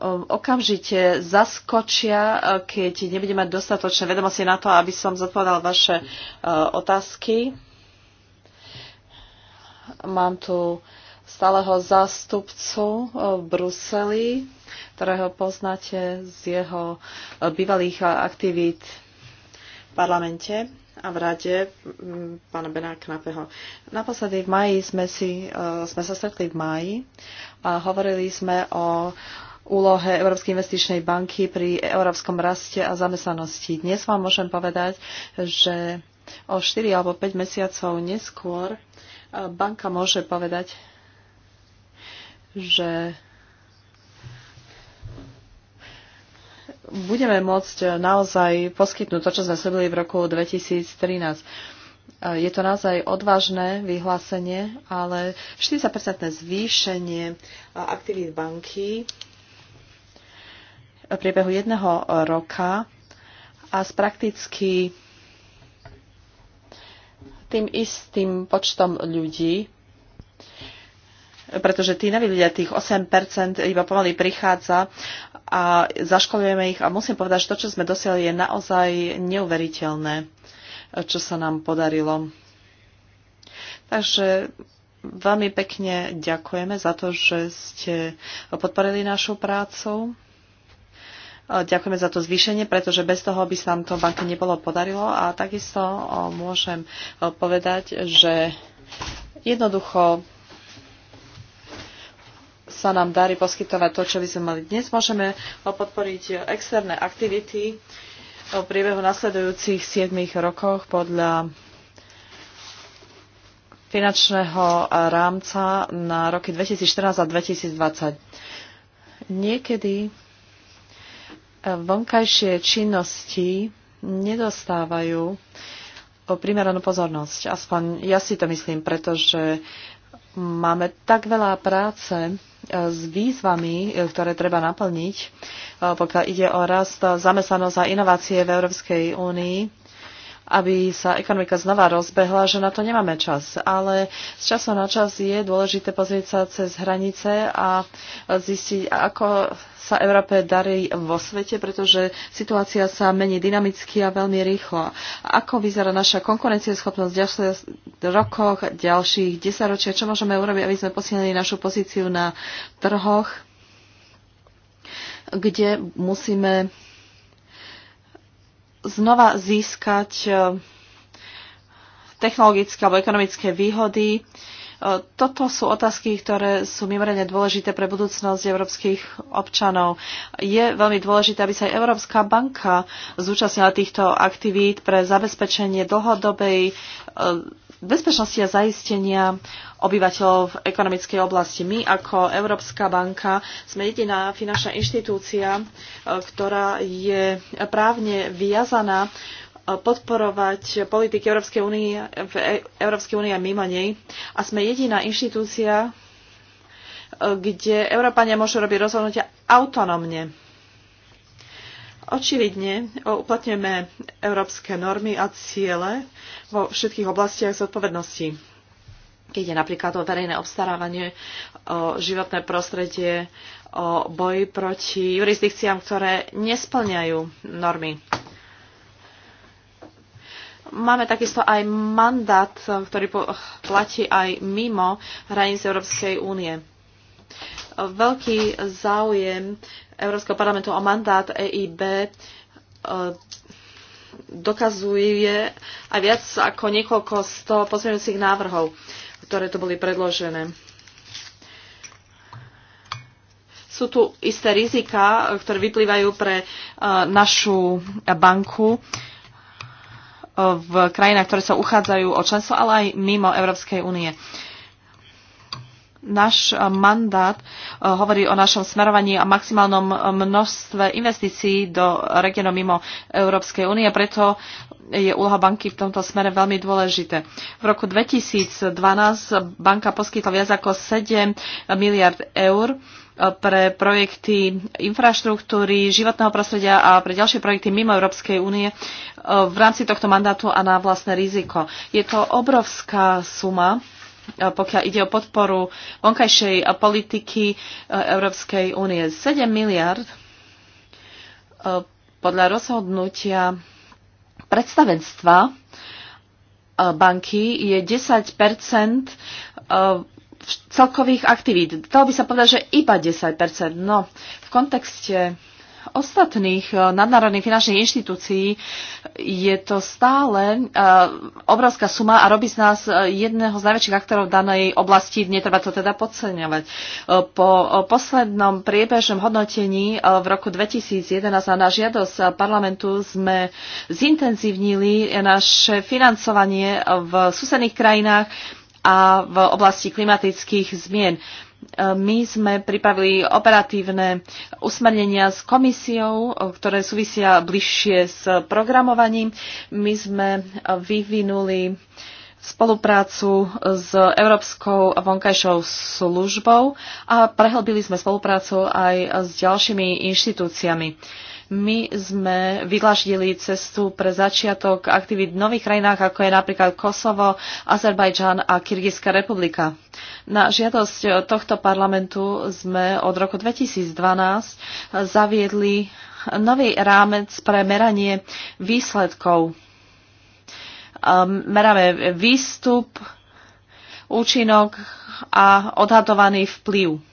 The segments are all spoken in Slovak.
Ehm, okamžite zaskočia, e, keď nebudem mať dostatočné vedomosti na to, aby som zodpovedal vaše e, otázky. Mám tu stáleho zástupcu e, v Bruseli, ktorého poznáte z jeho bývalých aktivít v parlamente a v rade pána Bena Knapeho. Naposledy v maji sme, si, sme sa stretli v maji a hovorili sme o úlohe Európskej investičnej banky pri európskom raste a zamestnanosti. Dnes vám môžem povedať, že o 4 alebo 5 mesiacov neskôr eh, banka môže povedať, že budeme môcť naozaj poskytnúť to, čo sme slibili v roku 2013. Eh, je to naozaj odvážne vyhlásenie, ale 40% zvýšenie eh, aktivít banky v priebehu jedného roka a s prakticky tým istým počtom ľudí, pretože tí noví ľudia, tých 8% iba pomaly prichádza a zaškolujeme ich a musím povedať, že to, čo sme dosiali, je naozaj neuveriteľné, čo sa nám podarilo. Takže veľmi pekne ďakujeme za to, že ste podporili našu prácu. Eh, ďakujeme za to zvýšenie, pretože bez toho by sa nám to banke nebolo podarilo a takisto eh, môžem eh, povedať, že jednoducho sa nám darí poskytovať to, čo by sme mali dnes. Môžeme podporiť externé aktivity v priebehu nasledujúcich 7 rokoch podľa finančného rámca na roky 2014 a 2020. Niekedy vonkajšie činnosti nedostávajú primeranú pozornosť. Aspoň ja si to myslím, pretože máme tak veľa práce e, s výzvami, e, ktoré treba naplniť, e, pokiaľ ide o rast zamestnanosť a inovácie v Európskej únii, aby sa ekonomika znova rozbehla, že na to nemáme čas. Ale z času na čas je dôležité pozrieť sa cez hranice a zistiť, ako sa Európe darí vo svete, pretože situácia sa mení dynamicky a veľmi rýchlo. Ako vyzerá naša konkurencieschopnosť v ďalších rokoch, ďalších desaťročia, čo môžeme urobiť, aby sme posilnili našu pozíciu na trhoch, kde musíme znova získať e, technologické alebo ekonomické výhody. E, toto sú otázky, ktoré sú mimoriadne dôležité pre budúcnosť európskych občanov. Je veľmi dôležité, aby sa aj Európska banka zúčastnila týchto aktivít pre zabezpečenie dlhodobej e, bezpečnosti a zaistenia obyvateľov v ekonomickej oblasti. My ako Európska banka sme jediná finančná inštitúcia, e, ktorá je právne viazaná e, podporovať politiky Európskej únie v e- Európskej únie a mimo nej. A sme jediná inštitúcia, kde Európania môžu robiť rozhodnutia autonómne Očividne uplatňujeme európske normy a ciele vo všetkých oblastiach zodpovednosti. Keď je napríklad o verejné obstarávanie, o životné prostredie, o boji proti jurisdikciám, ktoré nesplňajú normy. Máme takisto aj mandát, ktorý platí aj mimo hraníc Európskej únie veľký záujem Európskeho parlamentu o mandát EIB e, dokazuje aj viac ako niekoľko sto pozmeňujúcich návrhov, ktoré tu boli predložené. Sú tu isté rizika, ktoré vyplývajú pre e, našu banku e, v krajinách, ktoré sa uchádzajú o členstvo, ale aj mimo Európskej únie náš e, mandát e, hovorí o našom smerovaní a maximálnom množstve investícií do regionov mimo Európskej únie, preto je úloha banky v tomto smere veľmi dôležité. V roku 2012 banka poskytla viac ako 7 miliard eur e, pre projekty infraštruktúry, životného prostredia a pre ďalšie projekty mimo Európskej únie v rámci tohto mandátu a na vlastné riziko. Je to obrovská suma E, pokiaľ ide o podporu vonkajšej e, politiky e, Európskej únie. 7 miliard podľa rozhodnutia predstavenstva banky je 10 celkových aktivít. To by sa povedať, že iba 10 No, v kontexte ostatných eh, nadnárodných finančných inštitúcií je to stále eh, obrovská suma a robí z nás eh, jedného z najväčších aktorov v danej oblasti. Netreba to teda podceňovať. Po poslednom priebežnom hodnotení v roku 2011 a na žiadosť parlamentu sme zintenzívnili naše financovanie v susedných krajinách a v oblasti klimatických zmien my sme pripravili operatívne usmernenia s komisiou, ktoré súvisia bližšie s programovaním. My sme vyvinuli spoluprácu s Európskou vonkajšou službou a prehlbili sme spoluprácu aj s ďalšími inštitúciami. My sme vydlaždili cestu pre začiatok aktivít v nových krajinách, ako je napríklad Kosovo, Azerbajdžan a Kyrgyzská republika. Na žiadosť tohto parlamentu sme od roku 2012 zaviedli nový rámec pre meranie výsledkov. Ehm, meráme výstup, účinok a odhadovaný vplyv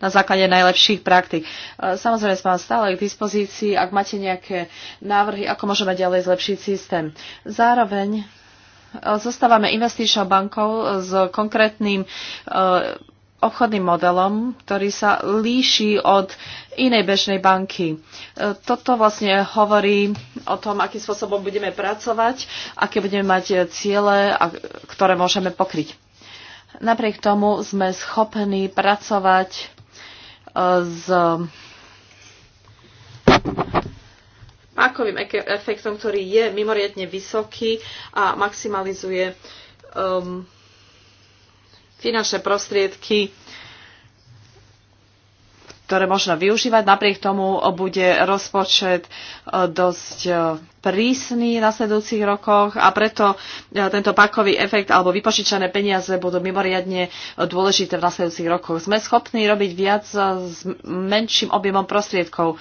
na základe najlepších praktik. E, samozrejme, vám stále k dispozícii, ak máte nejaké návrhy, ako môžeme ďalej zlepšiť systém. Zároveň e, zostávame investičnou bankou s konkrétnym e, obchodným modelom, ktorý sa líši od inej bežnej banky. Toto vlastne hovorí o tom, akým spôsobom budeme pracovať, aké budeme mať ciele, ktoré môžeme pokryť. Napriek tomu sme schopní pracovať e, s pákovým efektom, ktorý je mimoriadne vysoký a maximalizuje um, finančné prostriedky ktoré možno využívať. Napriek tomu eh, bude rozpočet eh, dosť eh, prísny v nasledujúcich rokoch a preto tento pakový efekt alebo vypožičané peniaze budú mimoriadne dôležité v nasledujúcich rokoch. Sme schopní robiť viac s menším objemom prostriedkov.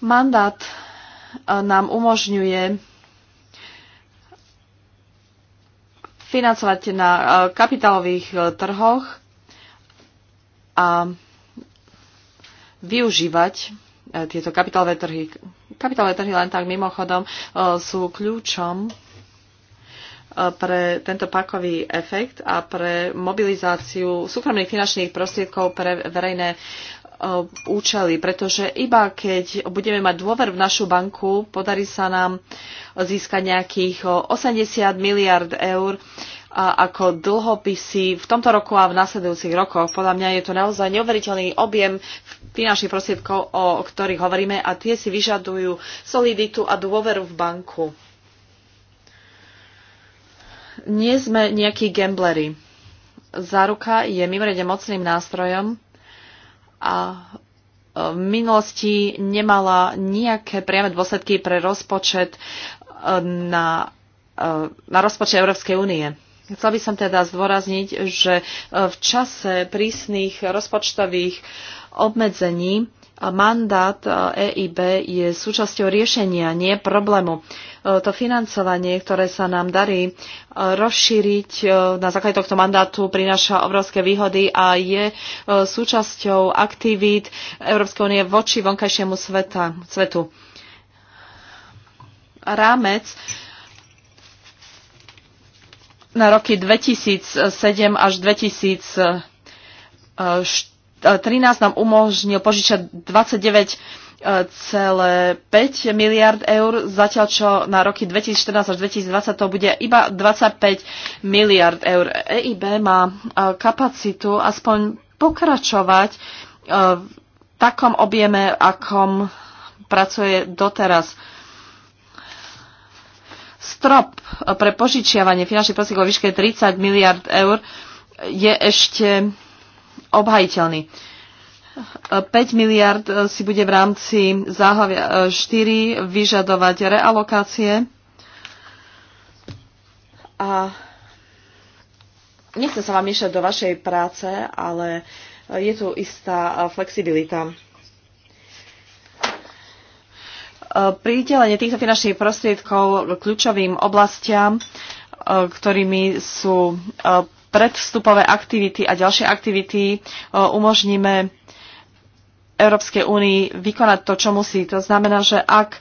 Mandát nám umožňuje financovať na kapitálových trhoch a využívať e, tieto kapitálové trhy. Kapitálové trhy len tak mimochodom e, sú kľúčom e, pre tento pakový efekt a pre mobilizáciu súkromných finančných prostriedkov pre verejné účely, pretože iba keď budeme mať dôver v našu banku, podarí sa nám získať nejakých 80 miliard eur ako dlhopisy v tomto roku a v nasledujúcich rokoch. Podľa mňa je to naozaj neuveriteľný objem finančných prostriedkov, o ktorých hovoríme a tie si vyžadujú soliditu a dôveru v banku. Nie sme nejakí gamblery. Záruka je mimoriadne mocným nástrojom a e, v minulosti nemala nejaké priame dôsledky pre rozpočet e, na, e, na rozpočet Európskej únie. Chcela by som teda zdôrazniť, že e, v čase prísnych rozpočtových obmedzení e, mandát EIB e je súčasťou riešenia, nie problému. To financovanie, ktoré sa nám darí rozšíriť na základe tohto mandátu, prináša obrovské výhody a je súčasťou aktivít Európskej únie voči vonkajšiemu sveta, svetu. Rámec na roky 2007 až 2013 eh, nám umožnil požičať 29,5 miliard eur, zatiaľ čo na roky 2014 až 2020 to bude iba 25 miliard eur. EIB má eh, kapacitu aspoň pokračovať eh, v takom objeme, akom pracuje doteraz strop pre požičiavanie finančných prostriedkov vo výške 30 miliard eur je ešte obhajiteľný. 5 miliard si bude v rámci záhlavia 4 e, vyžadovať realokácie. A nechcem sa vám miešať do vašej práce, ale je tu istá flexibilita pridelenie týchto finančných prostriedkov kľúčovým oblastiam, e, ktorými sú e, predvstupové aktivity a ďalšie aktivity, e, umožníme Európskej únii vykonať to, čo musí. To znamená, že ak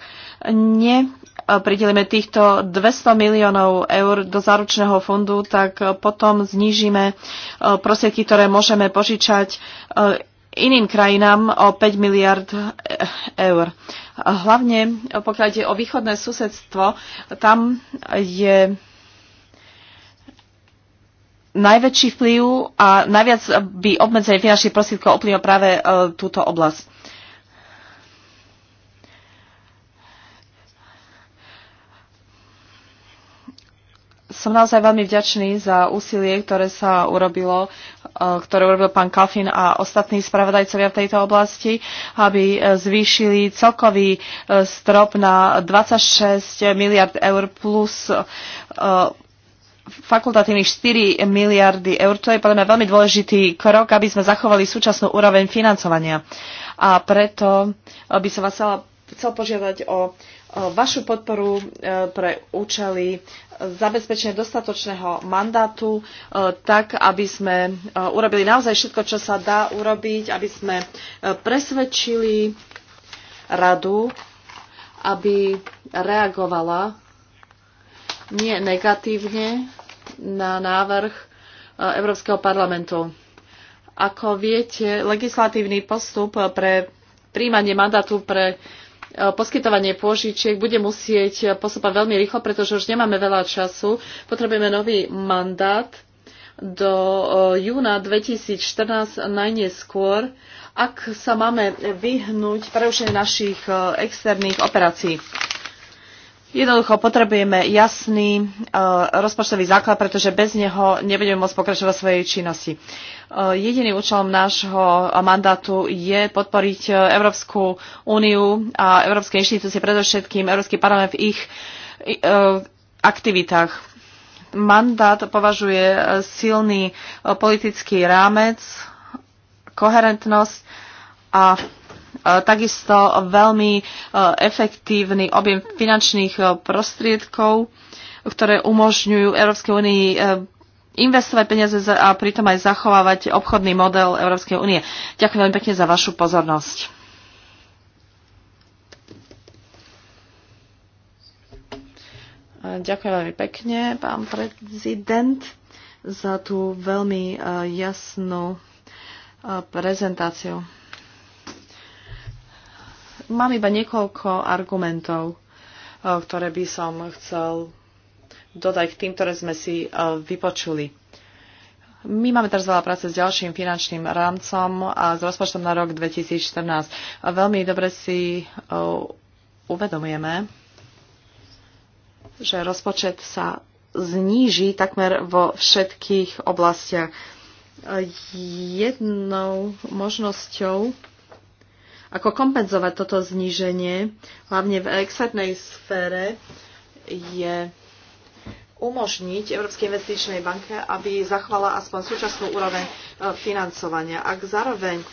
ne pridelíme týchto 200 miliónov eur do záručného fondu, tak potom znížime prostriedky, ktoré môžeme požičať iným krajinám o 5 miliard eh, eur. Hlavne eh, pokiaľ ide o východné susedstvo, tam je najväčší vplyv a najviac by obmedzenie finančných prostriedkov ovplyvnilo práve eh, túto oblasť. som naozaj veľmi vďačný za úsilie, ktoré sa urobilo, e, ktoré urobil pán Kalfin a ostatní spravodajcovia v tejto oblasti, aby e, zvýšili celkový e, strop na 26 miliard eur plus fakultatívnych 4 miliardy eur. To je podľa mňa veľmi dôležitý krok, aby sme zachovali súčasnú úroveň financovania. A preto by som vás chcel požiadať o vašu podporu pre účely zabezpečenie dostatočného mandátu, e, tak aby sme e, urobili naozaj všetko, čo sa dá urobiť, aby sme e, presvedčili radu, aby reagovala nie negatívne na návrh Európskeho parlamentu. Ako viete, legislatívny postup pre príjmanie mandátu pre Eh, poskytovanie pôžičiek bude musieť eh, postupovať veľmi rýchlo, pretože už nemáme veľa času. Potrebujeme nový mandát do eh, júna 2014 najneskôr, ak sa máme vyhnúť preušenie našich externých operácií. Jednoducho potrebujeme jasný e, rozpočtový základ, pretože bez neho nebudeme môcť pokračovať svojej činnosti. E, jediným účelom nášho mandátu je podporiť e, Európsku úniu a európske inštitúcie, predovšetkým Európsky parlament v ich aktivitách. Mandát považuje silný politický rámec, koherentnosť a E, takisto veľmi e, efektívny objem finančných e, prostriedkov, ktoré umožňujú Európskej únii investovať peniaze a pritom aj zachovávať obchodný model Európskej únie. Ďakujem veľmi pekne za vašu pozornosť. Ďakujem veľmi pekne, pán prezident, za tú veľmi jasnú prezentáciu. Mám iba niekoľko argumentov, e, ktoré by som chcel dodať k tým, ktoré sme si e, vypočuli. My máme teraz veľa práce s ďalším finančným rámcom a s rozpočtom na rok 2014. Veľmi dobre si e, uvedomujeme, že rozpočet sa zníži takmer vo všetkých oblastiach. Jednou možnosťou ako kompenzovať toto zníženie, hlavne v externej sfére, je umožniť Európskej investičnej banke, aby zachovala aspoň súčasnú úroveň e, financovania. Ak zároveň e,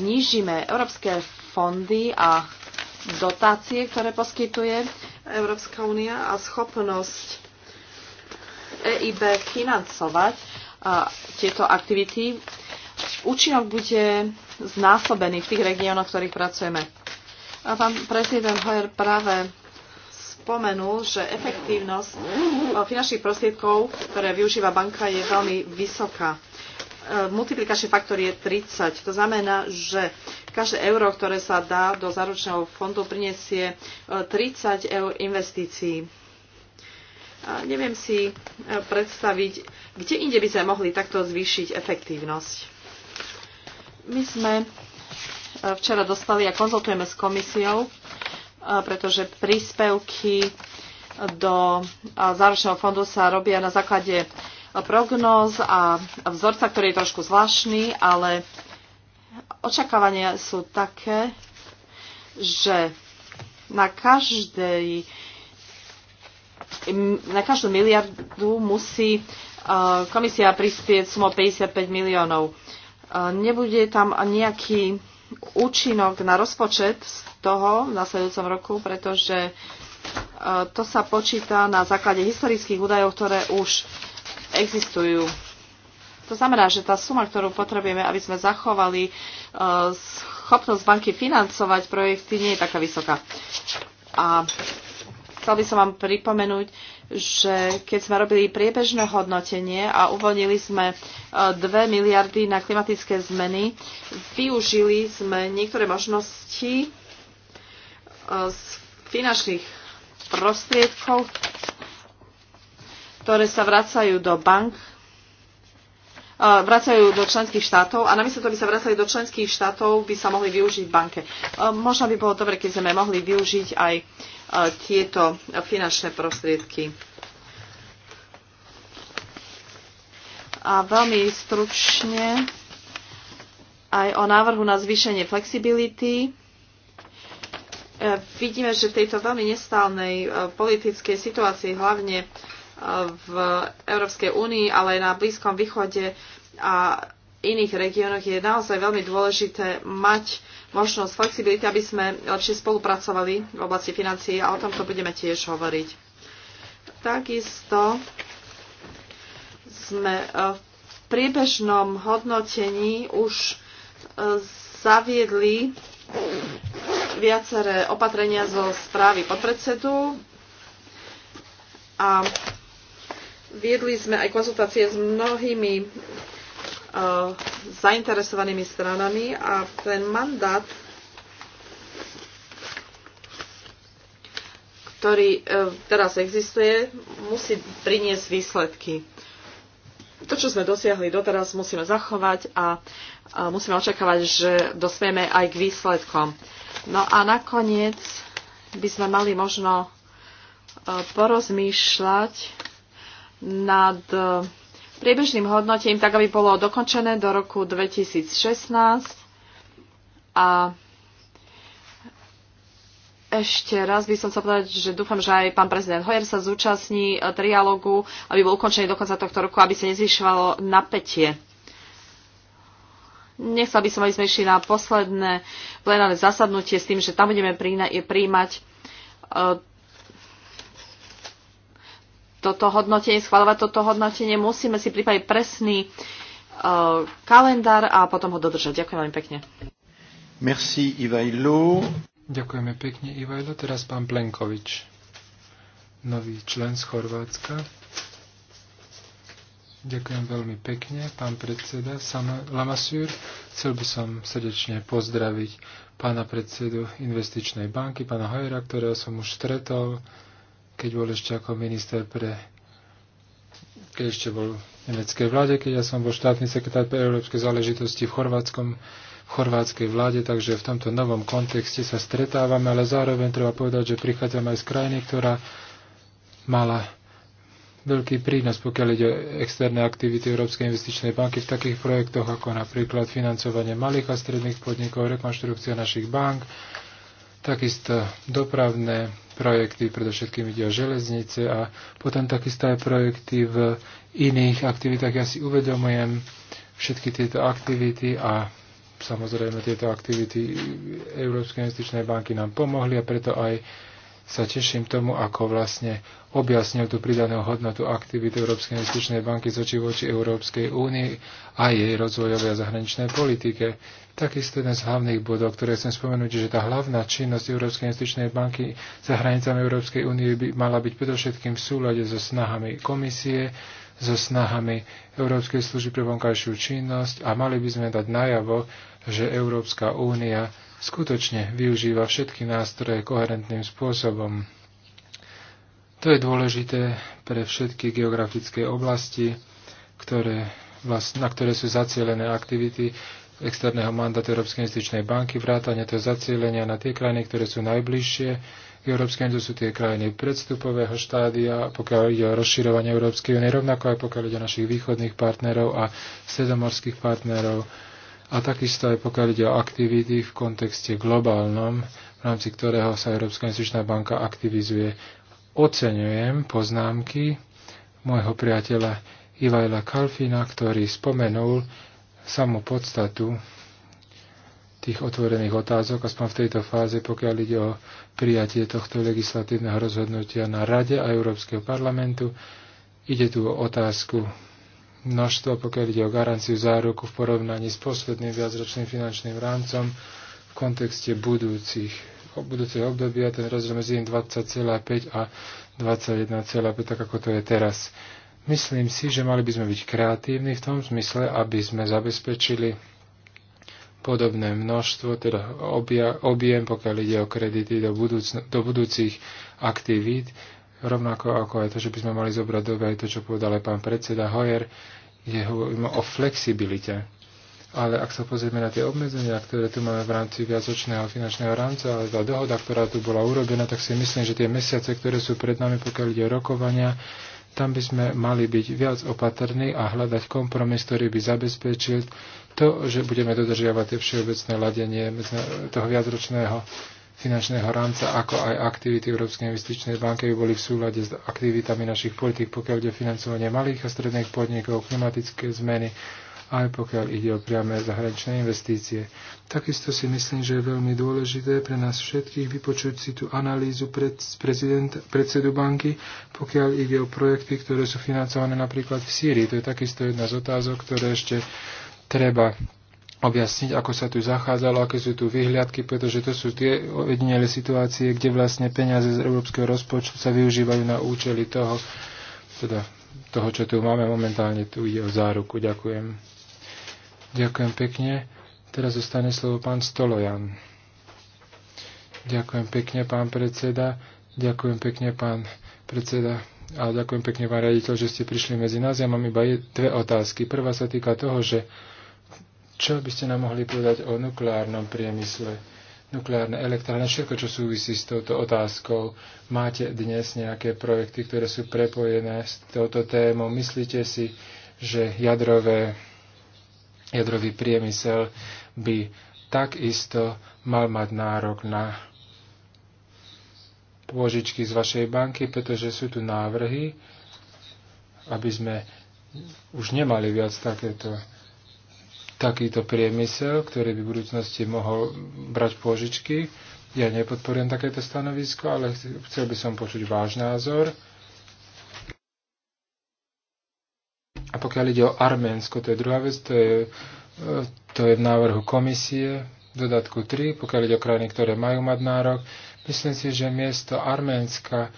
znížime európske fondy a dotácie, ktoré poskytuje Európska únia a schopnosť EIB financovať tieto aktivity, účinok bude znásobený v tých regiónoch, v ktorých pracujeme. A pán prezident Hoyer práve spomenul, že efektívnosť eh, finančných prostriedkov, ktoré využíva banka, je veľmi vysoká. Eh, multiplikačný faktor je 30. To znamená, že každé euro, ktoré sa dá do záručného fondu, prinesie 30 eh, eur investícií. A neviem si predstaviť, kde inde by sme mohli takto zvýšiť efektívnosť. My sme e, včera dostali a konzultujeme s komisiou, e, pretože príspevky do e, záročného fondu sa robia na základe prognóz a vzorca, ktorý je trošku zvláštny, ale očakávania sú také, že na každej na každú miliardu musí komisia prispieť sumo 55 miliónov. Nebude tam nejaký účinok na rozpočet z toho v nasledujúcom roku, pretože e, to sa počíta na základe historických údajov, ktoré už existujú. To znamená, že tá suma, ktorú potrebujeme, aby sme zachovali e, schopnosť banky financovať projekty, nie je taká vysoká. A Chcel by som vám pripomenúť, že keď sme robili priebežné hodnotenie a uvoľnili sme 2 e, miliardy na klimatické zmeny, využili sme niektoré možnosti e, z finančných prostriedkov, ktoré sa vracajú do bank vracajú do členských štátov a namiesto toho by sa vracali do členských štátov, by sa mohli využiť v banke. Možno by bolo dobre, keď sme mohli využiť aj tieto finančné prostriedky. A veľmi stručne aj o návrhu na zvýšenie flexibility e, vidíme, že v tejto veľmi nestálnej e, politickej situácii, hlavne v Európskej únii, ale aj na Blízkom východe a iných regiónoch je naozaj veľmi dôležité mať možnosť flexibility, aby sme lepšie spolupracovali v oblasti financií a o tomto budeme tiež hovoriť. Takisto sme e, v priebežnom hodnotení už e, zaviedli viaceré opatrenia zo správy podpredsedu a Viedli sme aj konzultácie s mnohými uh, zainteresovanými stranami a ten mandát, ktorý uh, teraz existuje, musí priniesť výsledky. To, čo sme dosiahli doteraz, musíme zachovať a uh, musíme očakávať, že dosmieme aj k výsledkom. No a nakoniec by sme mali možno eh, porozmýšľať nad e, priebežným hodnotením, tak aby bolo dokončené do roku 2016. A ešte raz by som sa povedať, že dúfam, že aj pán prezident Hoyer sa zúčastní e, trialogu, aby bol ukončený do konca tohto roku, aby sa nezvyšovalo napätie. Nechcel by som, aby sme išli na posledné plenárne zasadnutie s tým, že tam budeme príjmať toto hodnotenie, schváľovať toto hodnotenie, musíme si pripraviť presný uh, kalendár a potom ho dodržať. Ďakujem veľmi pekne. Merci Ivajlo. Ďakujeme pekne Ivajlo. Teraz pán Plenkovič, nový člen z Chorvátska. Ďakujem veľmi pekne, pán predseda Lamasur. Chcel by som srdečne pozdraviť pána predsedu Investičnej banky, pána Hojera, ktorého som už stretol keď bol ešte ako minister pre keď ešte bol v nemeckej vláde, keď ja som bol štátny sekretár pre európske záležitosti v, Chorvátskom, v chorvátskej vláde, takže v tomto novom kontexte sa stretávame, ale zároveň treba povedať, že prichádzame aj z krajiny, ktorá mala veľký prínos, pokiaľ ide o externé aktivity Európskej investičnej banky v takých projektoch ako napríklad financovanie malých a stredných podnikov, rekonštrukcia našich bank, takisto dopravné projekty, predovšetkým ide o železnice a potom takisto aj projekty v iných aktivitách. Ja si uvedomujem všetky tieto aktivity a samozrejme tieto aktivity Európskej investičnej banky nám pomohli a preto aj sa teším tomu, ako vlastne objasnil tú pridanú hodnotu aktivity Európskej investičnej banky zoči voči Európskej únii a jej rozvojovej a zahraničnej politike. Takisto jeden z hlavných bodov, ktoré chcem spomenúť, že tá hlavná činnosť Európskej investičnej banky za hranicami Európskej únie by mala byť predovšetkým v súlade so snahami komisie, so snahami Európskej služby pre vonkajšiu činnosť a mali by sme dať najavo, že Európska únia skutočne využíva všetky nástroje koherentným spôsobom. To je dôležité pre všetky geografické oblasti, ktoré, na ktoré sú zacielené aktivity externého mandátu Európskej investičnej banky, vrátane to zacielenia na tie krajiny, ktoré sú najbližšie. Európskej únie sú tie krajiny predstupového štádia, pokiaľ ide o rozširovanie Európskej únie, rovnako aj pokiaľ ide o našich východných partnerov a sedomorských partnerov a takisto aj pokiaľ ide o aktivity v kontexte globálnom, v rámci ktorého sa Európska investičná banka aktivizuje. Oceňujem poznámky môjho priateľa Ivajla Kalfina, ktorý spomenul samú podstatu tých otvorených otázok, aspoň v tejto fáze, pokiaľ ide o prijatie tohto legislatívneho rozhodnutia na Rade a Európskeho parlamentu. Ide tu o otázku množstvo, pokiaľ ide o garanciu záruku v porovnaní s posledným viacročným finančným rámcom v kontexte budúcich, budúceho obdobia, ten rozdiel medzi 20,5 a 21,5, tak ako to je teraz. Myslím si, že mali by sme byť kreatívni v tom zmysle, aby sme zabezpečili podobné množstvo, teda objem, pokiaľ ide o kredity do, budúcn- do budúcich aktivít, rovnako ako aj to, že by sme mali zobrať do aj to, čo povedal aj pán predseda Hoyer, kde hovoríme o flexibilite. Ale ak sa pozrieme na tie obmedzenia, ktoré tu máme v rámci viacočného finančného rámca a tá dohoda, ktorá tu bola urobená, tak si myslím, že tie mesiace, ktoré sú pred nami, pokiaľ ide o rokovania, tam by sme mali byť viac opatrní a hľadať kompromis, ktorý by zabezpečil to, že budeme dodržiavať tie všeobecné ladenie toho viacročného finančného rámca, ako aj aktivity Európskej investičnej banky by boli v súlade s aktivitami našich politik, pokiaľ ide o financovanie malých a stredných podnikov, klimatické zmeny, aj pokiaľ ide o priame zahraničné investície. Takisto si myslím, že je veľmi dôležité pre nás všetkých vypočuť si tú analýzu pred, predsedu banky, pokiaľ ide o projekty, ktoré sú financované napríklad v Sýrii. To je takisto jedna z otázok, ktoré ešte treba objasniť, ako sa tu zachádzalo, aké sú tu vyhliadky, pretože to sú tie ojedinele situácie, kde vlastne peniaze z európskeho rozpočtu sa využívajú na účely toho, teda toho, čo tu máme momentálne, tu ide o záruku. Ďakujem. Ďakujem pekne. Teraz zostane slovo pán Stolojan. Ďakujem pekne, pán predseda. Ďakujem pekne, pán predseda. A ďakujem pekne, pán raditeľ, že ste prišli medzi nás. Ja mám iba dve otázky. Prvá sa týka toho, že čo by ste nám mohli povedať o nukleárnom priemysle? nukleárne elektrárne, všetko, čo súvisí s touto otázkou. Máte dnes nejaké projekty, ktoré sú prepojené s touto témou? Myslíte si, že jadrové, jadrový priemysel by takisto mal mať nárok na pôžičky z vašej banky, pretože sú tu návrhy, aby sme už nemali viac takéto takýto priemysel, ktorý by v budúcnosti mohol brať pôžičky. Ja nepodporujem takéto stanovisko, ale chcel by som počuť váš názor. A pokiaľ ide o Arménsko, to je druhá vec, to je, e, to je v návrhu komisie, v dodatku 3, pokiaľ ide o krajiny, ktoré majú mať nárok. Myslím si, že miesto Arménska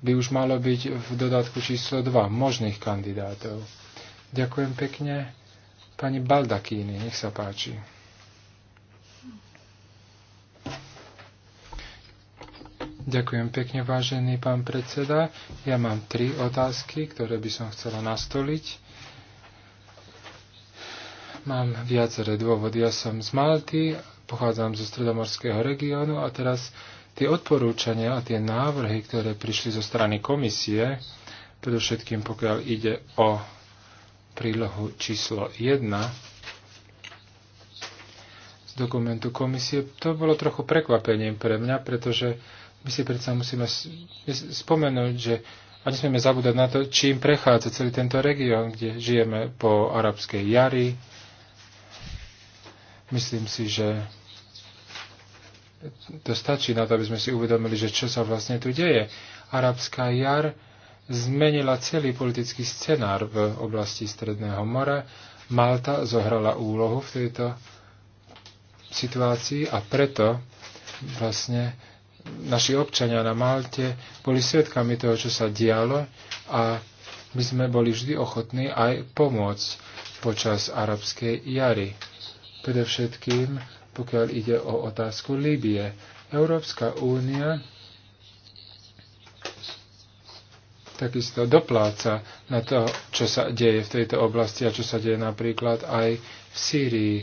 by už malo byť v dodatku číslo 2 možných kandidátov. Ďakujem pekne. Pani Baldakíny, nech sa páči. Ďakujem pekne, vážený pán predseda. Ja mám tri otázky, ktoré by som chcela nastoliť. Mám viaceré dôvody. Ja som z Malty, pochádzam zo stredomorského regiónu a teraz tie odporúčania a tie návrhy, ktoré prišli zo strany komisie, predovšetkým pokiaľ ide o prílohu číslo 1 z dokumentu komisie. To bolo trochu prekvapením pre mňa, pretože my si predsa musíme spomenúť, že a nesmieme zabúdať na to, čím prechádza celý tento región, kde žijeme po arabskej jari. Myslím si, že to stačí na to, aby sme si uvedomili, že čo sa vlastne tu deje. Arabská jar zmenila celý politický scenár v oblasti Stredného mora. Malta zohrala úlohu v tejto situácii a preto vlastne naši občania na Malte boli svedkami toho, čo sa dialo a my sme boli vždy ochotní aj pomôcť počas arabskej jary. Predovšetkým, pokiaľ ide o otázku Líbie. Európska únia takisto dopláca na to, čo sa deje v tejto oblasti a čo sa deje napríklad aj v Sýrii.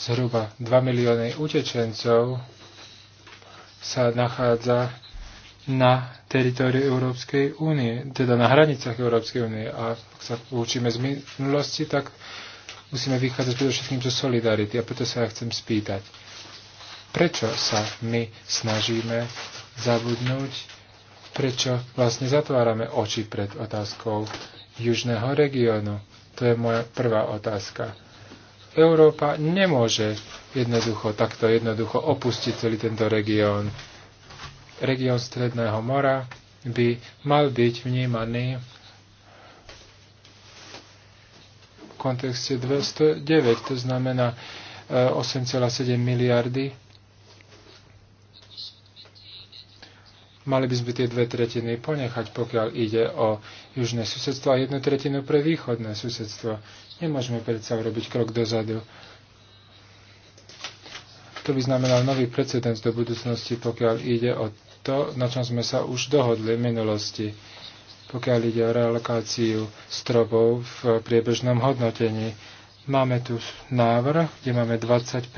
Zhruba 2 milióny utečencov sa nachádza na teritoriu Európskej únie, teda na hranicách Európskej únie. A ak sa učíme z minulosti, tak musíme vychádzať predovšetkým zo solidarity. A preto sa ja chcem spýtať, prečo sa my snažíme zabudnúť prečo vlastne zatvárame oči pred otázkou južného regiónu. To je moja prvá otázka. Európa nemôže jednoducho takto jednoducho opustiť celý tento región. Región Stredného mora by mal byť vnímaný v kontexte 209, to znamená 8,7 e, miliardy Mali by sme tie dve tretiny ponechať, pokiaľ ide o južné susedstvo a jednu tretinu pre východné susedstvo. Nemôžeme predsa urobiť krok dozadu. To by znamenal nový precedens do budúcnosti, pokiaľ ide o to, na čom sme sa už dohodli v minulosti, pokiaľ ide o realokáciu stropov v priebežnom hodnotení. Máme tu návrh, kde máme 20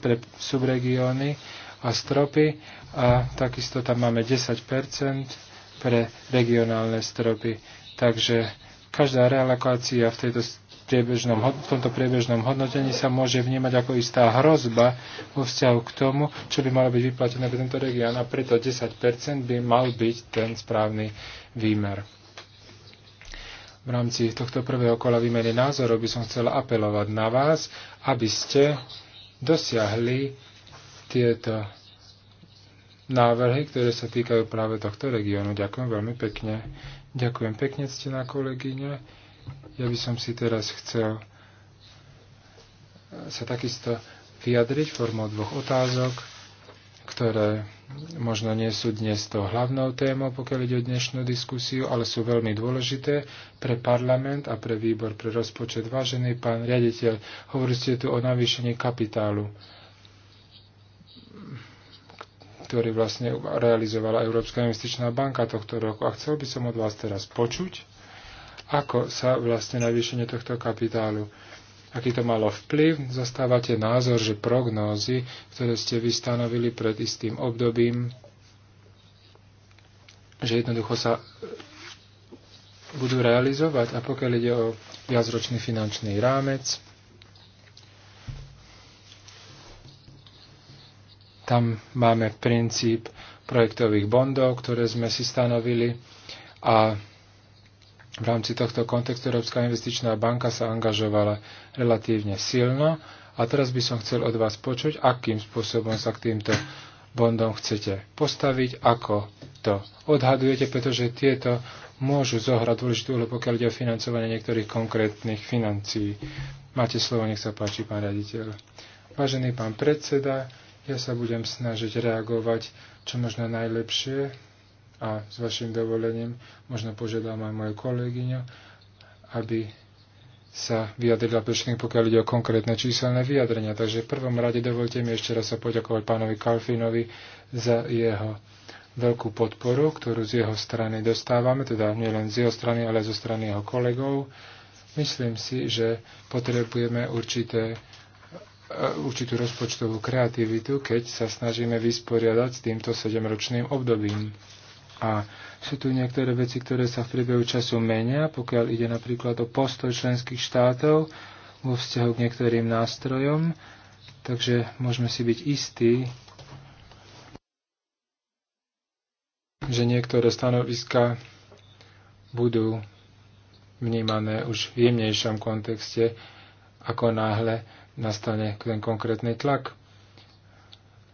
pre subregióny a stropy a takisto tam máme 10 pre regionálne stropy. Takže každá realokácia v, tejto priebežnom, v tomto priebežnom hodnotení sa môže vnímať ako istá hrozba vo vzťahu k tomu, čo by malo byť vyplatené pre tento región a preto 10 by mal byť ten správny výmer. V rámci tohto prvého kola výmeny názorov by som chcela apelovať na vás, aby ste dosiahli tieto návrhy, ktoré sa týkajú práve tohto regiónu. Ďakujem veľmi pekne. Ďakujem pekne, ctená kolegyňa. Ja by som si teraz chcel sa takisto vyjadriť formou dvoch otázok, ktoré možno nie sú dnes to hlavnou témou, pokiaľ ide o dnešnú diskusiu, ale sú veľmi dôležité pre parlament a pre výbor pre rozpočet. Vážený pán riaditeľ, hovoríte tu o navýšení kapitálu ktorý vlastne realizovala Európska investičná banka tohto roku. A chcel by som od vás teraz počuť, ako sa vlastne navýšenie tohto kapitálu, aký to malo vplyv. Zastávate názor, že prognózy, ktoré ste vystanovili pred istým obdobím, že jednoducho sa budú realizovať. A pokiaľ ide o viacročný finančný rámec, Tam máme princíp projektových bondov, ktoré sme si stanovili a v rámci tohto kontextu Európska investičná banka sa angažovala relatívne silno a teraz by som chcel od vás počuť, akým spôsobom sa k týmto bondom chcete postaviť, ako to odhadujete, pretože tieto môžu zohrať dôležitú úlohu, pokiaľ ide o financovanie niektorých konkrétnych financií. Máte slovo, nech sa páči, pán raditeľ. Vážený pán predseda, ja sa budem snažiť reagovať čo možno najlepšie a s vašim dovolením možno požiadam aj moju kolegyňu, aby sa vyjadrila prečne, pokiaľ ide o konkrétne číselné vyjadrenia. Takže v prvom rade dovolte mi ešte raz sa poďakovať pánovi Kalfinovi za jeho veľkú podporu, ktorú z jeho strany dostávame, teda nielen z jeho strany, ale zo strany jeho kolegov. Myslím si, že potrebujeme určité E, určitú rozpočtovú kreativitu, keď sa snažíme vysporiadať s týmto sedemročným obdobím. A sú tu niektoré veci, ktoré sa v priebehu času menia, pokiaľ ide napríklad o postoj členských štátov vo vzťahu k niektorým nástrojom, takže môžeme si byť istí, že niektoré stanoviska budú vnímané už v jemnejšom kontexte, ako náhle nastane ten konkrétny tlak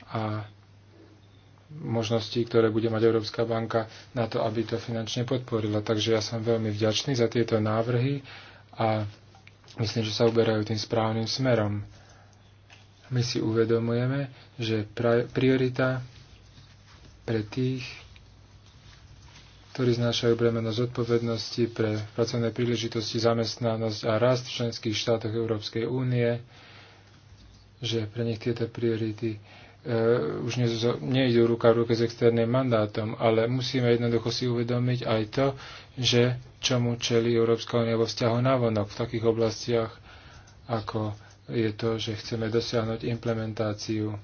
a možnosti, ktoré bude mať Európska banka na to, aby to finančne podporila. Takže ja som veľmi vďačný za tieto návrhy a myslím, že sa uberajú tým správnym smerom. My si uvedomujeme, že priorita pre tých, ktorí znášajú bremeno zodpovednosti pre pracovné príležitosti, zamestnanosť a rast v členských štátoch Európskej únie, že pre nich tieto priority uh, už ne, nejdú ruka v ruke s externým mandátom, ale musíme jednoducho si uvedomiť aj to, že čomu čeli Európska únia vo vzťahu na vonok v takých oblastiach, ako je to, že chceme dosiahnuť implementáciu e,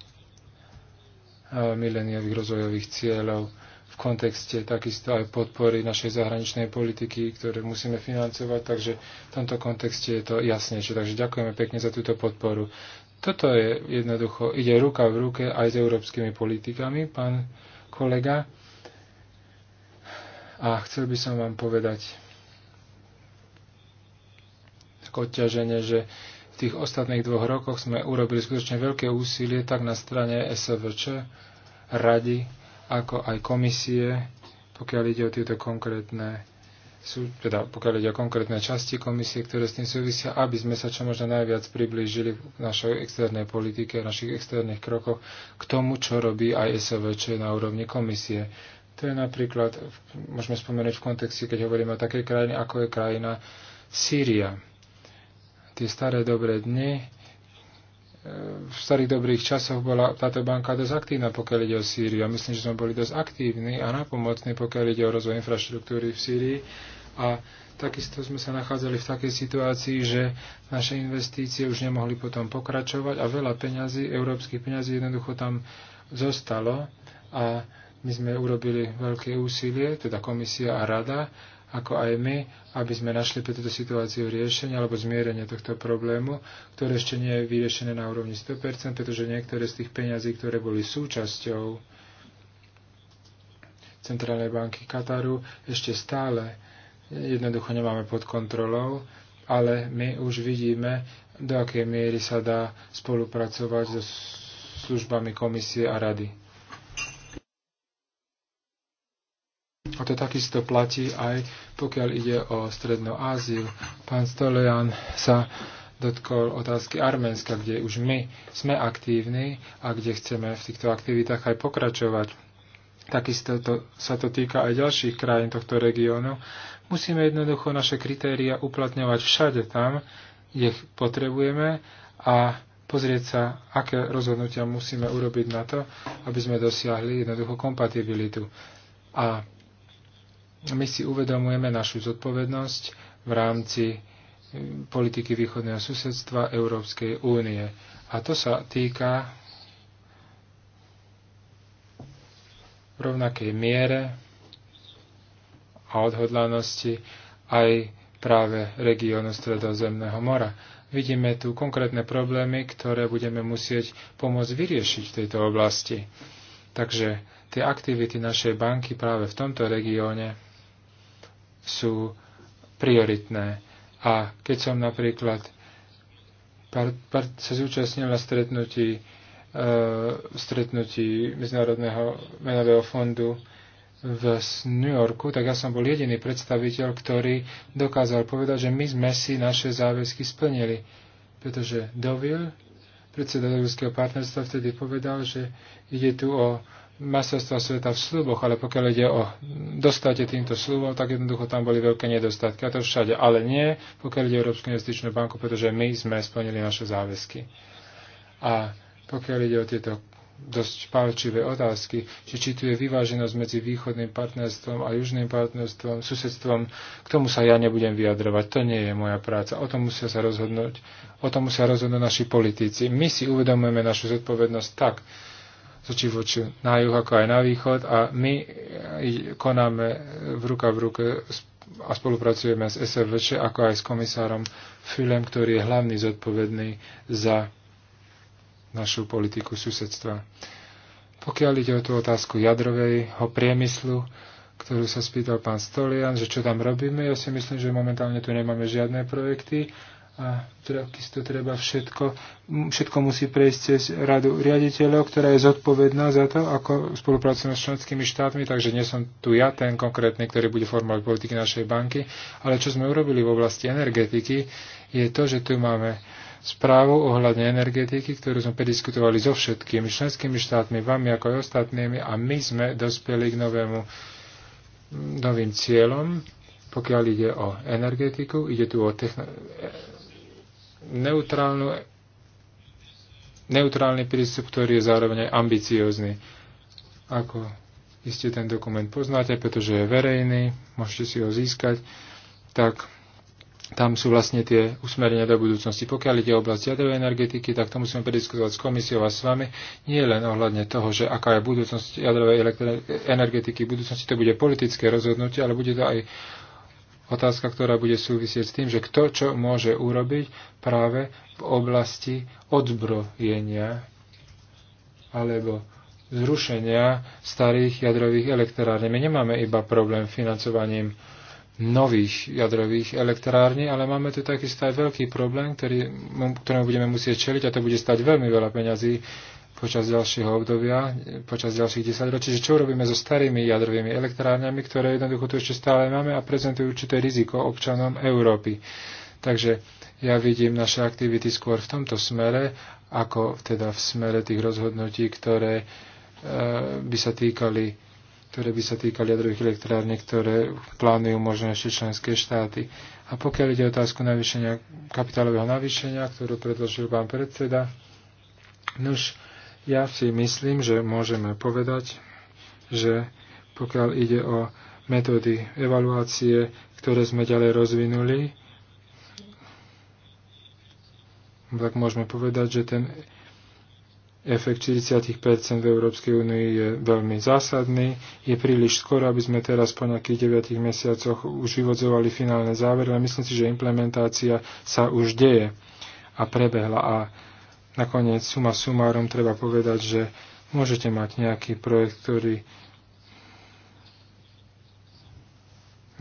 mileniových rozvojových cieľov v kontexte takisto aj podpory našej zahraničnej politiky, ktoré musíme financovať, takže v tomto kontexte je to jasnejšie. Takže ďakujeme pekne za túto podporu. Toto je jednoducho, ide ruka v ruke aj s európskymi politikami, pán kolega. A chcel by som vám povedať tak odťažene, že v tých ostatných dvoch rokoch sme urobili skutočne veľké úsilie tak na strane SVČ, rady, ako aj komisie, pokiaľ ide o tieto konkrétne sú, teda pokiaľ ide o konkrétne časti komisie, ktoré s tým súvisia, aby sme sa čo možno najviac priblížili v našej externej politike, v našich externých krokoch k tomu, čo robí aj SVČ na úrovni komisie. To je napríklad, môžeme spomenúť v kontexte, keď hovoríme o takej krajine, ako je krajina Sýria. Tie staré dobré dni, e, v starých dobrých časoch bola táto banka dosť aktívna, pokiaľ ide o Sýriu. A myslím, že sme boli dosť aktívni a napomocní, pokiaľ ide o rozvoj infraštruktúry v Sýrii a takisto sme sa nachádzali v takej situácii, že naše investície už nemohli potom pokračovať a veľa peňazí, európskych peňazí jednoducho tam zostalo a my sme urobili veľké úsilie, teda komisia a rada, ako aj my, aby sme našli pre túto situáciu riešenie alebo zmierenie tohto problému, ktoré ešte nie je vyriešené na úrovni 100%, pretože niektoré z tých peňazí, ktoré boli súčasťou Centrálnej banky Kataru, ešte stále jednoducho nemáme pod kontrolou, ale my už vidíme, do akej miery sa dá spolupracovať so službami komisie a rady. A to takisto platí aj pokiaľ ide o Strednú Áziu. Pán Stolejan sa dotkol otázky Arménska, kde už my sme aktívni a kde chceme v týchto aktivitách aj pokračovať. Takisto to, sa to týka aj ďalších krajín tohto regiónu Musíme jednoducho naše kritéria uplatňovať všade tam, kde ich potrebujeme a pozrieť sa, aké rozhodnutia musíme urobiť na to, aby sme dosiahli jednoducho kompatibilitu. A my si uvedomujeme našu zodpovednosť v rámci e, politiky východného susedstva Európskej únie. A to sa týka v rovnakej miere a odhodlanosti aj práve regiónu Stredozemného mora. Vidíme tu konkrétne problémy, ktoré budeme musieť pomôcť vyriešiť v tejto oblasti. Takže tie aktivity našej banky práve v tomto regióne sú prioritné. A keď som napríklad par, par, sa zúčastnil na stretnutí, e, stretnutí Medzinárodného menového fondu, v New Yorku, tak ja som bol jediný predstaviteľ, ktorý dokázal povedať, že my sme si naše záväzky splnili. Pretože Dovil, predseda Dovilského partnerstva, vtedy povedal, že ide tu o masterstva sveta v sluboch, ale pokiaľ ide o dostate týmto slubom, tak jednoducho tam boli veľké nedostatky. A to všade. Ale nie, pokiaľ ide o Európsku investičnú banku, pretože my sme splnili naše záväzky. A pokiaľ ide o tieto dosť pálčivé otázky, že či tu je vyváženosť medzi východným partnerstvom a južným partnerstvom, susedstvom. K tomu sa ja nebudem vyjadrovať, to nie je moja práca. O tom musia sa rozhodnúť, o tom musia rozhodnúť naši politici. My si uvedomujeme našu zodpovednosť tak, zoči voči na juh ako aj na východ a my e, konáme v ruka v ruke a spolupracujeme s SFVČ ako aj s komisárom Filem, ktorý je hlavný zodpovedný za našu politiku susedstva. Pokiaľ ide o tú otázku o priemyslu, ktorú sa spýtal pán Stolian, že čo tam robíme, ja si myslím, že momentálne tu nemáme žiadne projekty a takisto treba všetko, všetko musí prejsť cez radu riaditeľov, ktorá je zodpovedná za to, ako spolupracujeme s členskými štátmi, takže nie som tu ja ten konkrétny, ktorý bude formovať politiky našej banky, ale čo sme urobili v oblasti energetiky, je to, že tu máme správu ohľadne energetiky, ktorú sme prediskutovali so všetkými členskými štátmi, vami ako aj ostatnými a my sme dospeli k novému, novým cieľom, pokiaľ ide o energetiku, ide tu o techno- neutrálnu, neutrálny prístup, ktorý je zároveň aj ambiciózny. Ako iste ten dokument poznáte, pretože je verejný, môžete si ho získať, tak tam sú vlastne tie usmerenia do budúcnosti. Pokiaľ ide o oblasť jadrovej energetiky, tak to musíme prediskutovať s komisiou a s vami. Nie len ohľadne toho, že aká je budúcnosť jadrovej energetiky, v budúcnosti to bude politické rozhodnutie, ale bude to aj otázka, ktorá bude súvisieť s tým, že kto čo môže urobiť práve v oblasti odbrojenia alebo zrušenia starých jadrových elektrární. My nemáme iba problém financovaním nových jadrových elektrární, ale máme tu takisto aj veľký problém, ktorý, ktorému budeme musieť čeliť a to bude stať veľmi veľa peňazí počas ďalšieho obdobia, počas ďalších 10 ročí, že čo robíme so starými jadrovými elektrárňami, ktoré jednoducho tu ešte stále máme a prezentujú určité riziko občanom Európy. Takže ja vidím naše aktivity skôr v tomto smere, ako teda v smere tých rozhodnutí, ktoré e, by sa týkali ktoré by sa týkali jadrových elektrární, ktoré plánujú možno ešte členské štáty. A pokiaľ ide o otázku navýšenia, kapitálového navýšenia, ktorú predložil pán predseda, nož ja si myslím, že môžeme povedať, že pokiaľ ide o metódy evaluácie, ktoré sme ďalej rozvinuli, tak môžeme povedať, že ten efekt 40% v Európskej únii je veľmi zásadný. Je príliš skoro, aby sme teraz po nejakých 9 mesiacoch už vyvodzovali finálne závery, ale myslím si, že implementácia sa už deje a prebehla. A nakoniec suma sumárom treba povedať, že môžete mať nejaký projekt, ktorý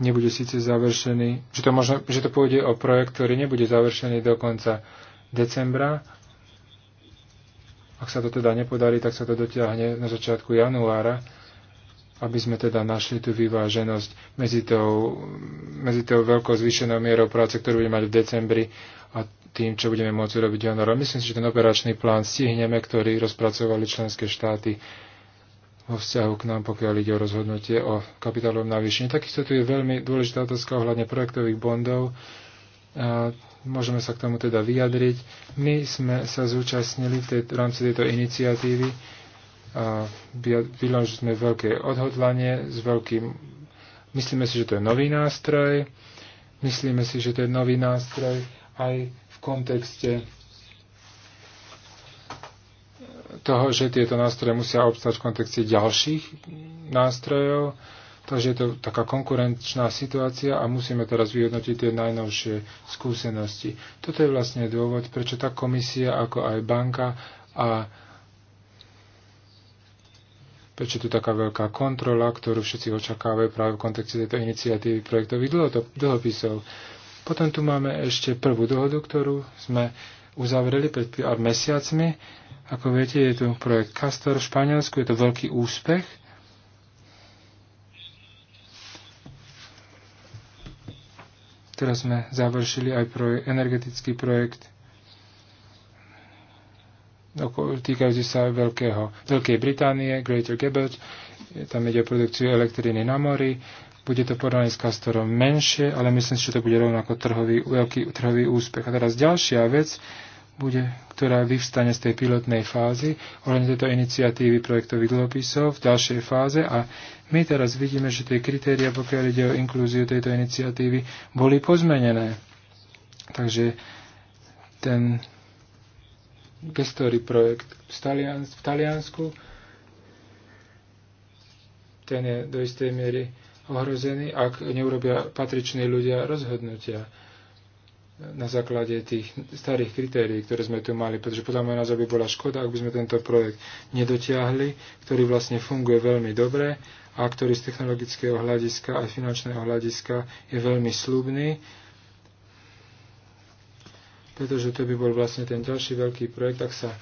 nebude síce završený, že to, možno, že to pôjde o projekt, ktorý nebude završený do konca decembra, ak sa to teda nepodarí, tak sa to dotiahne na začiatku januára, aby sme teda našli tú vyváženosť medzi tou, medzi tou veľkou zvýšenou mierou práce, ktorú budeme mať v decembri a tým, čo budeme môcť robiť januára. Myslím si, že ten operačný plán stihneme, ktorý rozpracovali členské štáty vo vzťahu k nám, pokiaľ ide o rozhodnutie o kapitálovom navýšení. Takisto tu je veľmi dôležitá otázka ohľadne projektových bondov môžeme sa k tomu teda vyjadriť. My sme sa zúčastnili v, tej, v rámci tejto iniciatívy a vyložili sme veľké odhodlanie s veľkým Myslíme si, že to je nový nástroj. Myslíme si, že to je nový nástroj aj v kontexte toho, že tieto nástroje musia obstať v kontexte ďalších nástrojov. Takže je to taká konkurenčná situácia a musíme teraz vyhodnotiť tie najnovšie skúsenosti. Toto je vlastne dôvod, prečo tá komisia, ako aj banka a prečo tu taká veľká kontrola, ktorú všetci očakávajú práve v kontexte tejto iniciatívy projektových dlhopisov. Potom tu máme ešte prvú dohodu, ktorú sme uzavreli pred pár mesiacmi. Ako viete, je tu projekt Castor v Španielsku, je to veľký úspech Teraz sme završili aj projekt, energetický projekt týkajúci sa veľkého, Veľkej Británie, Greater Gabbard. Tam ide o produkciu elektriny na mori. Bude to porovnanie s Castorom menšie, ale myslím si, že to bude rovnako trhový, veľký trhový úspech. A teraz ďalšia vec, bude, ktorá vyvstane z tej pilotnej fázy ohľadne tejto iniciatívy projektových dlhopisov v ďalšej fáze a my teraz vidíme, že tie kritéria, pokiaľ ide o inklúziu tejto iniciatívy, boli pozmenené. Takže ten gestory projekt v, Talians- v Taliansku, ten je do istej miery ohrozený, ak neurobia patriční ľudia rozhodnutia na základe tých starých kritérií, ktoré sme tu mali, pretože podľa môjho názoru by bola škoda, ak by sme tento projekt nedotiahli, ktorý vlastne funguje veľmi dobre a ktorý z technologického hľadiska aj finančného hľadiska je veľmi slubný, pretože to by bol vlastne ten ďalší veľký projekt, ak sa,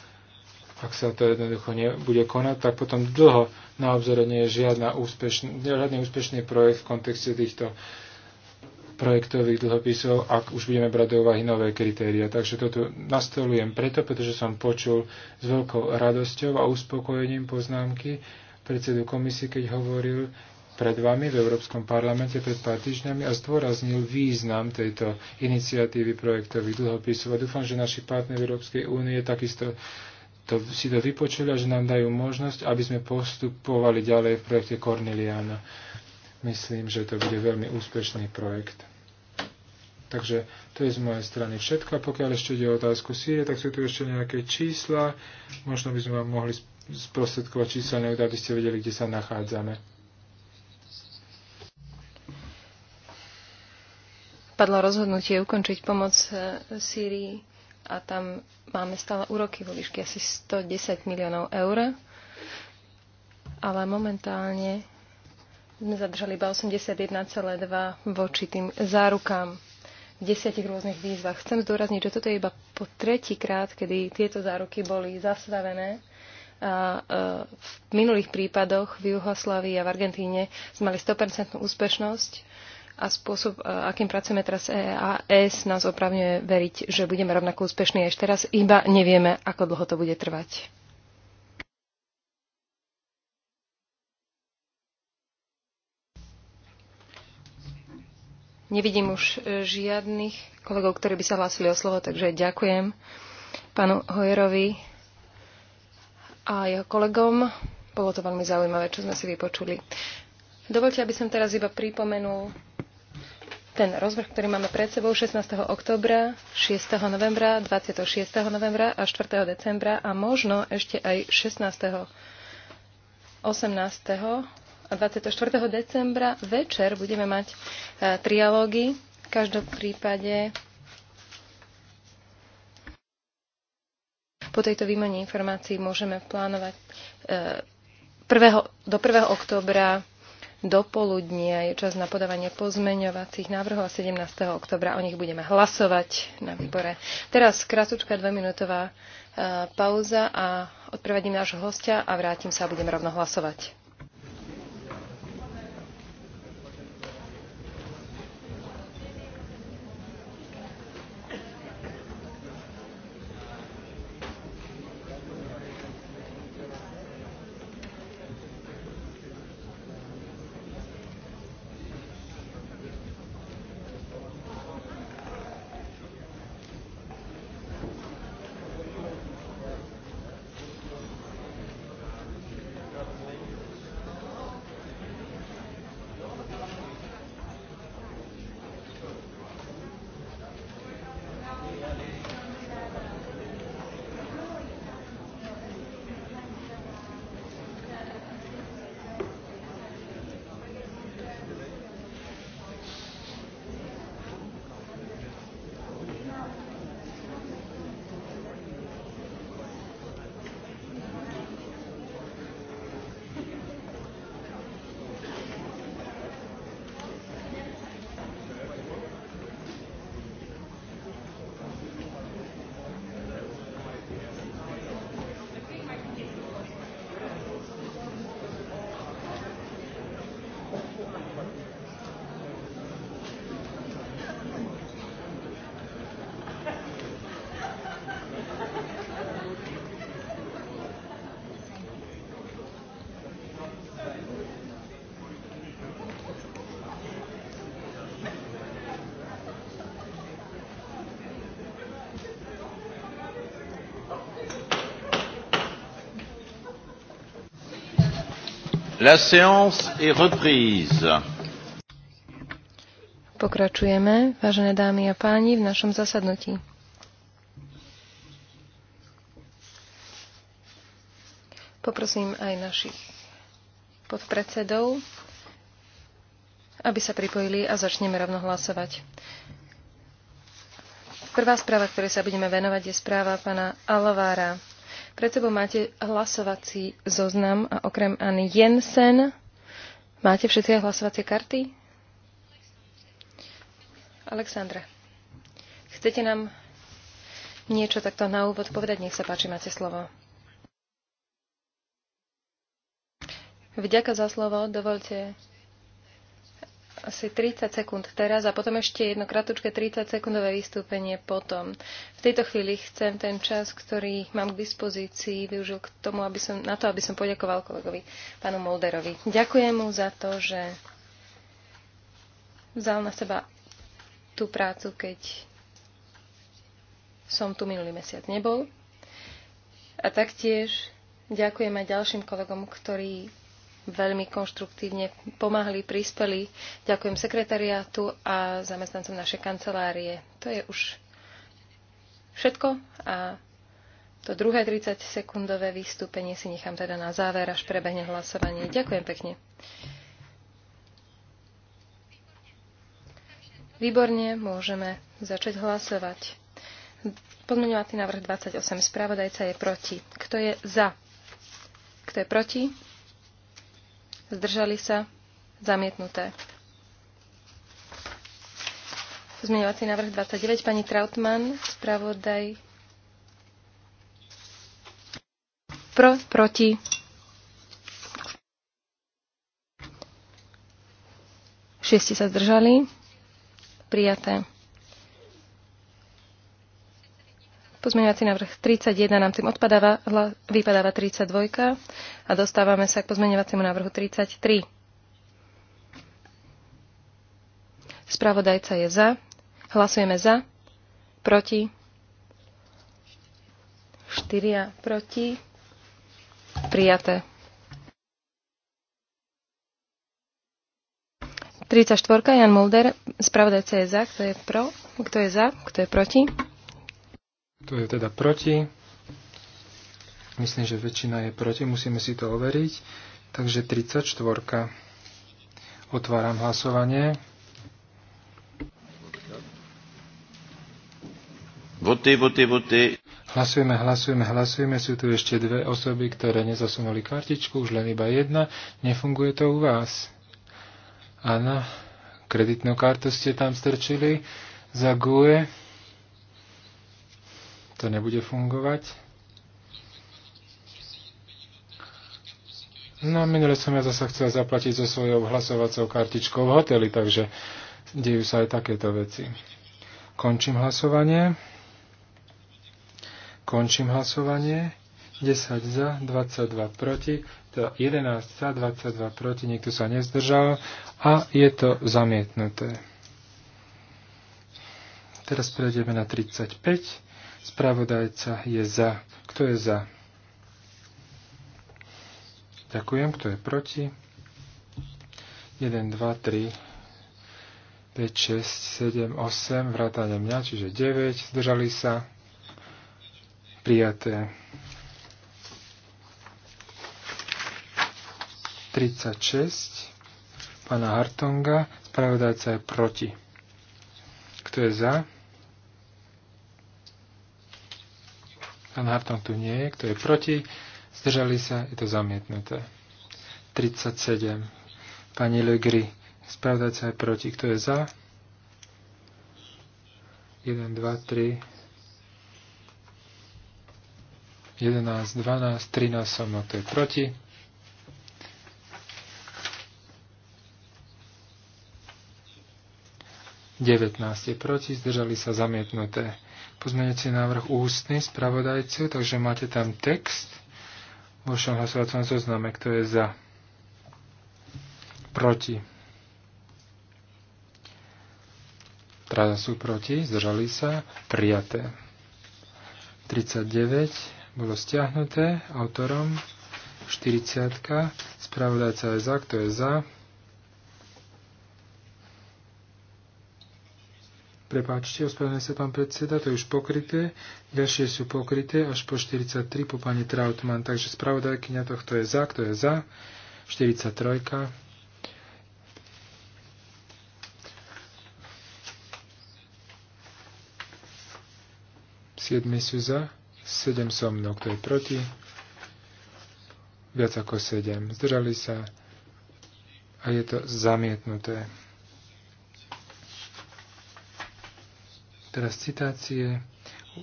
ak sa to jednoducho nebude konať, tak potom dlho na obzore nie je žiadna úspešný, žiadny úspešný projekt v kontexte týchto uh, projektových dlhopisov, ak už budeme brať do úvahy nové kritéria. Takže toto nastolujem preto, pretože som počul s veľkou radosťou a uspokojením poznámky predsedu komisie, keď hovoril pred vami v Európskom parlamente pred pár týždňami a zdôraznil význam tejto iniciatívy projektových dlhopisov. A dúfam, že naši partneri Európskej únie takisto to, si to vypočuli a že nám dajú možnosť, aby sme postupovali ďalej v projekte Corneliana. Myslím, že to bude veľmi úspešný projekt. Takže to je z mojej strany všetko. A pokiaľ ešte ide o otázku Sýrie, tak sú tu ešte nejaké čísla. Možno by sme vám mohli sprostredkovať čísla údaje, aby ste vedeli, kde sa nachádzame. Padlo rozhodnutie ukončiť pomoc e, Sýrii a tam máme stále úroky vo výške asi 110 miliónov eur, ale momentálne sme zadržali iba 81,2 voči tým zárukám v desiatich rôznych výzvach. Chcem zdôrazniť, že toto je iba po tretí krát, kedy tieto záruky boli zastavené. A e, v minulých prípadoch v Juhoslavii a v Argentíne sme mali 100% úspešnosť a spôsob, e, akým pracujeme teraz EAS, nás opravňuje veriť, že budeme rovnako úspešní až teraz, iba nevieme, ako dlho to bude trvať. Nevidím už e, žiadnych kolegov, ktorí by sa hlásili o slovo, takže ďakujem pánu Hojerovi a jeho kolegom. Bolo to veľmi zaujímavé, čo sme si vypočuli. Dovolte, aby som teraz iba pripomenul ten rozvrh, ktorý máme pred sebou 16. oktobra, 6. novembra, 26. novembra a 4. decembra a možno ešte aj 16. 18. 24. decembra večer budeme mať e, trialógy. V každom prípade po tejto výmene informácií môžeme plánovať 1. E, do 1. októbra do poludnia je čas na podávanie pozmeňovacích návrhov a 17. oktobra o nich budeme hlasovať na výbore. Teraz krátka dvojminútová e, pauza a odprevadím nášho hostia a vrátim sa a budem rovno hlasovať. La séance est reprise. Pokračujeme, vážené dámy a páni, v našom zasadnutí. Poprosím aj našich podpredsedov, aby sa pripojili a začneme rovno hlasovať. Prvá správa, ktorej sa budeme venovať, je správa pána Alovára. Pred sebou máte hlasovací zoznam a okrem Anny Jensen máte všetci hlasovacie karty? Aleksandra, chcete nám niečo takto na úvod povedať? Nech sa páči, máte slovo. Vďaka za slovo. Dovolte asi 30 sekúnd teraz a potom ešte jedno kratučké 30-sekundové vystúpenie potom. V tejto chvíli chcem ten čas, ktorý mám k dispozícii, využil k tomu, aby som, na to, aby som poďakoval kolegovi, pánu Molderovi. Ďakujem mu za to, že vzal na seba tú prácu, keď som tu minulý mesiac nebol. A taktiež ďakujem aj ďalším kolegom, ktorí veľmi konštruktívne pomáhali, prispeli. Ďakujem sekretariátu a zamestnancom našej kancelárie. To je už všetko a to druhé 30-sekundové vystúpenie si nechám teda na záver, až prebehne hlasovanie. Ďakujem pekne. Výborne, môžeme začať hlasovať. Podmenovatý návrh 28. Spravodajca je proti. Kto je za? Kto je proti? zdržali sa, zamietnuté. Zmeňovací návrh 29, pani Trautmann, spravodaj. Pro, proti. Šiesti sa zdržali. Prijaté. Pozmeňovací návrh 31 nám tým odpadáva, vypadáva 32 a dostávame sa k pozmeňovaciemu návrhu 33. Spravodajca je za. Hlasujeme za. Proti. 4 proti. Prijaté. 34. Jan Mulder. Spravodajca je za. Kto je pro? Kto je za? Kto je proti? To je teda proti. Myslím, že väčšina je proti, musíme si to overiť. Takže 34. Otváram hlasovanie. Voty, voty, voty. Hlasujeme, hlasujeme, hlasujeme. Sú tu ešte dve osoby, ktoré nezasunuli kartičku, už len iba jedna. Nefunguje to u vás. Áno, kreditnú kartu ste tam strčili za GUE to nebude fungovať. No minule som ja zase chcel zaplatiť so svojou hlasovacou kartičkou v hoteli, takže dejú sa aj takéto veci. Končím hlasovanie. Končím hlasovanie. 10 za, 22 proti, to 11 za, 22 proti, nikto sa nezdržal a je to zamietnuté. Teraz prejdeme na 35. Spravodajca je za. Kto je za? Ďakujem. Kto je proti? 1, 2, 3, 5, 6, 7, 8, vrátane mňa, čiže 9, zdržali sa, prijaté. 36 pána Hartonga, spravodajca je proti. Kto je za? Pán Hartong tu nie je. Kto je proti? Zdržali sa? Je to zamietnuté. 37. Pani Legri. sa je proti. Kto je za? 1, 2, 3, 11, 12, 13 som, no to je proti. Devetnáct je proti, zdržali sa zamietnuté pozmeňujúci návrh ústny spravodajcu, takže máte tam text vo všom hlasovacom zozname, kto je za, proti. Traja sú proti, zdržali sa, prijaté. 39 bolo stiahnuté autorom, 40 spravodajca je za, kto je za, Prepáčte, ospravedlňuje sa pán predseda, to je už pokryté. Ďalšie sú pokryté až po 43 po pani Trautmann. Takže spravodajkyňa tohto je za, kto je za. 43. Siedmi sú za, sedem so mnou, kto je proti. Viac ako sedem. Zdržali sa a je to zamietnuté. Teraz citácie.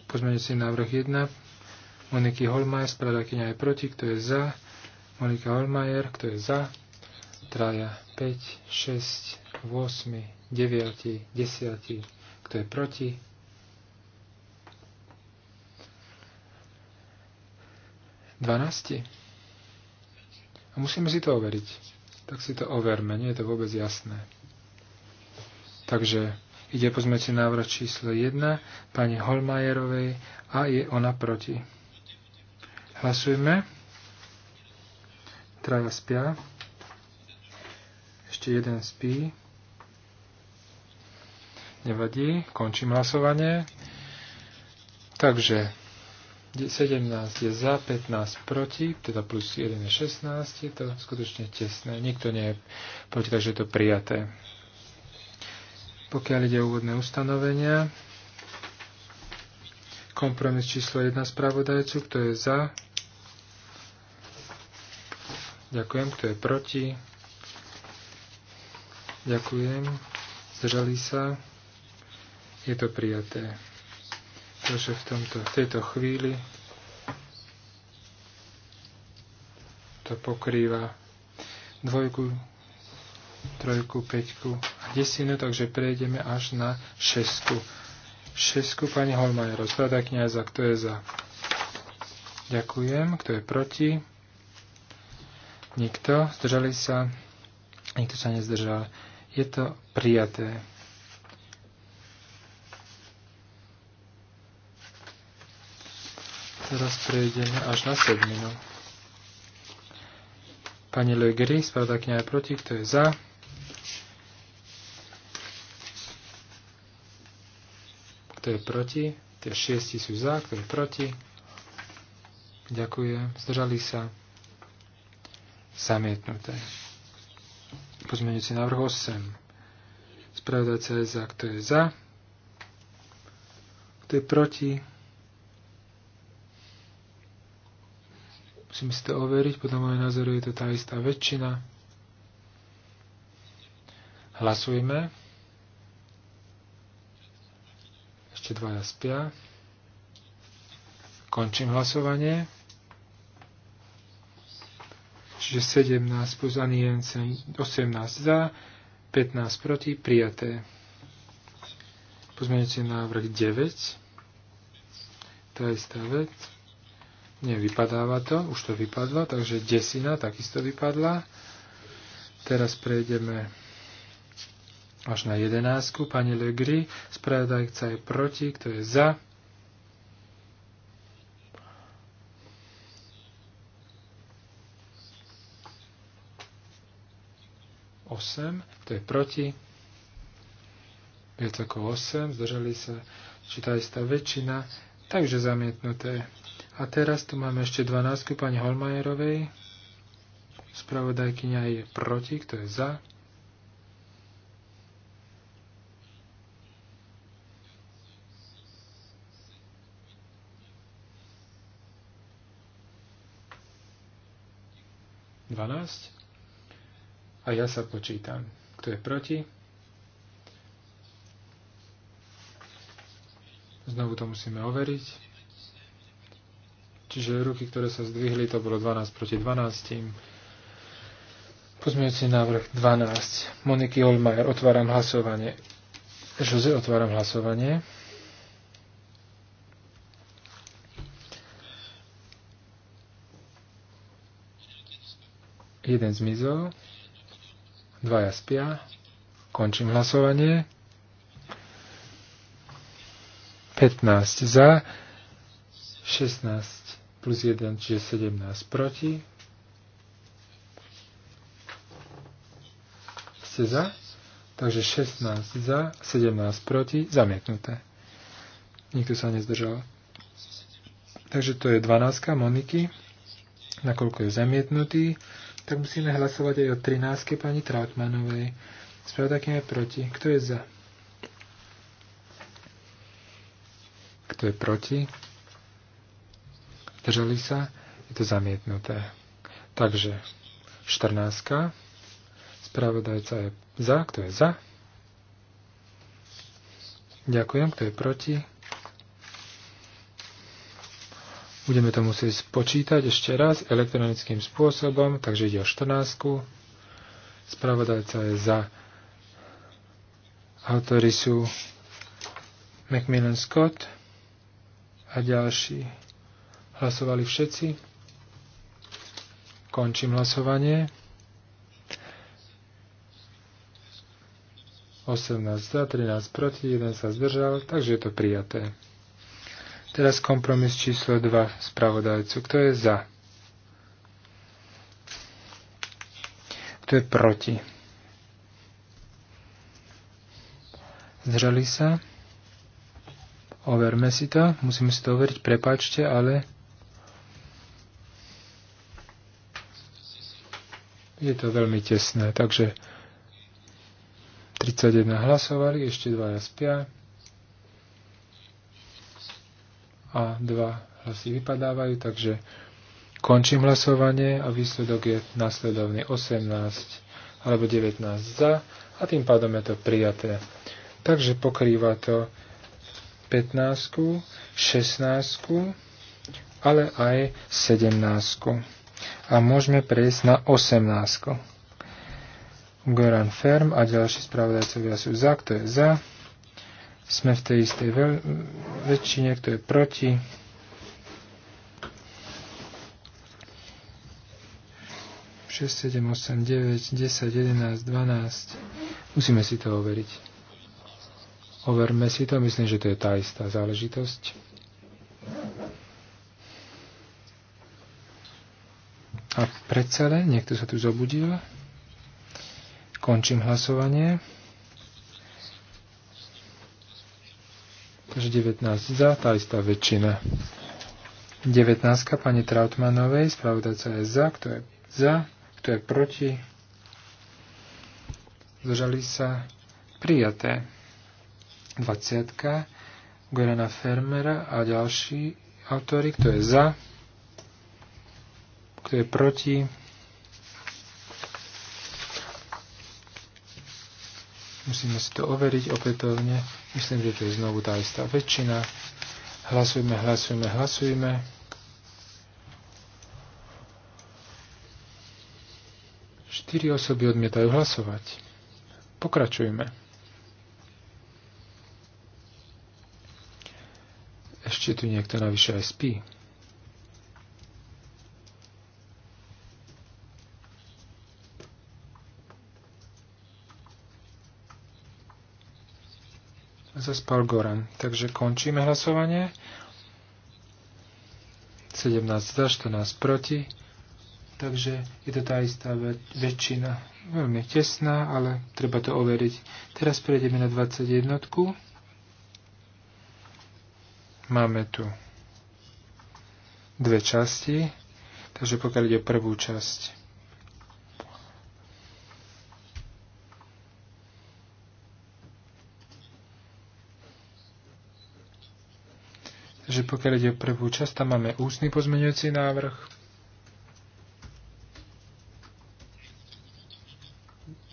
Pozmeňujúci návrh 1. Moniky Holmajer, spravodajkynia je proti, kto je za. Monika Holmajer, kto je za. Traja 5, 6, 8, 9, 10. Kto je proti? Dvanácti. A musíme si to overiť. Tak si to overme, nie je to vôbec jasné. Takže Ide pozmeňujúci návrh číslo 1 pani Holmajerovej a je ona proti. Hlasujme. Traja spia. Ešte jeden spí. Nevadí. Končím hlasovanie. Takže 17 je za, 15 proti, teda plus 1 je 16, je to skutočne tesné. Nikto nie je proti, takže je to prijaté. Pokiaľ ide o úvodné ustanovenia, kompromis číslo 1 spravodajcu, kto je za, ďakujem, kto je proti, ďakujem, zdržali sa, je to prijaté. Takže v, tomto, v tejto chvíli to pokrýva dvojku, trojku, peťku, desinu, takže prejdeme až na šestku. Šestku pani Holmajer, rozprada kniaza, kto je za? Ďakujem, kto je proti? Nikto, zdržali sa? Nikto sa nezdržal. Je to prijaté. Teraz prejdeme až na sedminu. Pani Legri, spravda kniaja je proti, kto je za? Kto je proti? Tie šiesti sú za. Kto je proti? Ďakujem. Zdržali sa. Zamietnuté. Pozmeňujúci návrh 8. Spravodajca je za. Kto je za? Kto je proti? Musím si to overiť. Podľa môjho názoru je to tá istá väčšina. Hlasujme. ešte dvaja spia. Končím hlasovanie. Čiže 17 plus ani 18 za, 15 proti, prijaté. Pozmeňujúci návrh 9. Tá istá vec. Nie, vypadáva to, už to vypadlo, takže desina takisto vypadla. Teraz prejdeme až na jedenásku. Pani Legri, spravodajca je proti, kto je za. Osem, kto je proti. Viac ako 8, zdržali sa, či tá istá väčšina, takže zamietnuté. A teraz tu máme ešte dvanáctku, pani Holmajerovej. Spravodajkyňa je proti, kto je za. 12. A ja sa počítam. Kto je proti? Znovu to musíme overiť. Čiže ruky, ktoré sa zdvihli, to bolo 12 proti 12. Pozmeňujúci návrh 12. Moniky Olmajer, otváram hlasovanie. Jose, otváram hlasovanie. Jeden zmizol. Dvaja spia. Končím hlasovanie. 15 za, 16 plus 1, čiže 17 proti. Ste za? Takže 16 za, 17 proti, zamietnuté. Nikto sa nezdržal. Takže to je 12 Moniky, nakoľko je zamietnutý tak musíme hlasovať aj o 13. pani Trautmanovej. Spravodajkyňa je proti. Kto je za? Kto je proti? Držali sa? Je to zamietnuté. Takže 14. Spravodajca je za. Kto je za? Ďakujem. Kto je proti? Budeme to musieť spočítať ešte raz elektronickým spôsobom, takže ide o 14. Spravodajca je za. Autory sú Macmillan Scott a ďalší. Hlasovali všetci. Končím hlasovanie. 18 za, 13 proti, 1 sa zdržal, takže je to prijaté. Teraz kompromis číslo 2 spravodajcu. Kto je za? Kto je proti? Zdrali sa? Overme si to. Musíme si to overiť. Prepačte, ale... Je to veľmi tesné, takže 31 hlasovali, ešte dvaja spia. a dva hlasy vypadávajú, takže končím hlasovanie a výsledok je nasledovný 18 alebo 19 za a tým pádom je to prijaté. Takže pokrýva to 15, 16, ale aj 17. A môžeme prejsť na 18. Goran Ferm a ďalší spravodajcovia sú za, kto je za, sme v tej istej väčšine, kto je proti. Šesť, sedem, osem, deväť, desať, jedenáct, dvanáct. Musíme si to overiť. Overme si to, myslím, že to je tá istá záležitosť. A predsa len, niekto sa tu zobudil. Končím hlasovanie. Takže 19 za, tá istá väčšina. 19. pani Trautmanovej, spravodajca je za, kto je za, kto je proti. Zdržali sa prijaté. 20. Gorana Fermera a ďalší autory, kto je za, kto je proti. Musíme si to overiť opätovne. Myslím, že to je znovu tá istá väčšina. Hlasujme, hlasujme, hlasujme. Štyri osoby odmietajú hlasovať. Pokračujme. Ešte tu niekto navyše aj spí. zaspal Goran. Takže končíme hlasovanie. 17 za, 14 proti. Takže je to tá istá väčšina. Veľmi tesná, ale treba to overiť. Teraz prejdeme na 21. Máme tu dve časti. Takže pokiaľ ide o prvú časť, Takže pokiaľ ide o prvú časť, tam máme ústny pozmeňujúci návrh.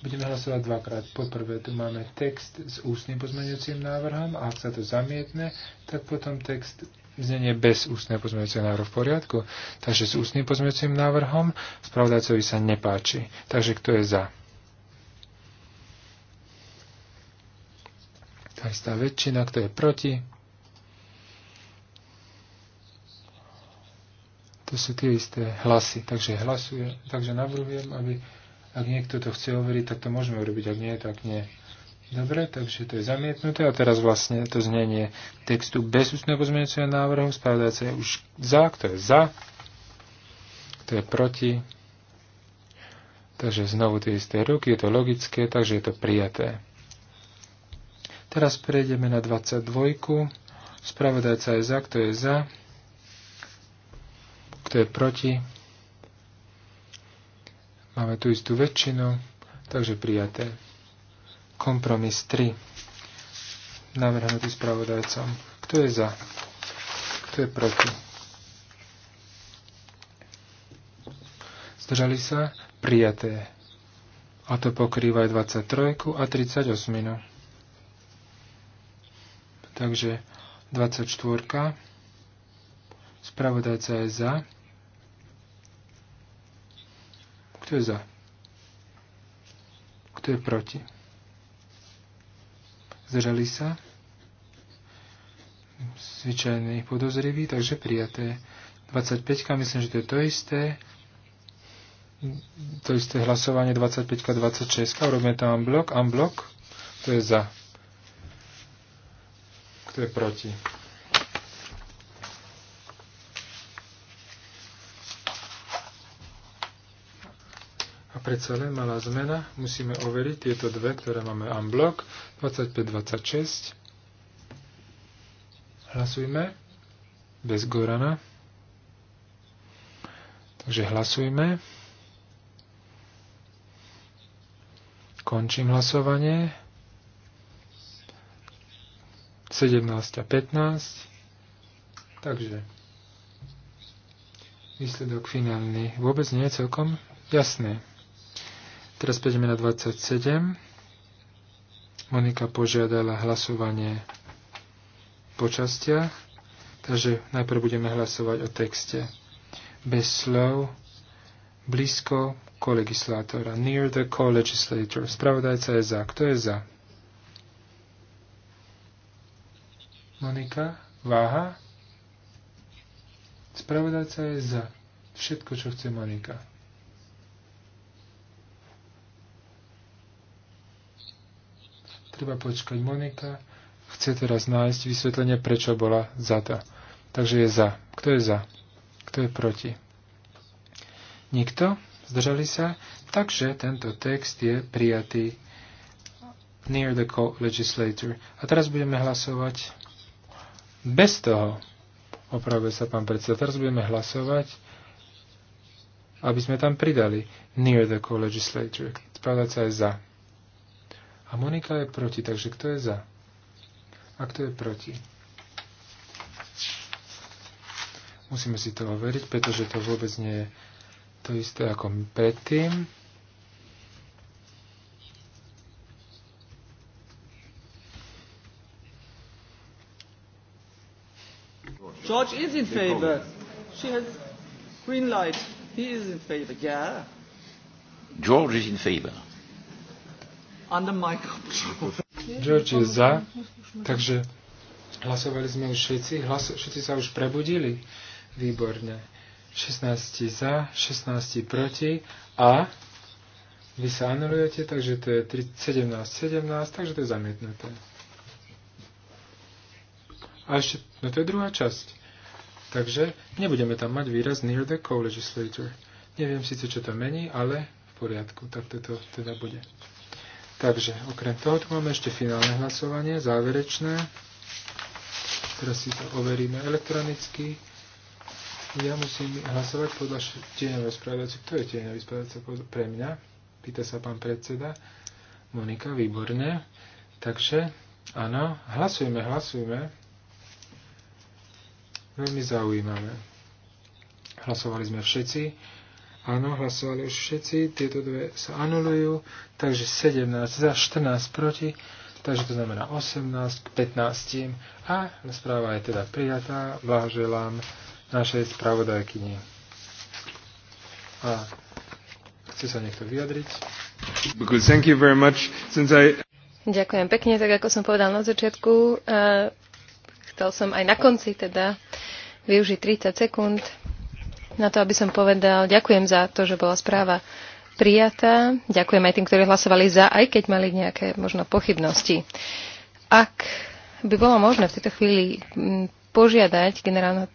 Budeme hlasovať dvakrát. Poprvé tu máme text s ústnym pozmeňujúcim návrhom a ak sa to zamietne, tak potom text znenie bez ústneho pozmeňujúceho návrhu v poriadku. Takže s ústnym pozmeňujúcim návrhom spravodajcovi sa nepáči. Takže kto je za? Tá istá väčšina, kto je proti? to sú tie isté hlasy. Takže hlasujem. takže navrhujem, aby ak niekto to chce overiť, tak to môžeme urobiť, ak nie, tak nie. Dobre, takže to je zamietnuté a teraz vlastne to znenie textu bez ústneho pozmeňujúceho návrhu, spravodajca je už za, kto je za, kto je proti. Takže znovu tie isté ruky, je to logické, takže je to prijaté. Teraz prejdeme na 22. Spravodajca je za, kto je za, kto je proti? Máme tu istú väčšinu, takže prijaté. Kompromis 3. Navrhnutý spravodajcom. Kto je za? Kto je proti? Zdržali sa? Prijaté. A to pokrýva aj 23 a 38. Takže 24. Spravodajca je za. Kto je za? Kto je proti? Zdržali sa? Zvyčajne podozriví, takže prijaté. 25, myslím, že to je to isté. To isté hlasovanie 25, 26. Robíme to unblock, unblock. Kto je za. Kto je proti? predsa len malá zmena. Musíme overiť tieto dve, ktoré máme unblock. 25-26. Hlasujme. Bez Gorana. Takže hlasujme. Končím hlasovanie. 17 a 15. Takže výsledok finálny vôbec nie je celkom jasný. Teraz prejdeme na 27. Monika požiadala hlasovanie po častiach, takže najprv budeme hlasovať o texte. Bez slov, blízko kolegislátora. Near the co-legislator. Spravodajca je za. Kto je za? Monika? Váha? Spravodajca je za. Všetko, čo chce Monika. Treba počkať Monika. Chce teraz nájsť vysvetlenie, prečo bola za to. Takže je za. Kto je za? Kto je proti? Nikto? Zdržali sa? Takže tento text je prijatý near the legislator. A teraz budeme hlasovať bez toho. Opravuje sa pán predseda. Teraz budeme hlasovať, aby sme tam pridali near the co-legislator. Spravdať sa aj za. A Monika je proti, takže kto je za? A kto je proti? Musíme si to overiť, pretože to vôbec nie je to isté ako predtým. George is in favor. She has green light. He is in favor. Yeah. George is in favor. George je za, takže hlasovali sme už všetci. Hlaso, všetci sa už prebudili. Výborne. 16 za, 16 proti a vy sa anulujete, takže to je 17, 17, takže to je zamietnuté. A ešte, no to je druhá časť. Takže nebudeme tam mať výraz near the co-legislator. Neviem síce, čo to mení, ale v poriadku, tak toto teda bude. Takže okrem toho tu máme ešte finálne hlasovanie, záverečné. Teraz si to overíme elektronicky. Ja musím hlasovať podľa tieňového spravodajcu. Kto je tieňový spravodajca pre mňa? Pýta sa pán predseda. Monika, výborne. Takže, áno, hlasujeme, hlasujeme. Veľmi zaujímavé. Hlasovali sme všetci. Áno, hlasovali už všetci, tieto dve sa anulujú, takže 17 za, 14 proti, takže to znamená 18 k 15. A správa je teda prijatá, blahoželám našej spravodajkyni. A chce sa niekto vyjadriť? Thank you very much. Since I... Ďakujem pekne, tak ako som povedal na začiatku, uh, chcel som aj na konci teda využiť 30 sekúnd na to, aby som povedal, ďakujem za to, že bola správa prijatá. Ďakujem aj tým, ktorí hlasovali za, aj keď mali nejaké možno pochybnosti. Ak by bolo možné v tejto chvíli mm, požiadať generálna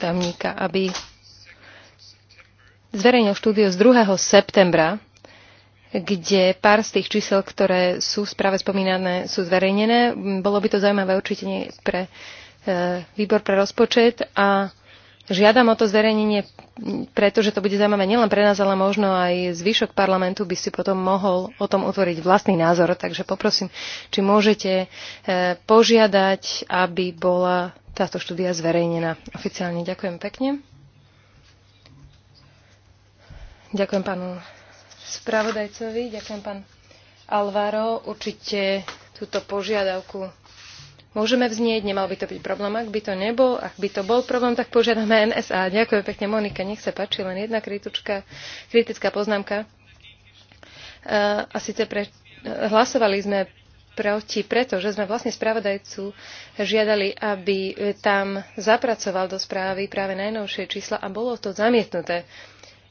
tajomníka, aby zverejnil štúdio z 2. septembra, kde pár z tých čísel, ktoré sú správe spomínané, sú zverejnené. Bolo by to zaujímavé určite nie pre e, výbor pre rozpočet a Žiadam o to zverejnenie, pretože to bude zaujímavé nielen pre nás, ale možno aj zvyšok parlamentu by si potom mohol o tom utvoriť vlastný názor. Takže poprosím, či môžete eh, požiadať, aby bola táto štúdia zverejnená oficiálne. Ďakujem pekne. Ďakujem pánu spravodajcovi, ďakujem pán Alvaro. Určite túto požiadavku môžeme vznieť, nemal by to byť problém. Ak by to nebol, ak by to bol problém, tak požiadame NSA. Ďakujem pekne, Monika, nech sa páči, len jedna kritička, kritická poznámka. E, a síce pre, e, hlasovali sme proti, pretože sme vlastne spravodajcu žiadali, aby tam zapracoval do správy práve najnovšie čísla a bolo to zamietnuté.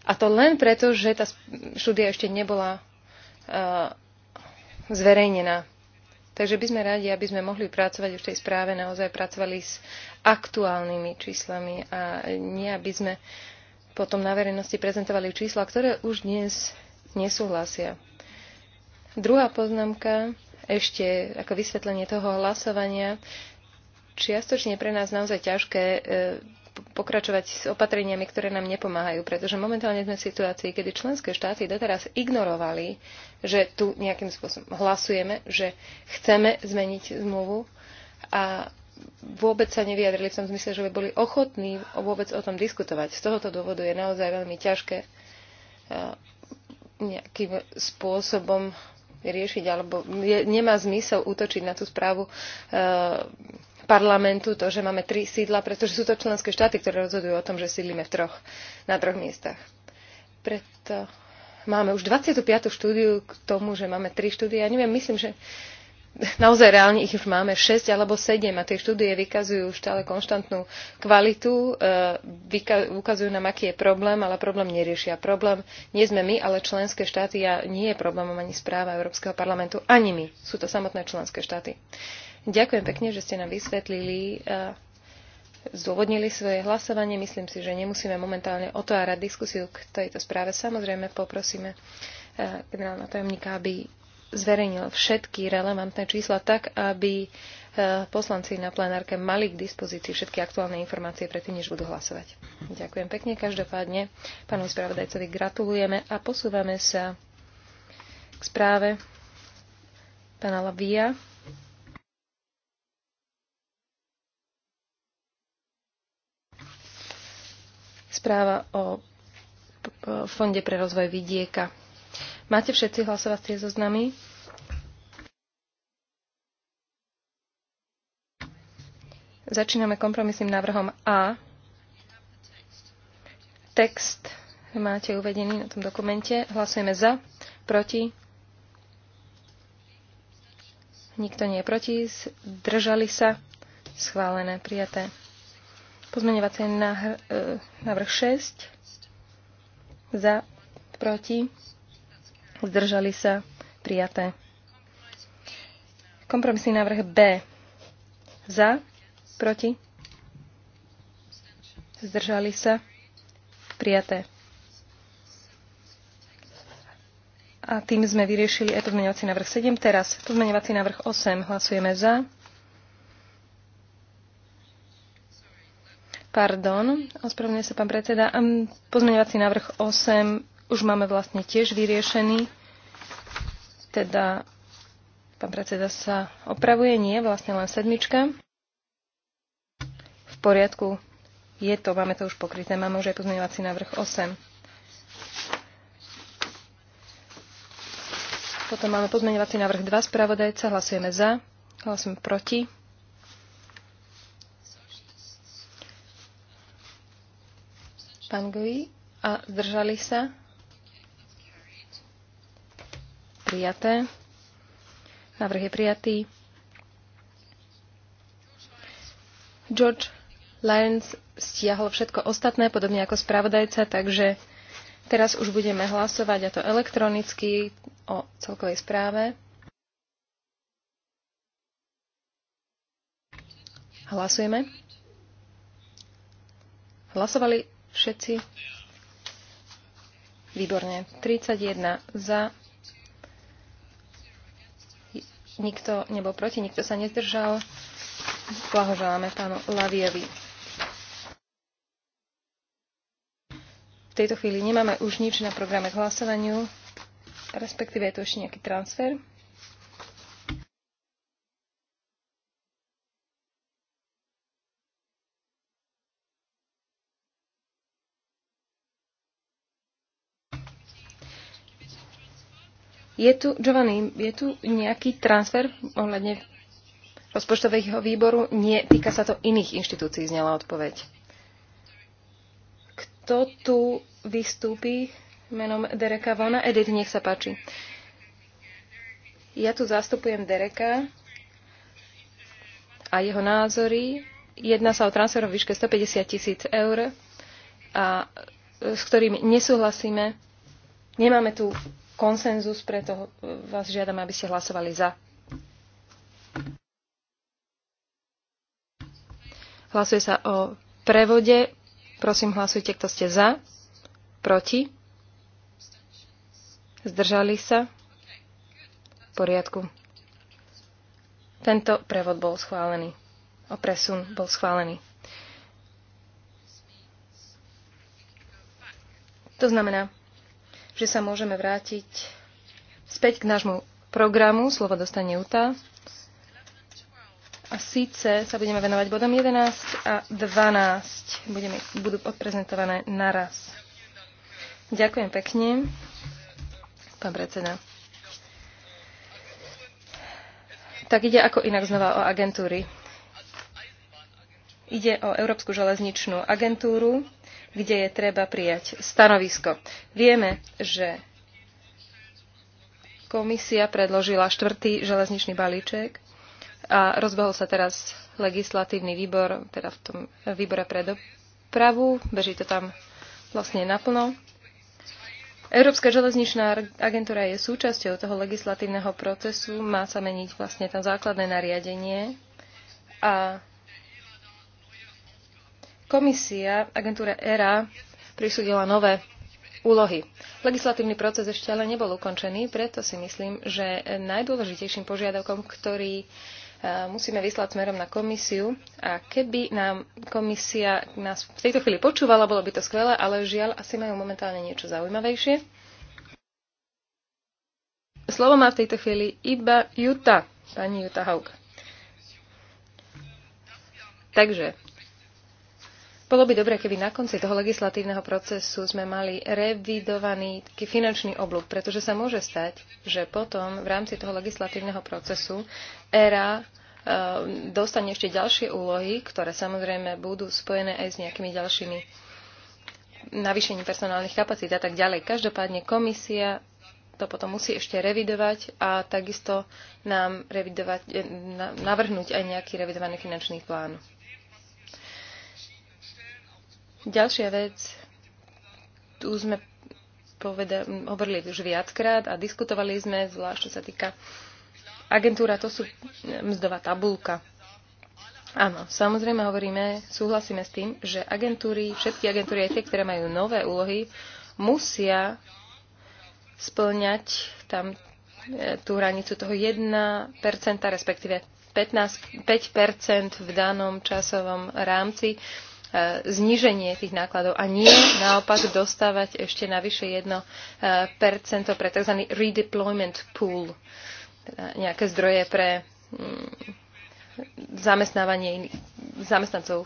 A to len preto, že tá štúdia ešte nebola uh, zverejnená. Takže by sme radi, aby sme mohli pracovať v tej správe, naozaj pracovali s aktuálnymi číslami a nie, aby sme potom na verejnosti prezentovali čísla, ktoré už dnes nesúhlasia. Druhá poznámka, ešte ako vysvetlenie toho hlasovania, čiastočne pre nás naozaj ťažké e, pokračovať s opatreniami, ktoré nám nepomáhajú, pretože momentálne sme v situácii, kedy členské štáty doteraz ignorovali, že tu nejakým spôsobom hlasujeme, že chceme zmeniť zmluvu a vôbec sa nevyjadrili v tom zmysle, že by boli ochotní vôbec o tom diskutovať. Z tohoto dôvodu je naozaj veľmi ťažké eh, nejakým spôsobom riešiť, alebo je, nemá zmysel útočiť na tú správu eh, parlamentu to, že máme tri sídla, pretože sú to členské štáty, ktoré rozhodujú o tom, že sídlime v troch, na troch miestach. Preto máme už 25. štúdiu k tomu, že máme tri štúdie. Ja neviem, myslím, že naozaj reálne ich už máme 6 alebo 7 a tie štúdie vykazujú stále konštantnú kvalitu, e, ukazujú nám, aký je problém, ale problém neriešia. Problém nie sme my, ale členské štáty a nie je problémom ani správa Európskeho parlamentu, ani my. Sú to samotné členské štáty. Ďakujem pekne, že ste nám vysvetlili, e, zdôvodnili svoje hlasovanie. Myslím si, že nemusíme momentálne otvárať diskusiu k tejto správe. Samozrejme, poprosíme e, generálna tajomníka, aby zverejnil všetky relevantné čísla tak, aby e, poslanci na plenárke mali k dispozícii všetky aktuálne informácie predtým, než budú hlasovať. Ďakujem pekne. Každopádne pánovi spravodajcovi gratulujeme a posúvame sa k správe pána Lavia. Správa o Fonde pre rozvoj vidieka. Máte všetci hlasovacie zoznamy? Začíname kompromisným návrhom A. Text máte uvedený na tom dokumente. Hlasujeme za, proti. Nikto nie je proti. zdržali sa. Schválené, prijaté. Pozmeňovací e, návrh 6. Za, proti, zdržali sa, prijaté. Kompromisný návrh B. Za, proti, zdržali sa, prijaté. A tým sme vyriešili aj pozmeňovací návrh 7. Teraz pozmeňovací návrh 8. Hlasujeme za, Pardon, ospravedlňuje sa pán predseda. Pozmeňovací návrh 8 už máme vlastne tiež vyriešený. Teda pán predseda sa opravuje, nie, vlastne len sedmička. V poriadku, je to, máme to už pokryté, máme už aj pozmeňovací návrh 8. Potom máme pozmeňovací návrh 2, spravodajca, hlasujeme za, hlasujeme proti. Pán Gui. A zdržali sa? Prijaté. Návrh je prijatý. George Lyons stiahol všetko ostatné, podobne ako spravodajca, takže teraz už budeme hlasovať, a to elektronicky, o celkovej správe. Hlasujeme. Hlasovali Všetci? Výborne. 31 za. Nikto nebol proti, nikto sa nezdržal. Blahoželáme pánu Lavievi. V tejto chvíli nemáme už nič na programe k hlasovaniu, respektíve je tu ešte nejaký transfer. Je tu, Giovanni, je tu nejaký transfer ohľadne rozpočtového výboru? Nie, týka sa to iných inštitúcií, znela odpoveď. Kto tu vystúpi menom Dereka Vona? Edith, nech sa páči. Ja tu zastupujem Dereka a jeho názory. Jedná sa o transfer v výške 150 tisíc eur, a, s ktorým nesúhlasíme. Nemáme tu konsenzus, preto vás žiadam, aby ste hlasovali za. Hlasuje sa o prevode. Prosím, hlasujte, kto ste za, proti, zdržali sa. V poriadku. Tento prevod bol schválený. O presun bol schválený. To znamená, že sa môžeme vrátiť späť k nášmu programu. Slovo dostane Juta. A síce sa budeme venovať bodom 11 a 12. Budeme, budú odprezentované naraz. Ďakujem pekne, pán predseda. Tak ide ako inak znova o agentúry. Ide o Európsku železničnú agentúru, kde je treba prijať stanovisko. Vieme, že komisia predložila štvrtý železničný balíček a rozbehol sa teraz legislatívny výbor, teda v tom výbore pre dopravu, beží to tam vlastne naplno. Európska železničná agentúra je súčasťou toho legislatívneho procesu, má sa meniť vlastne tam základné nariadenie a Komisia, agentúra ERA, prisúdila nové úlohy. Legislatívny proces ešte ale nebol ukončený, preto si myslím, že najdôležitejším požiadavkom, ktorý e, musíme vyslať smerom na komisiu a keby nám komisia nás v tejto chvíli počúvala, bolo by to skvelé, ale žiaľ, asi majú momentálne niečo zaujímavejšie. Slovo má v tejto chvíli iba Juta, pani Juta Haug. Takže bolo by dobre, keby na konci toho legislatívneho procesu sme mali revidovaný taký finančný oblúk, pretože sa môže stať, že potom v rámci toho legislatívneho procesu ERA e, dostane ešte ďalšie úlohy, ktoré samozrejme budú spojené aj s nejakými ďalšími navýšením personálnych kapacít a tak ďalej. Každopádne komisia to potom musí ešte revidovať a takisto nám revidovať, e, navrhnúť aj nejaký revidovaný finančný plán. Ďalšia vec, tu sme povedali, hovorili už viackrát a diskutovali sme, zvlášť čo sa týka agentúra, to sú mzdová tabulka. Áno, samozrejme hovoríme, súhlasíme s tým, že agentúry, všetky agentúry, aj tie, ktoré majú nové úlohy, musia splňať tam e, tú hranicu toho 1%, respektíve 15, 5% v danom časovom rámci. E, zníženie tých nákladov a nie naopak dostávať ešte navyše 1% e, pre tzv. redeployment pool, teda nejaké zdroje pre mm, zamestnávanie zamestnancov.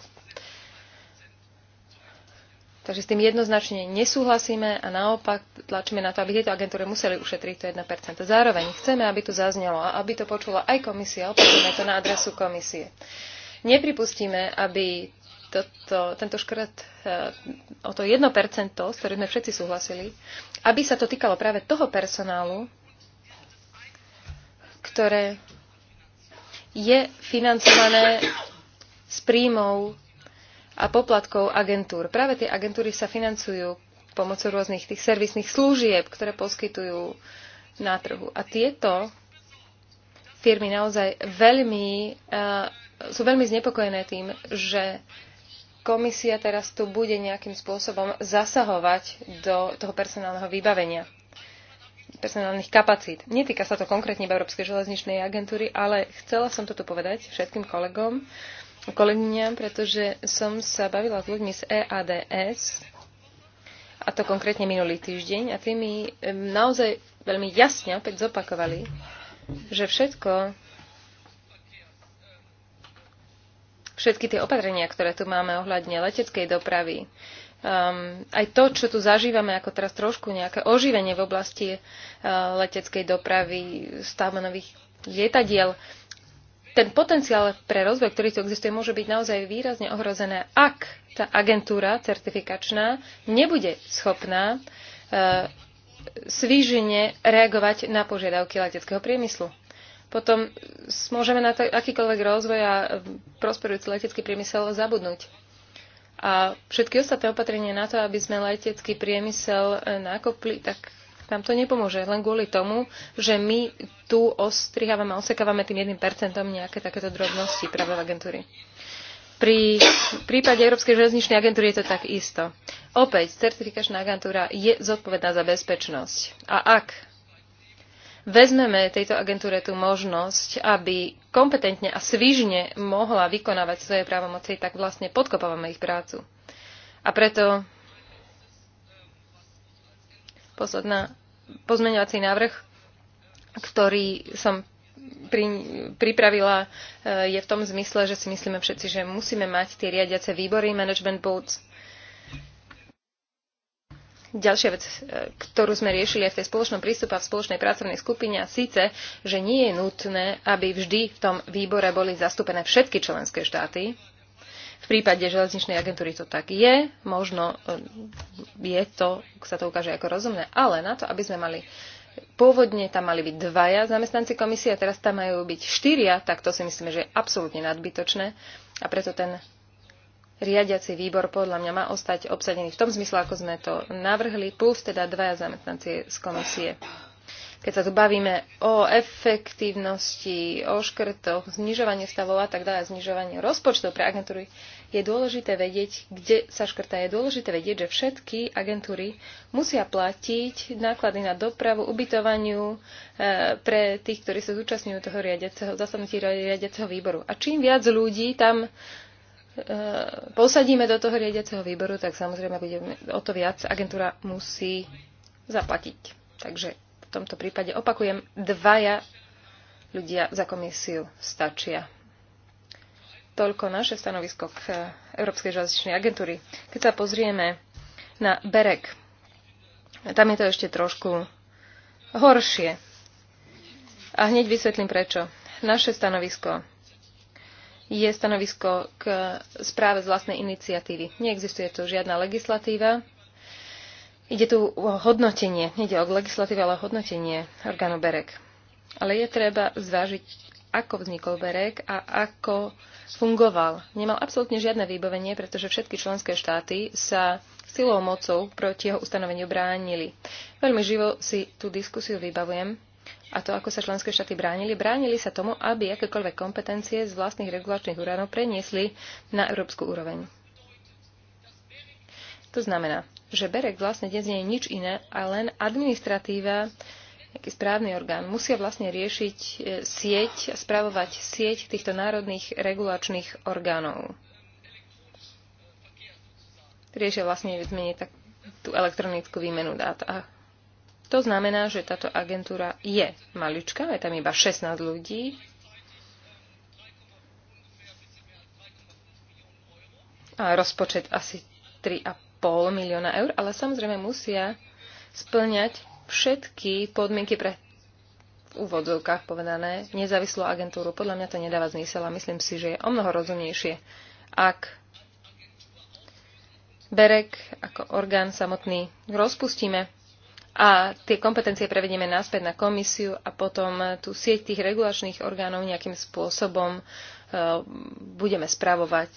Takže s tým jednoznačne nesúhlasíme a naopak tlačíme na to, aby tieto agentúry museli ušetriť to 1%. Zároveň chceme, aby to zaznelo a aby to počula aj komisia, opakujeme to na adresu komisie. Nepripustíme, aby toto, tento škrt eh, o to 1%, s ktorým sme všetci súhlasili, aby sa to týkalo práve toho personálu, ktoré je financované z príjmov a poplatkov agentúr. Práve tie agentúry sa financujú pomocou rôznych tých servisných služieb, ktoré poskytujú na trhu. A tieto firmy naozaj veľmi, uh, sú veľmi znepokojené tým, že komisia teraz tu bude nejakým spôsobom zasahovať do toho personálneho vybavenia personálnych kapacít. Netýka sa to konkrétne iba Európskej železničnej agentúry, ale chcela som toto povedať všetkým kolegom, kolegyňam, pretože som sa bavila s ľuďmi z EADS, a to konkrétne minulý týždeň, a tí mi naozaj veľmi jasne opäť zopakovali, že všetko, všetky tie opatrenia, ktoré tu máme ohľadne leteckej dopravy, um, aj to, čo tu zažívame, ako teraz trošku nejaké oživenie v oblasti uh, leteckej dopravy, stavba nových lietadiel, ten potenciál pre rozvoj, ktorý tu existuje, môže byť naozaj výrazne ohrozené, ak tá agentúra certifikačná nebude schopná uh, svížine reagovať na požiadavky leteckého priemyslu potom môžeme na akýkoľvek rozvoj a prosperujúci letecký priemysel zabudnúť. A všetky ostatné opatrenia na to, aby sme letecký priemysel e, nakopli, tak nám to nepomôže. Len kvôli tomu, že my tu ostrihávame osekávame tým jedným percentom nejaké takéto drobnosti práve v agentúry. Pri prípade Európskej železničnej agentúry je to tak isto. Opäť, certifikačná agentúra je zodpovedná za bezpečnosť. A ak vezmeme tejto agentúre tú možnosť, aby kompetentne a svižne mohla vykonávať svoje právomoci, tak vlastne podkopávame ich prácu. A preto posledná pozmeňovací návrh, ktorý som pri, pripravila, e, je v tom zmysle, že si myslíme všetci, že musíme mať tie riadiace výbory, management boards, Ďalšia vec, e, ktorú sme riešili aj v tej spoločnom prístupe a v spoločnej pracovnej skupine, a síce, že nie je nutné, aby vždy v tom výbore boli zastúpené všetky členské štáty. V prípade železničnej agentúry to tak je, možno e, je to, sa to ukáže ako rozumné, ale na to, aby sme mali Pôvodne tam mali byť dvaja zamestnanci komisie a teraz tam majú byť štyria, tak to si myslíme, že je absolútne nadbytočné a preto ten riadiaci výbor podľa mňa má ostať obsadený v tom zmysle, ako sme to navrhli, plus teda dvaja zamestnancie z komisie. Keď sa tu bavíme o efektívnosti, o škrtoch, znižovanie stavov a tak dále, znižovanie rozpočtov pre agentúry, je dôležité vedieť, kde sa škrta. Je dôležité vedieť, že všetky agentúry musia platiť náklady na dopravu, ubytovaniu e, pre tých, ktorí sa zúčastňujú toho riadiaceho, zasadnutí riadiaceho výboru. A čím viac ľudí tam E, posadíme do toho riadiaceho výboru, tak samozrejme budeme, o to viac agentúra musí zaplatiť. Takže v tomto prípade opakujem, dvaja ľudia za komisiu stačia. Toľko naše stanovisko k e, Európskej železničnej agentúry. Keď sa pozrieme na Berek, tam je to ešte trošku horšie. A hneď vysvetlím prečo. Naše stanovisko je stanovisko k správe z vlastnej iniciatívy. Neexistuje tu žiadna legislatíva. Ide tu o hodnotenie. Ide o legislatívu, ale o hodnotenie orgánu BEREK. Ale je treba zvážiť, ako vznikol BEREK a ako fungoval. Nemal absolútne žiadne výbovenie, pretože všetky členské štáty sa silou mocou proti jeho ustanoveniu bránili. Veľmi živo si tú diskusiu vybavujem a to, ako sa členské štáty bránili, bránili sa tomu, aby akékoľvek kompetencie z vlastných regulačných úradov preniesli na európsku úroveň. To znamená, že BEREK vlastne dnes nie je nič iné, ale len administratíva, nejaký správny orgán, musia vlastne riešiť e, sieť, spravovať sieť týchto národných regulačných orgánov. Riešia vlastne zmeniť tak tú elektronickú výmenu dát. A to znamená, že táto agentúra je maličká, je tam iba 16 ľudí. A rozpočet asi 3,5 milióna eur, ale samozrejme musia splňať všetky podmienky pre v úvodzovkách povedané nezávislú agentúru. Podľa mňa to nedáva zmysel a myslím si, že je o mnoho rozumnejšie, ak Berek ako orgán samotný rozpustíme a tie kompetencie prevedieme naspäť na komisiu a potom tú sieť tých regulačných orgánov nejakým spôsobom e, budeme spravovať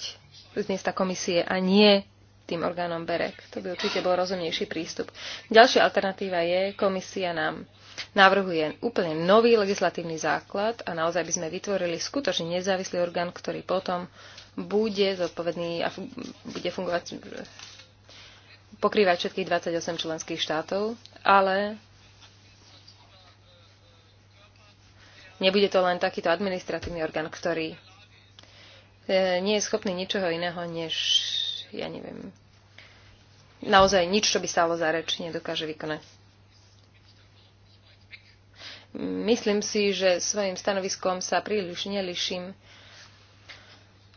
z miesta komisie a nie tým orgánom BEREK. To by určite bol rozumnejší prístup. Ďalšia alternatíva je, komisia nám navrhuje úplne nový legislatívny základ a naozaj by sme vytvorili skutočne nezávislý orgán, ktorý potom bude zodpovedný a bude fungovať pokrývať všetkých 28 členských štátov, ale nebude to len takýto administratívny orgán, ktorý e, nie je schopný ničoho iného, než, ja neviem, naozaj nič, čo by stalo za reč, nedokáže vykonať. Myslím si, že svojim stanoviskom sa príliš neliším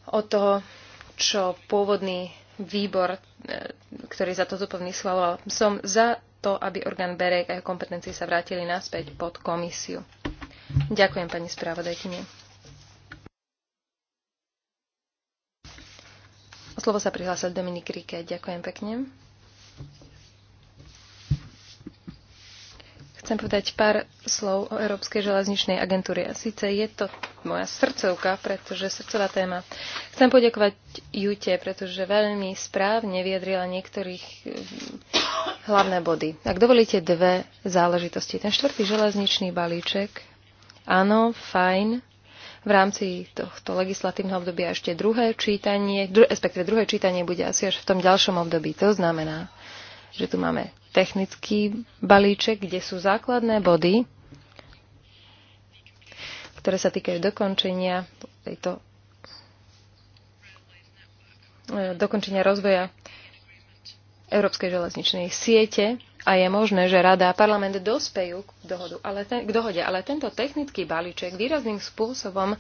od toho, čo pôvodný výbor, e, ktorý za to zodpovedný schvaloval. Som za to, aby orgán Berek a jeho kompetencie sa vrátili naspäť pod komisiu. Ďakujem, pani správodajkyne. O slovo sa prihlásil Dominik Rike. Ďakujem pekne. chcem povedať pár slov o Európskej železničnej agentúre. A síce je to moja srdcovka, pretože srdcová téma. Chcem poďakovať Jute, pretože veľmi správne vyjadrila niektorých mm, hlavné body. Ak dovolíte dve záležitosti. Ten štvrtý železničný balíček, áno, fajn, v rámci tohto legislatívneho obdobia ešte druhé čítanie, dru, respektíve druhé čítanie bude asi až v tom ďalšom období. To znamená, že tu máme technický balíček, kde sú základné body, ktoré sa týkajú dokončenia tejto e, dokončenia rozvoja Európskej železničnej siete a je možné, že Rada a parlament dospejú k, dohodu, ale ten, k dohode, ale tento technický balíček výrazným spôsobom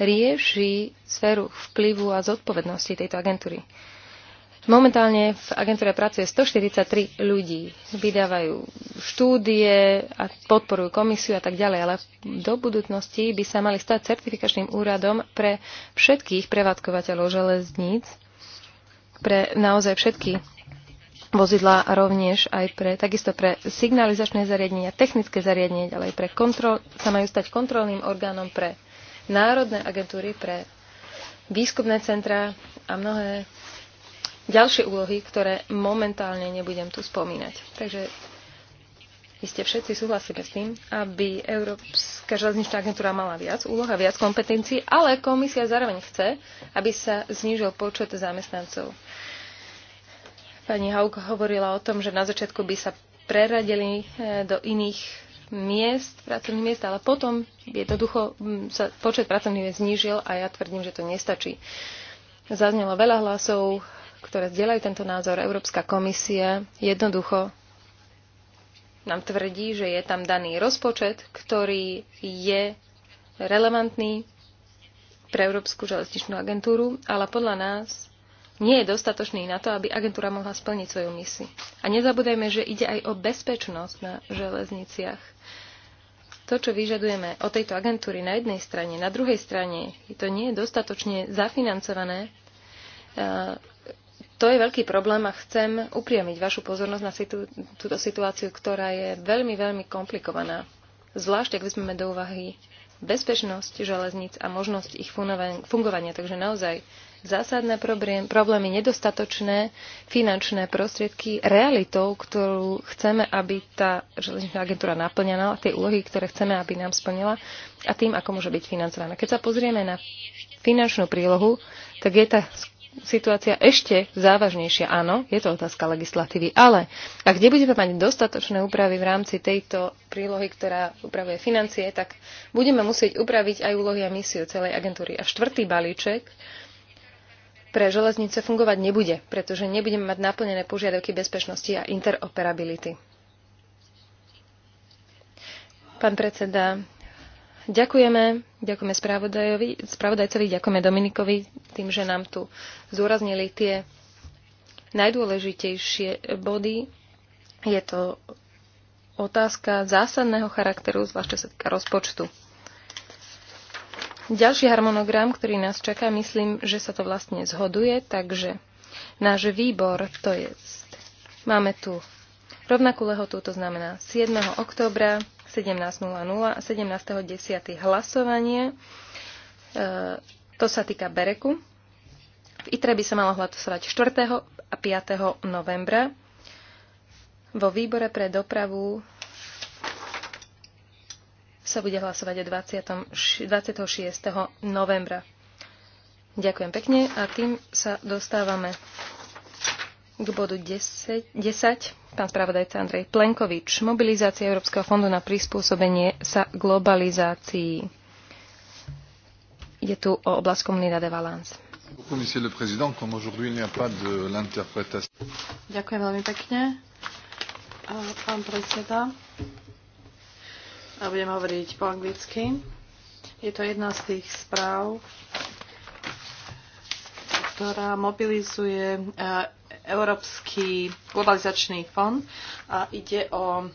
rieši sféru vplyvu a zodpovednosti tejto agentúry. Momentálne v agentúre pracuje 143 ľudí. Vydávajú štúdie a podporujú komisiu a tak ďalej, ale do budúcnosti by sa mali stať certifikačným úradom pre všetkých prevádzkovateľov železníc, pre naozaj všetky vozidlá a rovnež aj pre, takisto pre signalizačné zariadenia, technické zariadenia, ale aj pre kontrol, sa majú stať kontrolným orgánom pre národné agentúry, pre výskumné centra a mnohé ďalšie úlohy, ktoré momentálne nebudem tu spomínať. Takže iste všetci súhlasíme s tým, aby Európska železničná agentúra mala viac úloh a viac kompetencií, ale komisia zároveň chce, aby sa znížil počet zamestnancov. Pani Haug hovorila o tom, že na začiatku by sa preradili eh, do iných miest, pracovných miest, ale potom jednoducho mm, sa počet pracovných miest znížil a ja tvrdím, že to nestačí. Zaznelo veľa hlasov ktoré zdieľajú tento názor, Európska komisia jednoducho nám tvrdí, že je tam daný rozpočet, ktorý je relevantný pre Európsku železničnú agentúru, ale podľa nás nie je dostatočný na to, aby agentúra mohla splniť svoju misi. A nezabudajme, že ide aj o bezpečnosť na železniciach. To, čo vyžadujeme o tejto agentúry na jednej strane, na druhej strane, to nie je dostatočne zafinancované to je veľký problém a chcem upriamiť vašu pozornosť na situ- túto situáciu, ktorá je veľmi, veľmi komplikovaná. Zvlášť, ak vezmeme do úvahy bezpečnosť železníc a možnosť ich fungovania. Takže naozaj zásadné problémy, nedostatočné finančné prostriedky realitou, ktorú chceme, aby tá železničná agentúra naplňala, tie úlohy, ktoré chceme, aby nám splnila a tým, ako môže byť financovaná. Keď sa pozrieme na finančnú prílohu, tak je tá situácia ešte závažnejšia. Áno, je to otázka legislatívy, ale ak nebudeme mať dostatočné úpravy v rámci tejto prílohy, ktorá upravuje financie, tak budeme musieť upraviť aj úlohy a misiu celej agentúry. A štvrtý balíček pre železnice fungovať nebude, pretože nebudeme mať naplnené požiadavky bezpečnosti a interoperability. Pán predseda, Ďakujeme, ďakujeme spravodajcovi, ďakujeme Dominikovi tým, že nám tu zúraznili tie najdôležitejšie body. Je to otázka zásadného charakteru, zvlášť čo sa týka rozpočtu. Ďalší harmonogram, ktorý nás čaká, myslím, že sa to vlastne zhoduje, takže náš výbor, to je, máme tu rovnakú lehotu, to znamená 7. oktobra 17.00 a 17.10. hlasovanie. E, to sa týka Bereku. V ITRE by sa malo hlasovať 4. a 5. novembra. Vo výbore pre dopravu sa bude hlasovať 26. novembra. Ďakujem pekne a tým sa dostávame k bodu 10. 10 pán spravodajca Andrej Plenkovič. Mobilizácia Európskeho fondu na prispôsobenie sa globalizácii. Je tu o oblasť komunita de Valence. Ďakujem veľmi pekne, pán predseda. A budem hovoriť po anglicky. Je to jedna z tých správ, ktorá mobilizuje Európsky globalizačný fond a ide o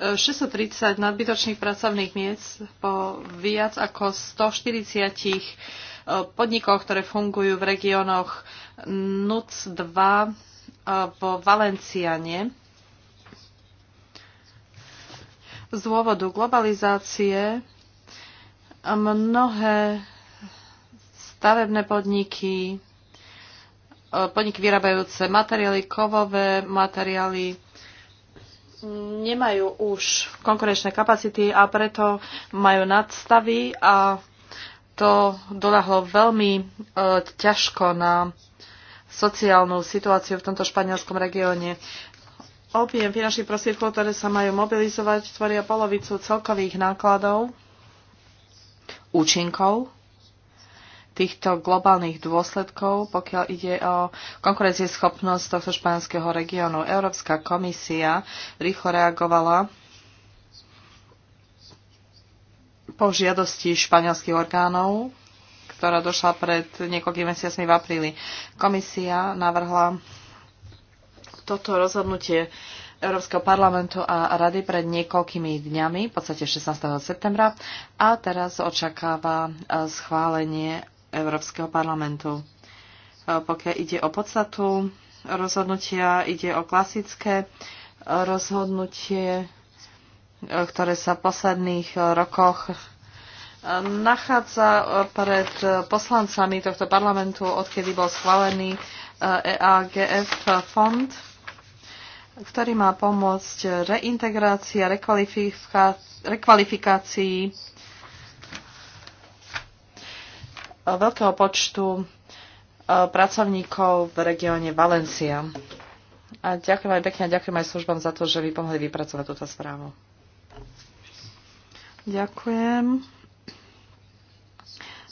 630 e, nadbytočných pracovných miest po viac ako 140 e, podnikoch, ktoré fungujú v regiónoch NUC 2 e, vo Valenciane. Z dôvodu globalizácie mnohé stavebné podniky, podniky vyrábajúce materiály, kovové materiály nemajú už konkurenčné kapacity a preto majú nadstavy a to doľahlo veľmi e, ťažko na sociálnu situáciu v tomto španielskom regióne. Objem finančných prostriedkov, ktoré sa majú mobilizovať, tvoria polovicu celkových nákladov účinkov týchto globálnych dôsledkov, pokiaľ ide o konkurencieschopnosť tohto španielského regiónu. Európska komisia rýchlo reagovala po žiadosti španielských orgánov, ktorá došla pred niekoľkými mesiacmi v apríli. Komisia navrhla toto rozhodnutie Európskeho parlamentu a rady pred niekoľkými dňami, v podstate 16. septembra, a teraz očakáva eh, schválenie Európskeho parlamentu. E, pokiaľ ide o podstatu rozhodnutia, ide o klasické rozhodnutie, e, ktoré sa v posledných e, rokoch nachádza pred poslancami tohto parlamentu, odkedy bol schválený EAGF fond, ktorý má pomôcť reintegrácii a rekvalifikácii veľkého počtu e, pracovníkov v regióne Valencia. A ďakujem aj pekne a ďakujem aj službám za to, že vy pomohli vypracovať túto správu. Ďakujem.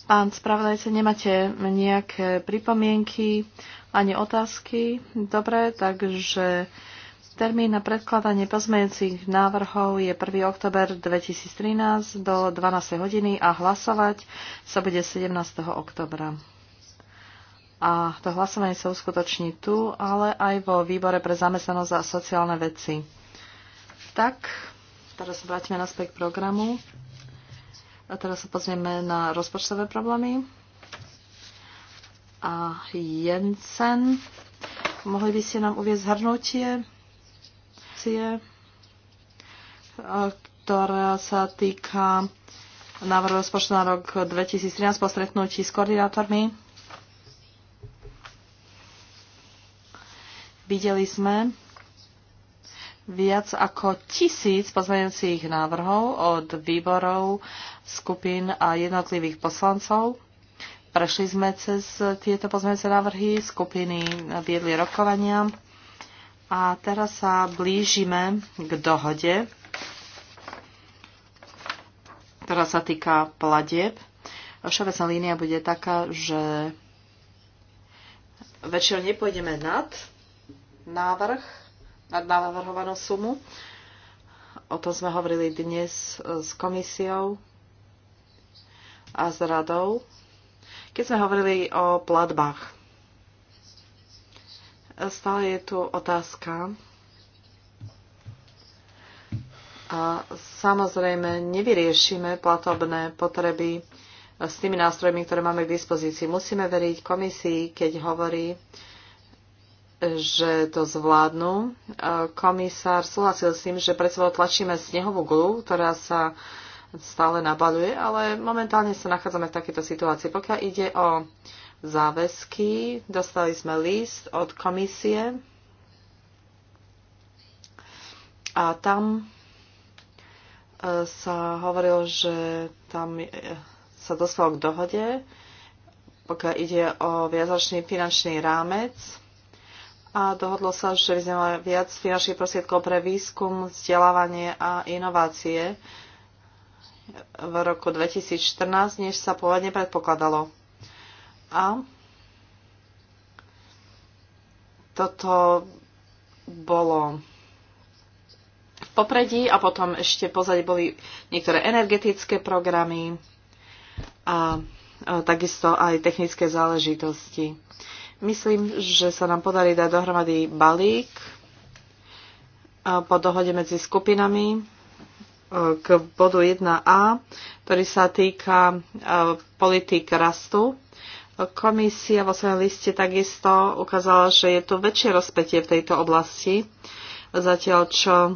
Pán spravodajce, nemáte nejaké pripomienky ani otázky? Dobre, takže Termín na predkladanie pozmejúcich návrhov je 1. oktober 2013 do 12. hodiny a hlasovať sa bude 17. oktobra. A to hlasovanie sa uskutoční tu, ale aj vo výbore pre zamestnanosť a sociálne veci. Tak, teraz sa vrátime naspäť k programu. A teraz sa pozrieme na rozpočtové problémy. A Jensen, mohli by ste nám uvieť zhrnutie? frakcie, e, ktorá sa týka návrhu rozpočtu na rok 2013 po stretnutí s koordinátormi. Videli sme viac ako tisíc pozmeňujúcich návrhov od výborov, skupín a jednotlivých poslancov. Prešli sme cez tieto pozmeňujúce návrhy, skupiny viedli rokovania a teraz sa blížime k dohode, ktorá sa týka pladieb. Všeobecná línia bude taká, že väčšinou nepôjdeme nad návrh, nad navrhovanú sumu. O tom sme hovorili dnes s komisiou a s radou, keď sme hovorili o platbách. Stále je tu otázka. A samozrejme nevyriešime platobné potreby s tými nástrojmi, ktoré máme k dispozícii. Musíme veriť komisii, keď hovorí, že to zvládnu. Komisár súhlasil s tým, že pred sebou tlačíme snehovú gulu, ktorá sa stále nabaluje, ale momentálne sa nachádzame v takejto situácii. Pokiaľ ide o záväzky. Dostali sme list od komisie a tam e, sa hovorilo, že tam e, sa dostalo k dohode, pokiaľ ide o viazačný finančný rámec a dohodlo sa, že by sme mali viac finančných prostriedkov pre výskum, vzdelávanie a inovácie v roku 2014, než sa pôvodne predpokladalo. A toto bolo v popredí a potom ešte pozadí boli niektoré energetické programy a takisto aj technické záležitosti. Myslím, že sa nám podarí dať dohromady balík po dohode medzi skupinami e, k bodu 1a, ktorý sa týka e, politik rastu Komisia vo svojom liste takisto ukázala, že je tu väčšie rozpetie v tejto oblasti, zatiaľ čo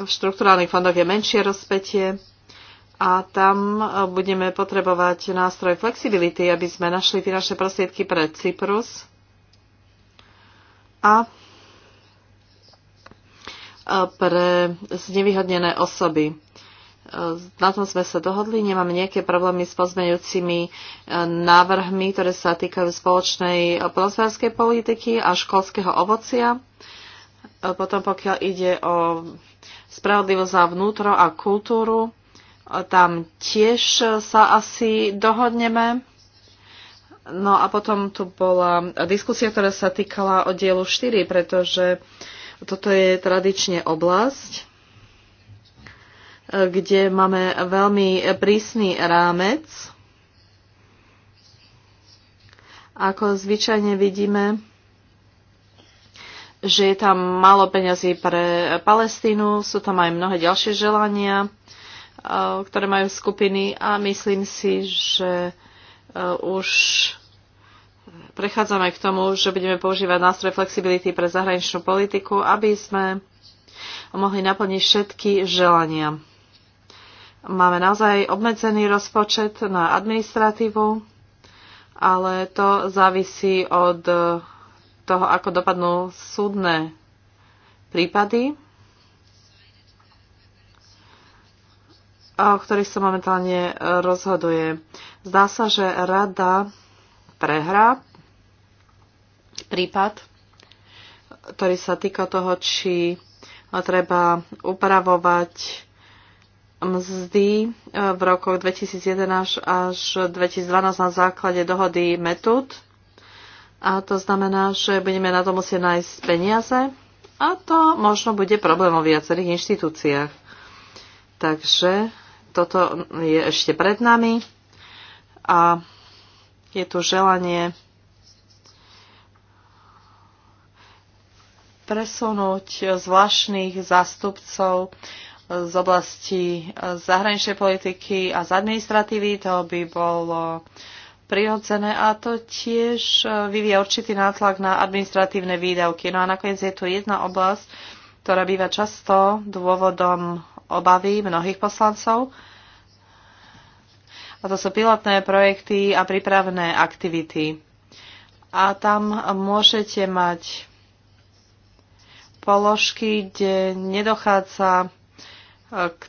v štruktúrálnych fondoch je menšie rozpetie a tam e, budeme potrebovať nástroj flexibility, aby sme našli finančné prostriedky pre Cyprus. A e, pre znevýhodnené osoby na tom sme sa dohodli, nemáme nejaké problémy s pozmeňujúcimi e, návrhmi, ktoré sa týkajú spoločnej polnospodárskej politiky a školského ovocia. E, potom pokiaľ ide o spravodlivosť za vnútro a kultúru, e, tam tiež sa asi dohodneme. No a potom tu bola diskusia, ktorá sa týkala o dielu 4, pretože toto je tradične oblasť, kde máme veľmi prísny rámec. Ako zvyčajne vidíme, že je tam málo peňazí pre Palestínu, sú tam aj mnohé ďalšie želania, e, ktoré majú skupiny a myslím si, že e, už prechádzame k tomu, že budeme používať nástroj flexibility pre zahraničnú politiku, aby sme mohli naplniť všetky želania. Máme naozaj obmedzený rozpočet na administratívu, ale to závisí od toho, ako dopadnú súdne prípady, o ktorých sa momentálne rozhoduje. Zdá sa, že rada prehrá prípad, ktorý sa týka toho, či treba upravovať mzdy e, v rokoch 2011 až 2012 na základe dohody metód. A to znamená, že budeme na to musieť nájsť peniaze a to možno bude problém vo viacerých inštitúciách. Takže toto je ešte pred nami a je tu želanie presunúť zvláštnych zástupcov z oblasti e, zahraničnej politiky a z administratívy. To by bolo prirodzené a to tiež e, vyvíja určitý nátlak na administratívne výdavky. No a nakoniec je tu jedna oblasť, ktorá býva často dôvodom obavy mnohých poslancov. A to sú pilotné projekty a prípravné aktivity. A tam môžete mať položky, kde nedochádza k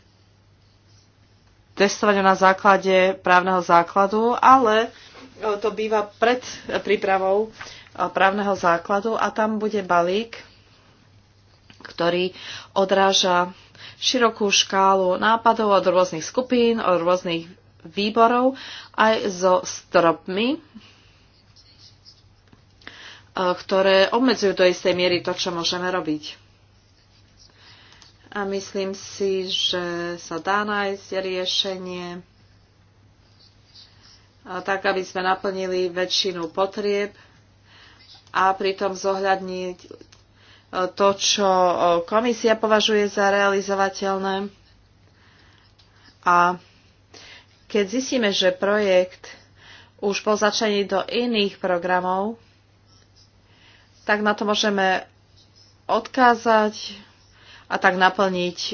testovaniu na základe právneho základu, ale e, to býva pred prípravou e, právneho základu a tam bude balík, ktorý odráža širokú škálu nápadov od rôznych skupín, od rôznych výborov, aj so stropmi, e, ktoré obmedzujú do istej miery to, čo môžeme robiť a myslím si, že sa dá nájsť riešenie tak, aby sme naplnili väčšinu potrieb a pritom zohľadniť e, to, čo e, komisia považuje za realizovateľné. A keď zistíme, že projekt už po začaní do iných programov, tak na to môžeme odkázať a tak naplniť e,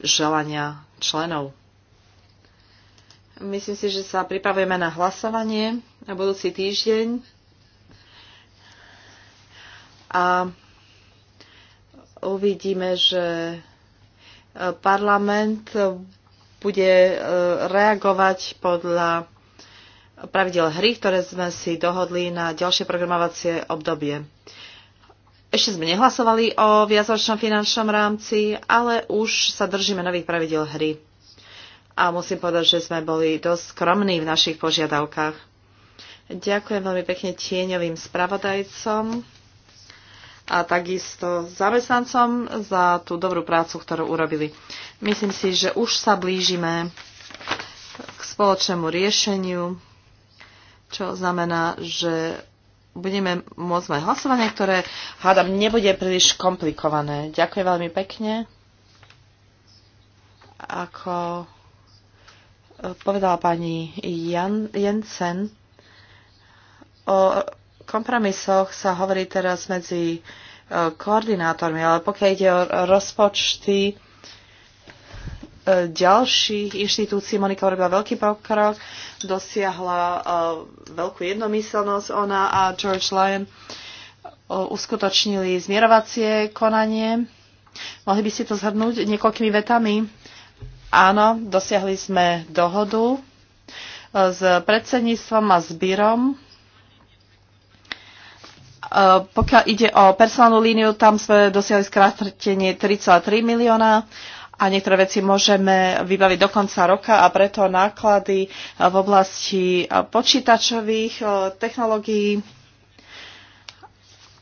želania členov. Myslím si, že sa pripravujeme na hlasovanie na budúci týždeň. A uvidíme, že e, parlament bude e, reagovať podľa pravidel hry, ktoré sme si dohodli na ďalšie programovacie obdobie. Ešte sme nehlasovali o viacročnom finančnom rámci, ale už sa držíme nových pravidel hry. A musím povedať, že sme boli dosť skromní v našich požiadavkách. Ďakujem veľmi pekne tieňovým spravodajcom a takisto zamestnancom za tú dobrú prácu, ktorú urobili. Myslím si, že už sa blížime k spoločnému riešeniu, čo znamená, že budeme môcť mať hlasovanie, ktoré, hádam, nebude príliš komplikované. Ďakujem veľmi pekne. Ako e, povedala pani Jan, Jensen, o kompromisoch sa hovorí teraz medzi e, koordinátormi, ale pokiaľ ide o rozpočty, ďalších inštitúcií. Monika urobila veľký pokrok, dosiahla eh, veľkú jednomyselnosť ona a George Lyon eh, uskutočnili zmierovacie konanie. Mohli by ste to zhrnúť niekoľkými vetami? Áno, dosiahli sme dohodu eh, s predsedníctvom a zbírom. Pokiaľ ide o personálnu líniu, tam sme dosiahli skrátenie 3,3 milióna a niektoré veci môžeme vybaviť do konca roka a preto náklady e, v oblasti e, počítačových e, technológií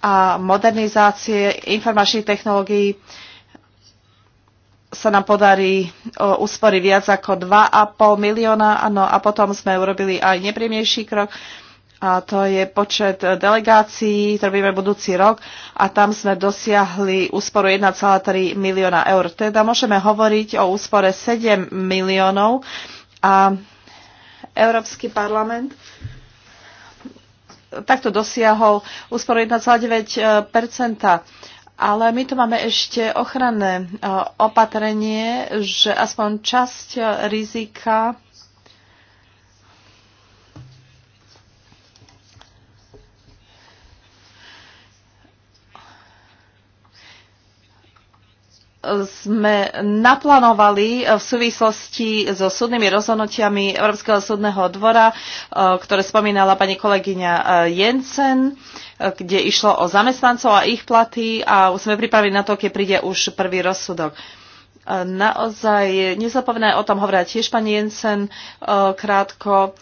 a modernizácie informačných technológií sa nám podarí úspory viac ako 2,5 milióna. Áno, a potom sme urobili aj nepriemnejší krok a to je počet delegácií, ktoré budeme budúci rok a tam sme dosiahli úsporu 1,3 milióna eur. Teda môžeme hovoriť o úspore 7 miliónov a Európsky parlament takto dosiahol úsporu 1,9 ale my tu máme ešte ochranné e, opatrenie, že aspoň časť rizika sme naplánovali v súvislosti so súdnymi rozhodnutiami Európskeho súdneho dvora, e, ktoré spomínala pani kolegyňa e, Jensen, e, kde išlo o zamestnancov a ich platy a sme pripravili na to, keď príde už prvý rozsudok. Naozaj nezapomínaj o tom hovorila tiež pani Jensen krátko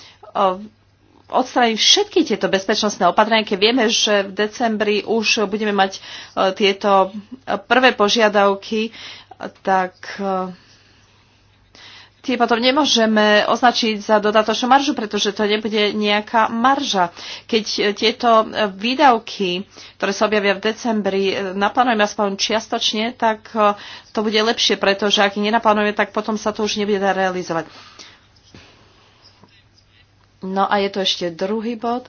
odstrániť všetky tieto bezpečnostné opatrenia, keď vieme, že v decembri už budeme mať e, tieto e, prvé požiadavky, tak e, tie potom nemôžeme označiť za dodatočnú maržu, pretože to nebude nejaká marža. Keď tieto výdavky, ktoré sa objavia v decembri, naplánujeme aspoň čiastočne, tak to bude lepšie, pretože ak ich nenaplánujeme, tak potom sa to už nebude dať realizovať. No a je tu ešte druhý bod,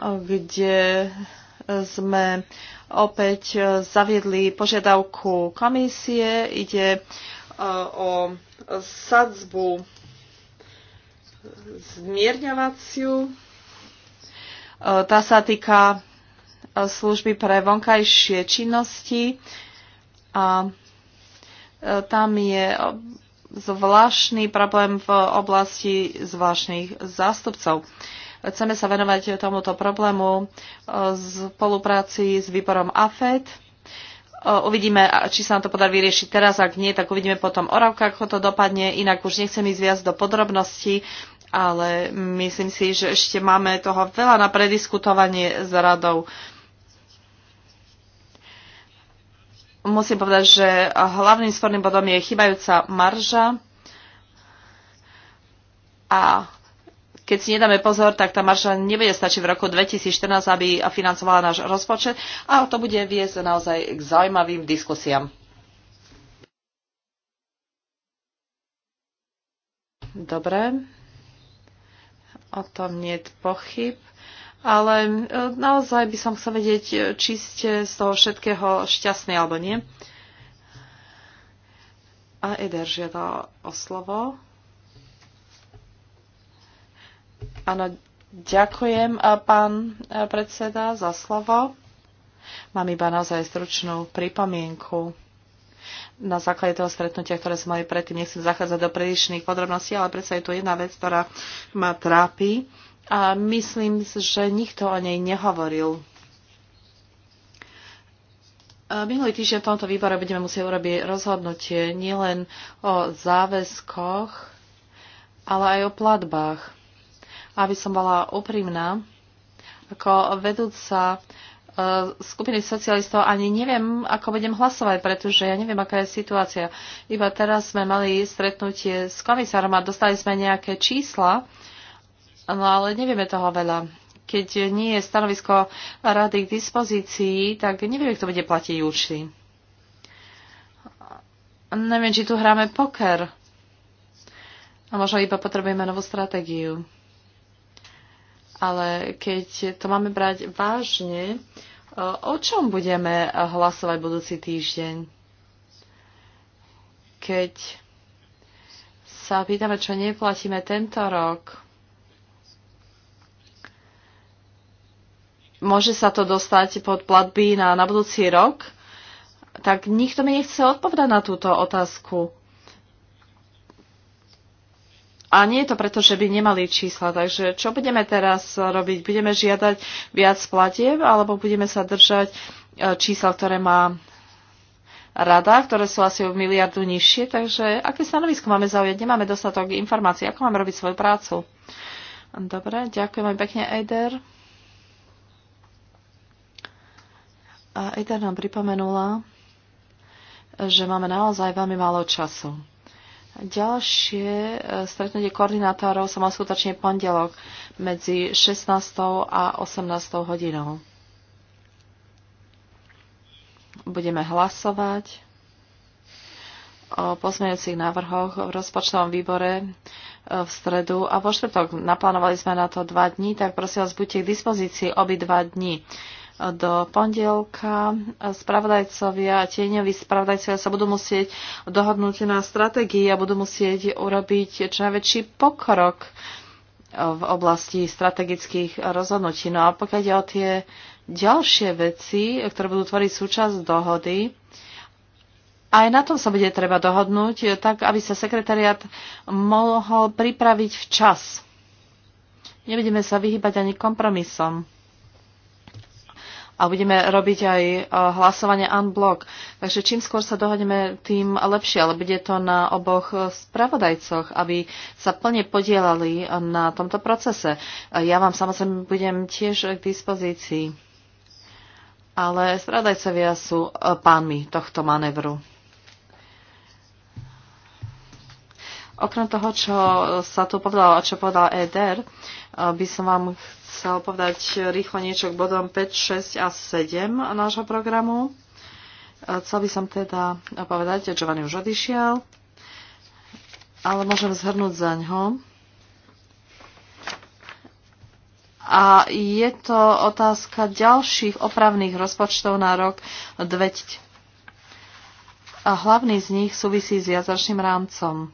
kde sme opäť zaviedli požiadavku komisie. Ide e, o sadzbu zmierňovaciu. E, tá sa týka služby pre vonkajšie činnosti a e, tam je zvláštny problém v oblasti zvláštnych zástupcov. Chceme sa venovať tomuto problému e, v spolupráci s výborom AFED. E, uvidíme, či sa nám to podarí vyriešiť teraz. Ak nie, tak uvidíme potom o rok, ako to dopadne. Inak už nechcem ísť viac do podrobností, ale myslím si, že ešte máme toho veľa na prediskutovanie s radou. musím povedať, že hlavným sporným bodom je chybajúca marža a keď si nedáme pozor, tak tá marža nebude stačiť v roku 2014, aby financovala náš rozpočet a to bude viesť naozaj k zaujímavým diskusiám. Dobre. O tom nie je pochyb ale e, naozaj by som chcel vedieť, e, či ste z toho všetkého šťastní alebo nie. A Eder žiada o slovo. Áno, ďakujem, e, pán predseda, za slovo. Mám iba naozaj stručnú pripomienku. Na základe toho stretnutia, ktoré sme mali predtým, nechcem zachádzať do prílišných podrobností, ale predsa je tu jedna vec, ktorá ma trápi a myslím, že nikto o nej nehovoril. Minulý týždeň v tomto výbore budeme musieť urobiť rozhodnutie nielen o záväzkoch, ale aj o platbách. Aby som bola úprimná, ako vedúca e, skupiny socialistov ani neviem, ako budem hlasovať, pretože ja neviem, aká je situácia. Iba teraz sme mali stretnutie s komisárom a dostali sme nejaké čísla, No ale nevieme toho veľa. Keď nie je stanovisko rady k dispozícii, tak nevieme, kto bude platiť účty. Neviem, či tu hráme poker. A možno iba potrebujeme novú stratégiu. Ale keď to máme brať vážne, o čom budeme hlasovať budúci týždeň? Keď sa pýtame, čo neplatíme tento rok, môže sa to dostať pod platby na, na budúci rok, tak nikto mi nechce odpovedať na túto otázku. A nie je to preto, že by nemali čísla. Takže čo budeme teraz robiť? Budeme žiadať viac platieb alebo budeme sa držať e, čísla, ktoré má rada, ktoré sú asi o miliardu nižšie. Takže aké stanovisko máme zaujať? Nemáme dostatok informácií. Ako máme robiť svoju prácu? Dobre, ďakujem pekne, Eider. A Eda nám pripomenula, že máme naozaj veľmi málo času. Ďalšie e, stretnutie koordinátorov sa má skutočne pondelok medzi 16. a 18. hodinou. Budeme hlasovať o pozmeňujúcich návrhoch v rozpočtovom výbore e, v stredu a vo štvrtok. Naplánovali sme na to dva dní, tak prosím vás, buďte k dispozícii obi dva dní do pondelka. Spravodajcovia, tieňoví spravodajcovia sa budú musieť dohodnúť na stratégii a budú musieť urobiť čo najväčší pokrok v oblasti strategických rozhodnutí. No a pokiaľ ide o tie ďalšie veci, ktoré budú tvoriť súčasť dohody, aj na tom sa bude treba dohodnúť, tak aby sa sekretariat mohol pripraviť včas. Nebudeme sa vyhybať ani kompromisom a budeme robiť aj e, hlasovanie unblock. Takže čím skôr sa dohodneme, tým lepšie, ale bude to na oboch spravodajcoch, aby sa plne podielali na tomto procese. Ja vám samozrejme budem tiež k dispozícii. Ale spravodajcovia sú e, pánmi tohto manévru. Okrem toho, čo sa tu povedala a čo povedala Eder, by som vám chcel povedať rýchlo niečo k bodom 5, 6 a 7 nášho programu. Chcel by som teda povedať, že Giovanni už odišiel, ale môžem zhrnúť za ňo. A je to otázka ďalších opravných rozpočtov na rok 2020. A hlavný z nich súvisí s jazačným rámcom.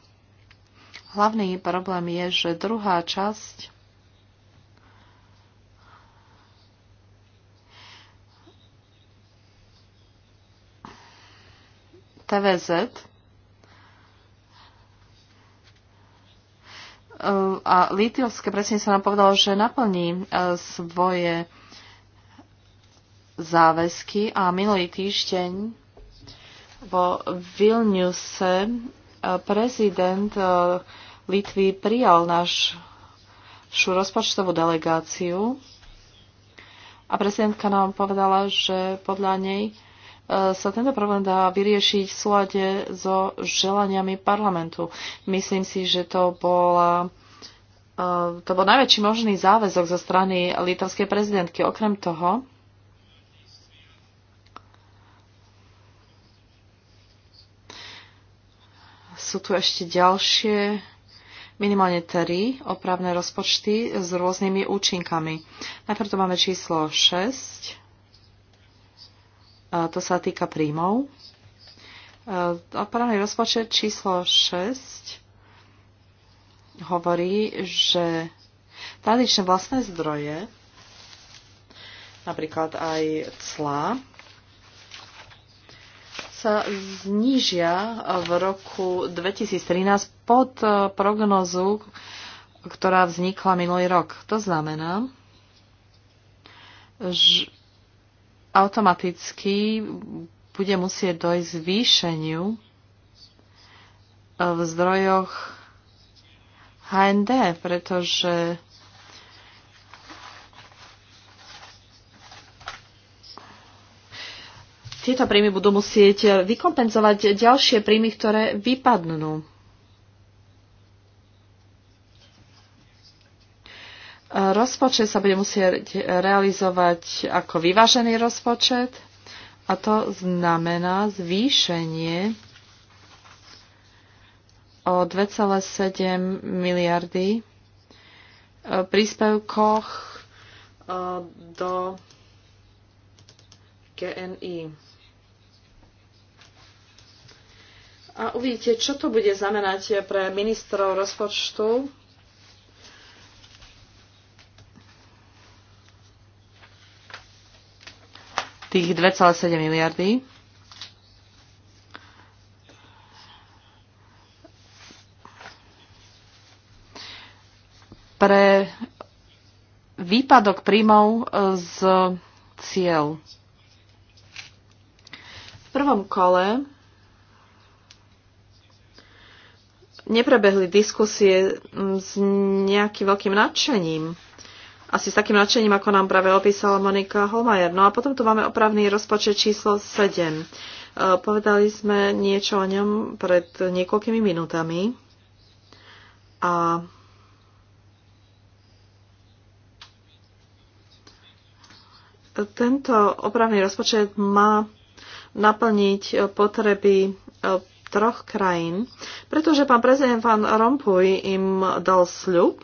Hlavný problém je, že druhá časť TVZ ehm, a litovské predsedníctvo nám povedalo, že naplní ehm, svoje záväzky a minulý týždeň vo Vilniuse ehm, prezident Litvy prijal našu rozpočtovú delegáciu a prezidentka nám povedala, že podľa nej E, sa tento problém dá vyriešiť v súlade so želaniami parlamentu. Myslím si, že to bola e, to bol najväčší možný záväzok zo strany litovskej prezidentky. Okrem toho, sú tu ešte ďalšie minimálne tri opravné rozpočty s rôznymi účinkami. Najprv tu máme číslo 6, to sa týka príjmov. Opravný rozpočet číslo 6 hovorí, že tradičné vlastné zdroje, napríklad aj clá, sa znížia v roku 2013 pod prognozu, ktorá vznikla minulý rok. To znamená, automaticky bude musieť dojsť zvýšeniu v zdrojoch HND, pretože tieto príjmy budú musieť vykompenzovať ďalšie príjmy, ktoré vypadnú. Rozpočet sa bude musieť realizovať ako vyvážený rozpočet a to znamená zvýšenie o 2,7 miliardy e, príspevkoch e, do GNI. A uvidíte, čo to bude znamenať pre ministrov rozpočtu tých 2,7 miliardy. Pre výpadok príjmov e, z cieľ. V prvom kole neprebehli diskusie s nejakým veľkým nadšením asi s takým nadšením, ako nám práve opísala Monika Holmajer. No a potom tu máme opravný rozpočet číslo 7. E, povedali sme niečo o ňom pred niekoľkými minutami. A tento opravný rozpočet má naplniť potreby e, troch krajín, pretože pán prezident Van Rompuy im dal sľub,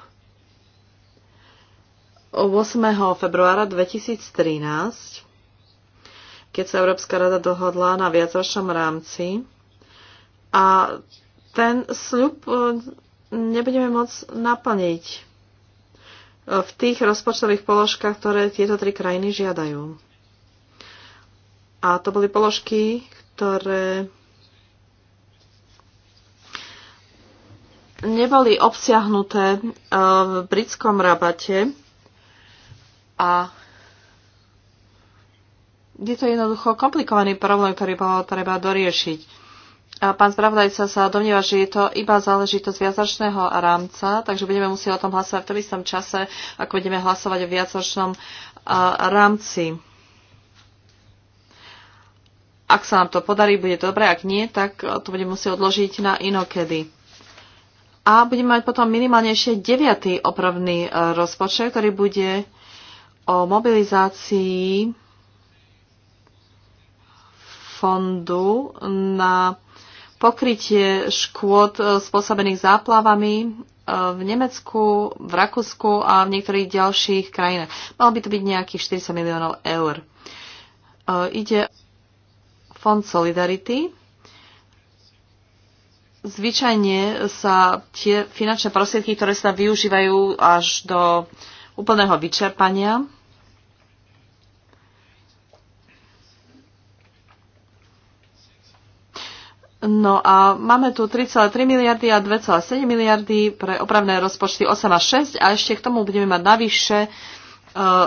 8. februára 2013, keď sa Európska rada dohodla na viacročnom rámci. A ten sľub e, nebudeme môcť naplniť e, v tých rozpočtových položkách, ktoré tieto tri krajiny žiadajú. A to boli položky, ktoré neboli obsiahnuté e, v britskom rabate, a je to jednoducho komplikovaný problém, ktorý bolo treba doriešiť. A pán spravodajca sa domnieva, že je to iba záležitosť viacročného rámca, takže budeme musieť o tom hlasovať v tom istom čase, ako budeme hlasovať o viacročnom rámci. Ak sa nám to podarí, bude to dobré, ak nie, tak to budeme musieť odložiť na inokedy. A budeme mať potom minimálne ešte deviatý opravný e, rozpočet, ktorý bude o mobilizácii fondu na pokrytie škôd spôsobených záplavami e, v Nemecku, v Rakúsku a v niektorých ďalších krajinách. Malo by to byť nejakých 40 miliónov eur. E, ide Fond Solidarity. Zvyčajne sa tie finančné prostriedky, ktoré sa využívajú až do úplného vyčerpania, No a máme tu 3,3 miliardy a 2,7 miliardy pre opravné rozpočty 8 a 6 a ešte k tomu budeme mať navyše e,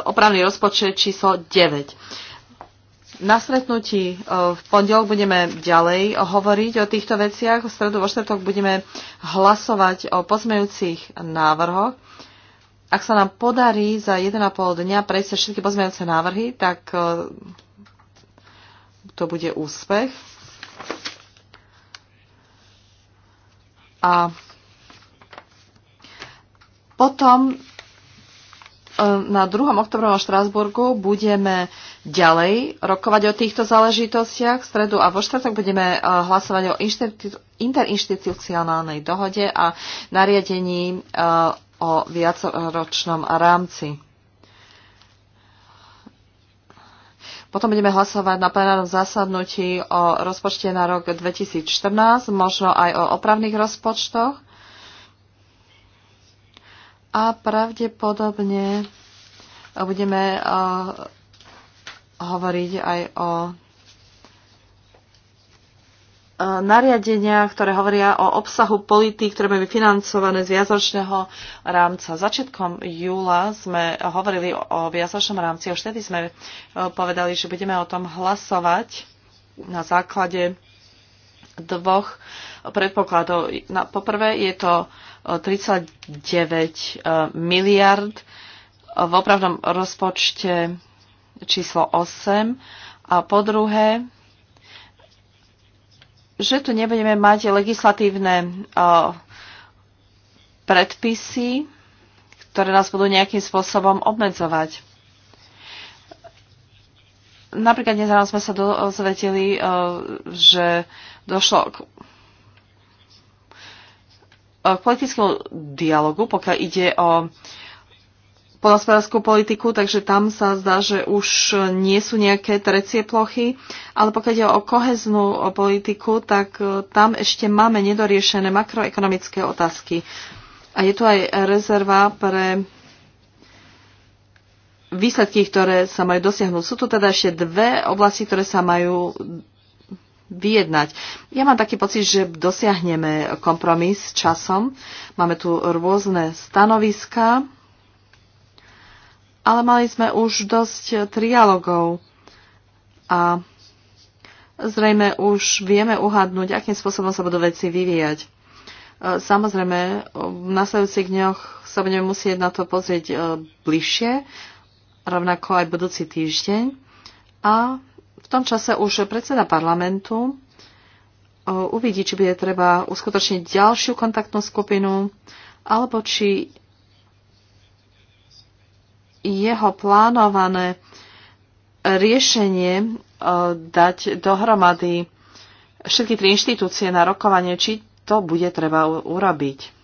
opravný rozpočet číslo 9. Na stretnutí e, v pondelok budeme ďalej hovoriť o týchto veciach. V stredu vo štvrtok budeme hlasovať o pozmejúcich návrhoch. Ak sa nám podarí za 1,5 dňa prejsť všetky pozmejúce návrhy, tak e, to bude úspech A potom e, na 2. oktobrovom Štrásburgu budeme ďalej rokovať o týchto záležitostiach. V stredu a vo štvrtok budeme e, hlasovať o interinstitucionálnej dohode a nariadení e, o viacročnom rámci. Potom budeme hlasovať na plenárnom zasadnutí o rozpočte na rok 2014, možno aj o opravných rozpočtoch. A pravdepodobne budeme eh, hovoriť aj o E, nariadenia, ktoré hovoria o obsahu politík, ktoré boli financované z viazočného rámca. Začiatkom júla sme hovorili o viazočnom rámci, už vtedy sme e, povedali, že budeme o tom hlasovať na základe dvoch predpokladov. Poprvé je to 39 e, miliard v opravnom rozpočte číslo 8 a po druhé že tu nebudeme mať legislatívne predpisy, ktoré nás budú nejakým spôsobom obmedzovať. Napríklad dnes sme sa dozvedeli, že došlo k k politickému dialogu, pokiaľ ide o podhospodárskú politiku, takže tam sa zdá, že už nie sú nejaké trecie plochy. Ale pokiaľ ide o koheznú politiku, tak e, tam ešte máme nedoriešené makroekonomické otázky. A je tu aj rezerva pre výsledky, ktoré sa majú dosiahnuť. Sú tu teda ešte dve oblasti, ktoré sa majú vyjednať. Ja mám taký pocit, že dosiahneme kompromis časom. Máme tu rôzne stanoviska ale mali sme už dosť trialogov a zrejme už vieme uhadnúť, akým spôsobom sa budú veci vyvíjať. E, samozrejme, v nasledujúcich dňoch sa budeme musieť na to pozrieť e, bližšie, rovnako aj budúci týždeň. A v tom čase už predseda parlamentu e, uvidí, či bude treba uskutočniť ďalšiu kontaktnú skupinu, alebo či jeho plánované riešenie e, dať dohromady všetky tri inštitúcie na rokovanie, či to bude treba urobiť.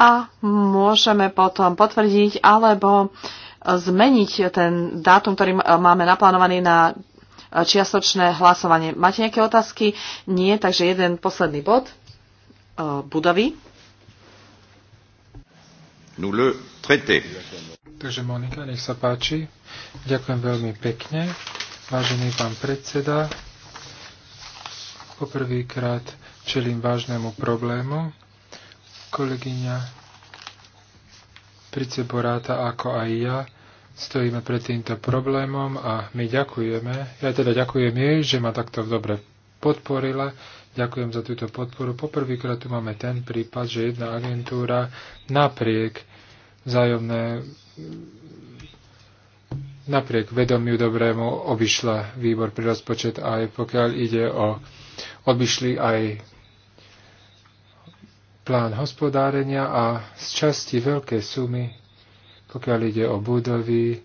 A môžeme potom potvrdiť alebo zmeniť ten dátum, ktorý máme naplánovaný na čiastočné hlasovanie. Máte nejaké otázky? Nie, takže jeden posledný bod. E, budovy nous le traiter. Takže Monika, nech sa páči. Ďakujem veľmi pekne. Vážený pán predseda, poprvýkrát čelím vážnemu problému. Kolegyňa Priceboráta, ako aj ja stojíme pred týmto problémom a my ďakujeme. Ja teda ďakujem jej, že ma takto dobre podporila. Ďakujem za túto podporu. Poprvýkrát tu máme ten prípad, že jedna agentúra napriek vzájomné napriek vedomiu dobrému obišla výbor pre rozpočet aj pokiaľ ide o obišli aj plán hospodárenia a z časti veľké sumy, pokiaľ ide o budovy,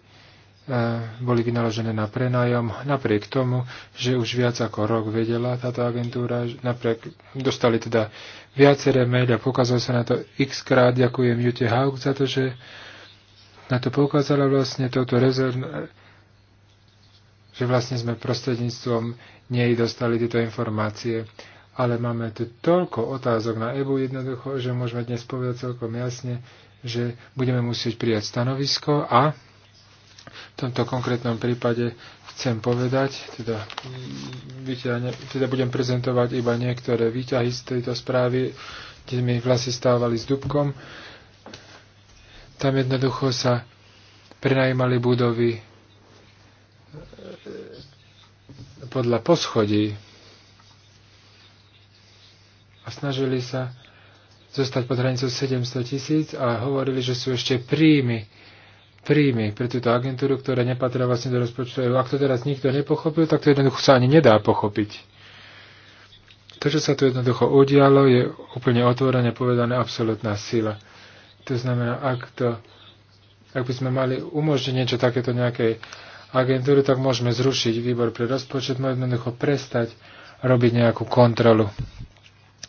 boli vynaložené na prenájom, napriek tomu, že už viac ako rok vedela táto agentúra, napriek, dostali teda viaceré maily a pokázal sa na to x krát, ďakujem Jute Haug za to, že na to poukázala vlastne toto rezerv, že vlastne sme prostredníctvom nej dostali tieto informácie. Ale máme tu toľko otázok na EBU jednoducho, že môžeme dnes povedať celkom jasne, že budeme musieť prijať stanovisko a v tomto konkrétnom prípade chcem povedať, teda, vyťahne, teda budem prezentovať iba niektoré výťahy z tejto správy, kde mi vlasy stávali s dubkom. Tam jednoducho sa prenajímali budovy e, podľa poschodí a snažili sa zostať pod hranicou 700 tisíc a hovorili, že sú ešte príjmy príjmy pre túto agentúru, ktorá nepatrá vlastne do rozpočtu EU. Ak to teraz nikto nepochopil, tak to jednoducho sa ani nedá pochopiť. To, čo sa tu jednoducho udialo, je úplne otvorene povedané absolútna sila. To znamená, ak, to, ak by sme mali umožniť niečo takéto nejakej agentúry, tak môžeme zrušiť výbor pre rozpočet, môžeme jednoducho prestať robiť nejakú kontrolu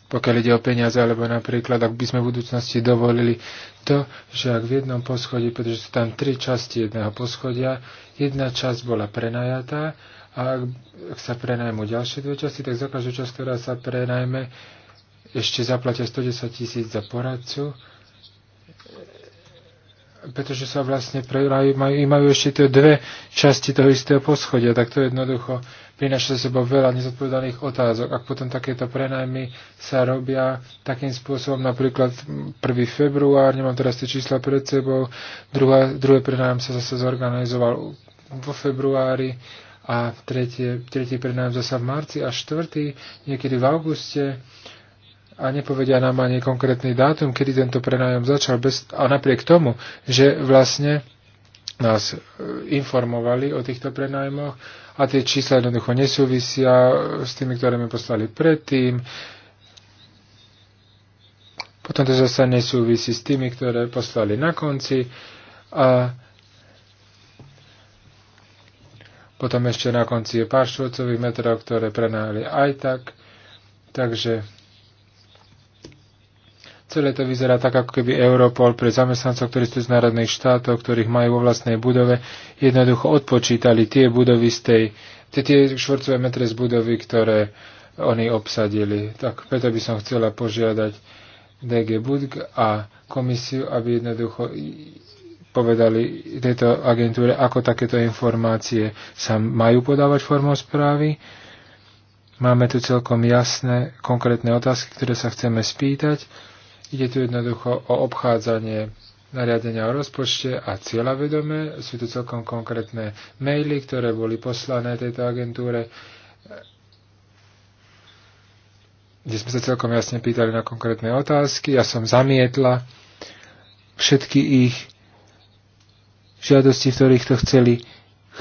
pokiaľ ide o peniaze, alebo napríklad, ak by sme v budúcnosti dovolili to, že ak v jednom poschodí, pretože sú tam tri časti jedného poschodia, jedna časť bola prenajatá a ak, ak sa prenajmu ďalšie dve časti, tak za každú časť, ktorá sa prenajme, ešte zaplatia 110 tisíc za poradcu pretože sa vlastne prerajú, majú, majú ešte tie dve časti toho istého poschodia, tak to jednoducho prináša so sebou veľa nezodpovedaných otázok. Ak potom takéto prenajmy sa robia takým spôsobom, napríklad 1. február, nemám teraz tie čísla pred sebou, druhá, druhý prenajm sa zase zorganizoval vo februári a tretie, tretí prenajm zase v marci a štvrtý niekedy v auguste a nepovedia nám ani konkrétny dátum, kedy tento prenájom začal, bez, a napriek tomu, že vlastne nás e, informovali o týchto prenájmoch a tie čísla jednoducho nesúvisia s tými, ktoré mi poslali predtým. Potom to zase nesúvisí s tými, ktoré poslali na konci. A potom ešte na konci je pár štvorcových metrov, ktoré prenajali aj tak. Takže Celé to vyzerá tak, ako keby Europol pre zamestnancov, ktorí sú z národných štátov, ktorých majú vo vlastnej budove, jednoducho odpočítali tie budovy z tej, tie, tie švorcové metre z budovy, ktoré oni obsadili. Tak preto by som chcela požiadať DG Budg a komisiu, aby jednoducho povedali tejto agentúre, ako takéto informácie sa majú podávať formou správy. Máme tu celkom jasné, konkrétne otázky, ktoré sa chceme spýtať Ide tu jednoducho o obchádzanie nariadenia o rozpočte a cieľa vedomé. Sú tu celkom konkrétne maily, ktoré boli poslané tejto agentúre, kde sme sa celkom jasne pýtali na konkrétne otázky. Ja som zamietla všetky ich žiadosti, ktorých to chceli,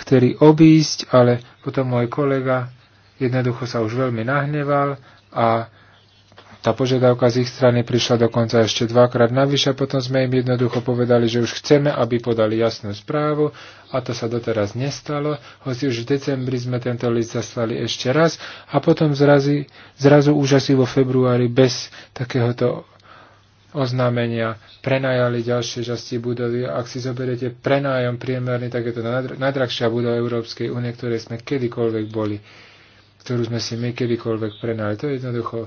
chceli obísť, ale potom môj kolega jednoducho sa už veľmi nahneval a tá požiadavka z ich strany prišla dokonca ešte dvakrát navyše, potom sme im jednoducho povedali, že už chceme, aby podali jasnú správu a to sa doteraz nestalo, hoci už v decembri sme tento list zaslali ešte raz a potom zrazi, zrazu už asi vo februári bez takéhoto oznámenia prenajali ďalšie časti budovy. Ak si zoberiete prenájom priemerný, tak je to najdrahšia budova Európskej únie, ktorej sme kedykoľvek boli, ktorú sme si my kedykoľvek prenajali. To je jednoducho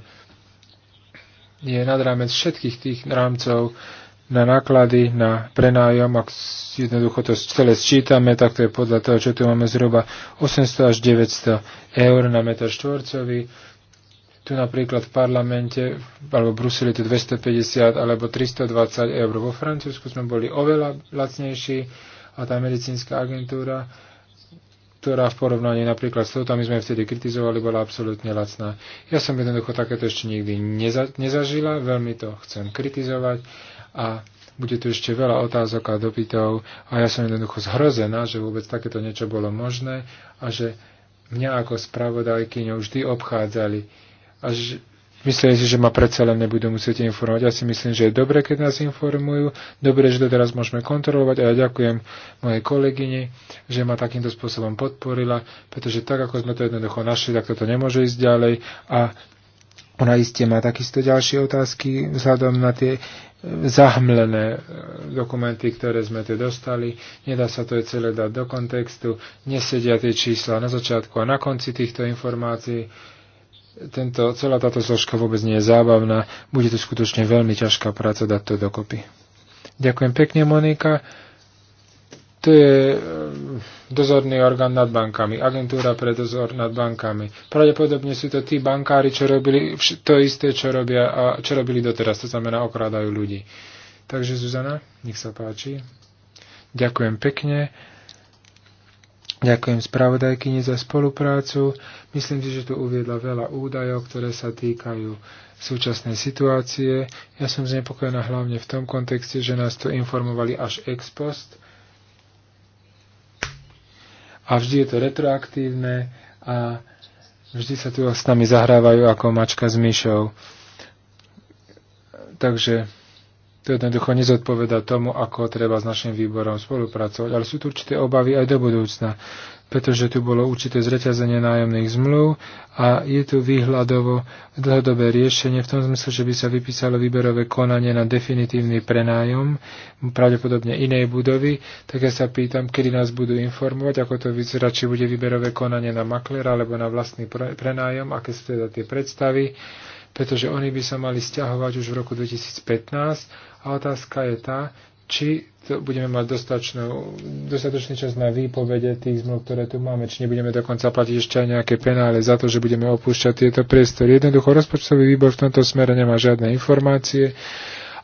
je nad rámec všetkých tých rámcov na náklady, na prenájom. Ak jednoducho to celé sčítame, tak to je podľa toho, čo tu máme zhruba 800 až 900 eur na meter štvorcový. Tu napríklad v parlamente, alebo v Bruseli to 250 alebo 320 eur. Vo Francúzsku sme boli oveľa lacnejší a tá medicínska agentúra ktorá v porovnaní napríklad s touto, my sme vtedy kritizovali, bola absolútne lacná. Ja som jednoducho takéto ešte nikdy neza, nezažila, veľmi to chcem kritizovať a bude tu ešte veľa otázok a dopytov a ja som jednoducho zhrozená, že vôbec takéto niečo bolo možné a že mňa ako spravodajkyňu vždy obchádzali. Až Myslím si, že ma predsa len nebudú musieť informovať. Ja si myslím, že je dobre, keď nás informujú. Dobre, že to teraz môžeme kontrolovať a ja ďakujem mojej kolegyni, že ma takýmto spôsobom podporila, pretože tak, ako sme to jednoducho našli, tak toto nemôže ísť ďalej a ona iste má takisto ďalšie otázky vzhľadom na tie zahmlené e, dokumenty, ktoré sme tu dostali. Nedá sa to je celé dať do kontextu. Nesedia tie čísla na začiatku a na konci týchto informácií tento, celá táto zložka vôbec nie je zábavná. Bude to skutočne veľmi ťažká práca dať to dokopy. Ďakujem pekne, Monika. To je ehm, dozorný orgán nad bankami, agentúra pre dozor nad bankami. Pravdepodobne sú to tí bankári, čo robili to isté, čo, robia a čo robili doteraz, to znamená okrádajú ľudí. Takže Zuzana, nech sa páči. Ďakujem pekne. Ďakujem spravodajkyni za spoluprácu. Myslím si, že tu uviedla veľa údajov, ktoré sa týkajú súčasnej situácie. Ja som znepokojená hlavne v tom kontexte, že nás tu informovali až ex post. A vždy je to retroaktívne a vždy sa tu s nami zahrávajú ako mačka s myšou. Takže to jednoducho nezodpoveda tomu, ako treba s našim výborom spolupracovať. Ale sú tu určité obavy aj do budúcna, pretože tu bolo určité zreťazenie nájomných zmluv a je tu výhľadovo dlhodobé riešenie v tom zmysle, že by sa vypísalo výberové konanie na definitívny prenájom pravdepodobne inej budovy, tak ja sa pýtam, kedy nás budú informovať, ako to vyzerá, či bude výberové konanie na maklera alebo na vlastný prenájom, aké sú teda tie predstavy pretože oni by sa mali stiahovať už v roku 2015 a otázka je tá, či to budeme mať dostatočný čas na výpovede tých zmluv, ktoré tu máme, či nebudeme dokonca platiť ešte aj nejaké penále za to, že budeme opúšťať tieto priestory. Jednoducho rozpočtový výbor v tomto smere nemá žiadne informácie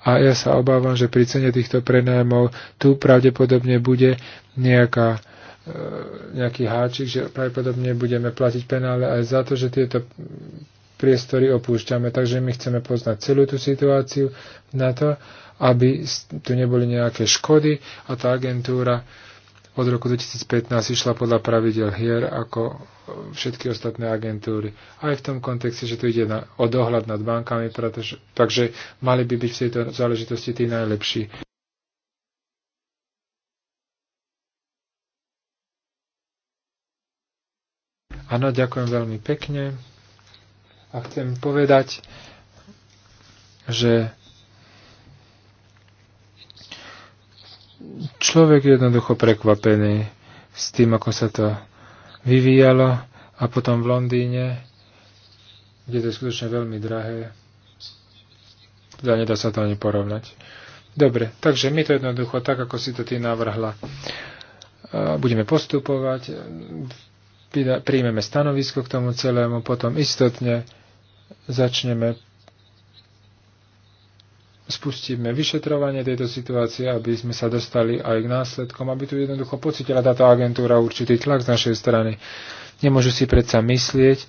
a ja sa obávam, že pri cene týchto prenajmov tu pravdepodobne bude nejaká e, nejaký háčik, že pravdepodobne budeme platiť penále aj za to, že tieto priestory opúšťame. Takže my chceme poznať celú tú situáciu na to, aby tu neboli nejaké škody a tá agentúra od roku 2015 išla podľa pravidel hier ako všetky ostatné agentúry. Aj v tom kontexte, že tu ide na, o dohľad nad bankami, pretože, takže mali by byť v tejto záležitosti tí najlepší. Áno, ďakujem veľmi pekne. A chcem povedať, že človek je jednoducho prekvapený s tým, ako sa to vyvíjalo a potom v Londýne, kde to je skutočne veľmi drahé, teda nedá sa to ani porovnať. Dobre, takže my to jednoducho tak, ako si to ty navrhla, budeme postupovať, príjmeme stanovisko k tomu celému, potom istotne začneme spustíme vyšetrovanie tejto situácie, aby sme sa dostali aj k následkom, aby tu jednoducho pocitila táto agentúra určitý tlak z našej strany. Nemôžu si predsa myslieť,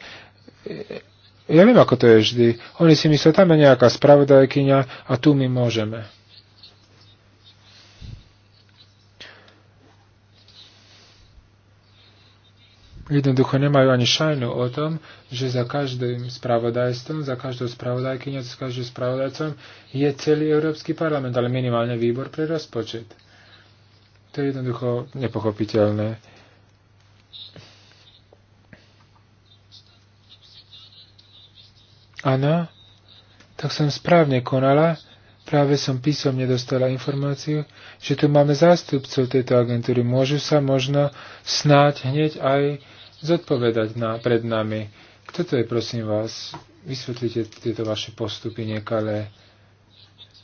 ja viem, ako to je vždy. Oni si myslia, tam je nejaká spravodajkyňa a tu my môžeme. jednoducho nemajú ani šajnu o tom, že za každým spravodajstvom, za každou spravodajkyňou, za každým spravodajcom je celý Európsky parlament, ale minimálne výbor pre rozpočet. To je jednoducho nepochopiteľné. Áno, tak som správne konala. Práve som písomne dostala informáciu, že tu máme zástupcov tejto agentúry. Môžu sa možno snáď hneď aj zodpovedať na, pred nami. Kto to je, prosím vás? Vysvetlite tieto vaše postupy niekale.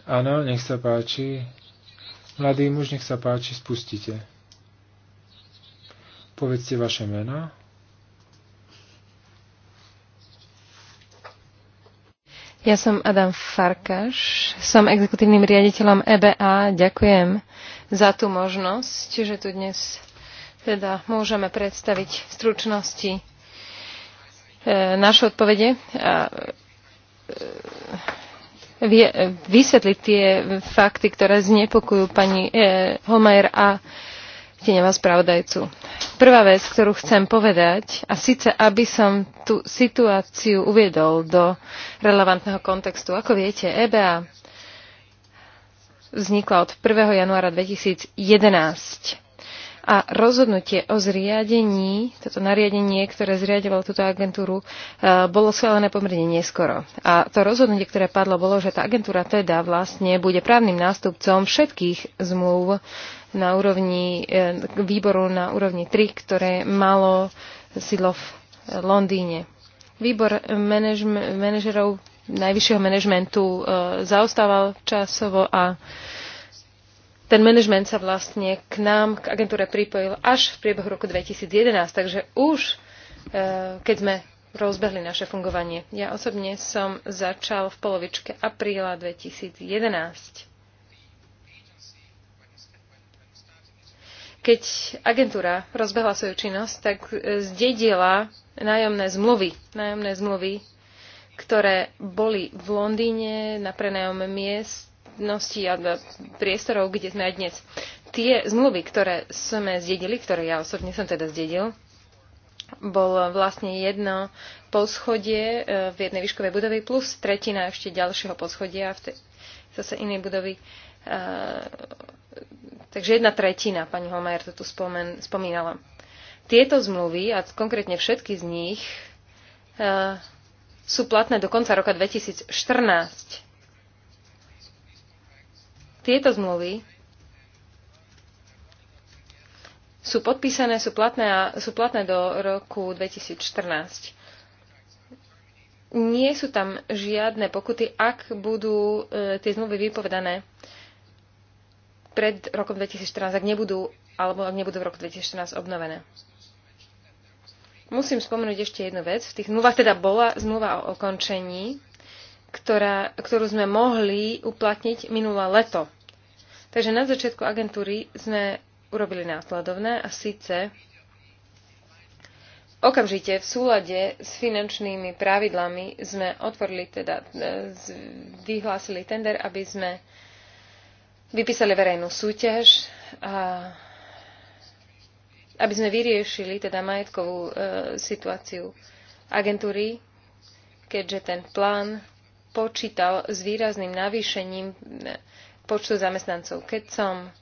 Áno, nech sa páči. Mladý muž, nech sa páči, spustite. Povedzte vaše meno. Ja som Adam Farkaš, som exekutívnym riaditeľom EBA. Ďakujem za tú možnosť, že tu dnes teda môžeme predstaviť v stručnosti e, naše odpovede a e, vysvetliť tie fakty, ktoré znepokujú pani e, Homer a tieňová spravodajcu. Prvá vec, ktorú chcem povedať, a síce aby som tú situáciu uviedol do relevantného kontextu. Ako viete, EBA vznikla od 1. januára 2011 a rozhodnutie o zriadení, toto nariadenie, ktoré zriadovalo túto agentúru, e, bolo schválené pomerne neskoro. A to rozhodnutie, ktoré padlo, bolo, že tá agentúra teda vlastne bude právnym nástupcom všetkých zmluv na úrovni e, výboru na úrovni 3, ktoré malo sídlo v Londýne. Výbor manažerov najvyššieho manažmentu e, zaostával časovo a ten manažment sa vlastne k nám, k agentúre pripojil až v priebehu roku 2011, takže už e, keď sme rozbehli naše fungovanie. Ja osobne som začal v polovičke apríla 2011. Keď agentúra rozbehla svoju činnosť, tak e, zdedila nájomné zmluvy, nájomné zmluvy, ktoré boli v Londýne na prenajom miest možností a priestorov, kde sme aj dnes. Tie zmluvy, ktoré sme zdedili, ktoré ja osobne som teda zdedil, bol vlastne jedno poschodie e, v jednej výškovej budove plus tretina ešte ďalšieho poschodia v tej zase inej budovy. E, takže jedna tretina, pani Homer to tu spomen, spomínala. Tieto zmluvy, a konkrétne všetky z nich, e, sú platné do konca roka 2014. Tieto zmluvy sú podpísané, sú platné, a, sú platné do roku 2014. Nie sú tam žiadne pokuty, ak budú e, tie zmluvy vypovedané pred rokom 2014, ak nebudú, alebo ak nebudú v roku 2014 obnovené. Musím spomenúť ešte jednu vec. V tých zmluvách teda bola zmluva o ukončení ktorá, ktorú sme mohli uplatniť minulé leto. Takže na začiatku agentúry sme urobili následovné a síce okamžite v súlade s finančnými pravidlami sme otvorili, teda e, vyhlásili tender, aby sme vypísali verejnú súťaž a aby sme vyriešili teda majetkovú e, situáciu agentúry, keďže ten plán počítal s výrazným navýšením počtu zamestnancov. Keď som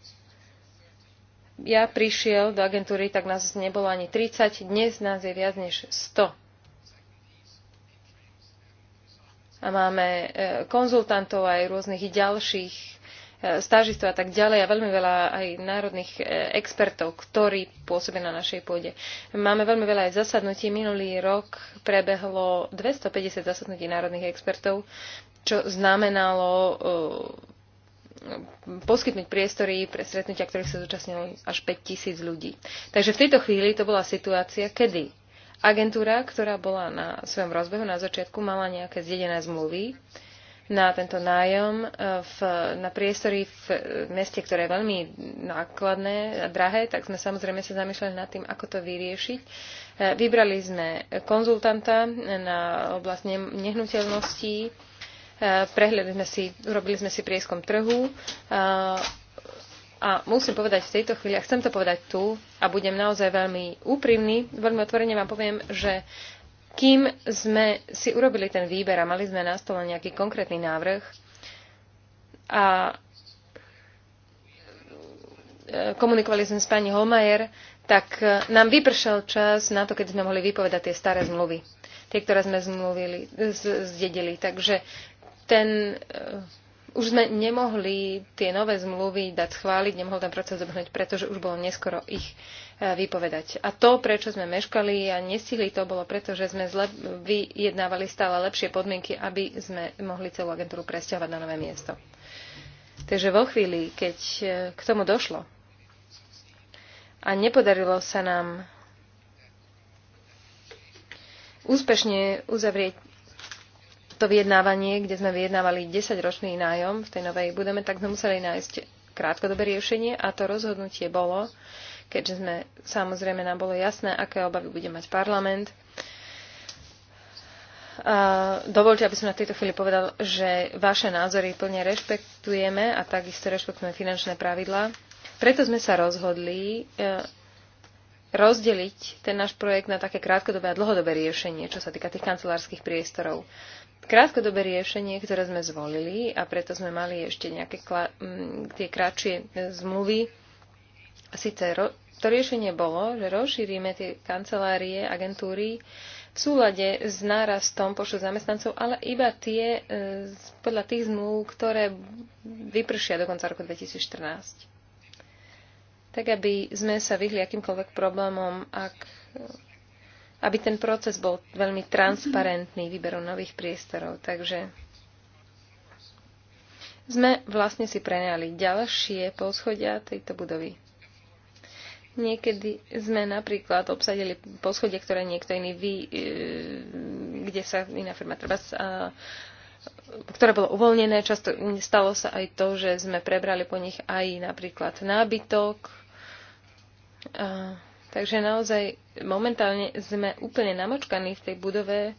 ja prišiel do agentúry, tak nás nebolo ani 30, dnes nás je viac než 100. A máme e, konzultantov aj rôznych ďalších stážistov a tak ďalej a veľmi veľa aj národných e, expertov, ktorí pôsobia na našej pôde. Máme veľmi veľa aj zasadnutí. Minulý rok prebehlo 250 zasadnutí národných expertov, čo znamenalo e, poskytnúť priestory pre stretnutia, ktorých sa zúčastnilo až 5000 ľudí. Takže v tejto chvíli to bola situácia, kedy agentúra, ktorá bola na svojom rozbehu na začiatku, mala nejaké zdedené zmluvy, na tento nájom e, v, na priestory v meste, ktoré je veľmi nákladné a drahé, tak sme samozrejme sa zamýšľali nad tým, ako to vyriešiť. E, vybrali sme konzultanta na oblast nehnuteľností, e, prehľadili sme si, urobili sme si prieskom trhu a musím povedať v tejto chvíli, a chcem to povedať tu, a budem naozaj veľmi úprimný, veľmi otvorene vám poviem, že kým sme si urobili ten výber a mali sme na stole nejaký konkrétny návrh a e, komunikovali sme s pani Holmajer, tak e, nám vypršal čas na to, keď sme mohli vypovedať tie staré zmluvy. Tie, ktoré sme zmluvili, zdedili. Takže ten, e, už sme nemohli tie nové zmluvy dať schváliť, nemohol ten proces obhnúť, pretože už bolo neskoro ich vypovedať. A to, prečo sme meškali a nesili, to bolo preto, že sme zle- vyjednávali stále lepšie podmienky, aby sme mohli celú agentúru presťahovať na nové miesto. Takže vo chvíli, keď e, k tomu došlo a nepodarilo sa nám úspešne uzavrieť to vyjednávanie, kde sme vyjednávali 10-ročný nájom v tej novej budeme, tak sme museli nájsť krátkodobé riešenie a to rozhodnutie bolo, keďže sme, samozrejme nám bolo jasné, aké obavy bude mať parlament. A dovolte, aby som na tejto chvíli povedal, že vaše názory plne rešpektujeme a takisto rešpektujeme finančné pravidlá. Preto sme sa rozhodli e, rozdeliť ten náš projekt na také krátkodobé a dlhodobé riešenie, čo sa týka tých kancelárskych priestorov. Krátkodobé riešenie, ktoré sme zvolili a preto sme mali ešte nejaké tie kratšie e, zmluvy Sice ro- to riešenie bolo, že rozšírime tie kancelárie, agentúry v súlade s nárastom počtu zamestnancov, ale iba tie e, podľa tých zmluv, ktoré vypršia do konca roku 2014. Tak, aby sme sa vyhli akýmkoľvek problémom, ak, aby ten proces bol veľmi transparentný výberu nových priestorov. Takže sme vlastne si prenali ďalšie poschodia tejto budovy. Niekedy sme napríklad obsadili poschodie, ktoré niekto iný vy, e, kde sa iná firma treba ktoré bolo uvoľnené. Často stalo sa aj to, že sme prebrali po nich aj napríklad nábytok. Takže naozaj momentálne sme úplne namočkaní v tej budove.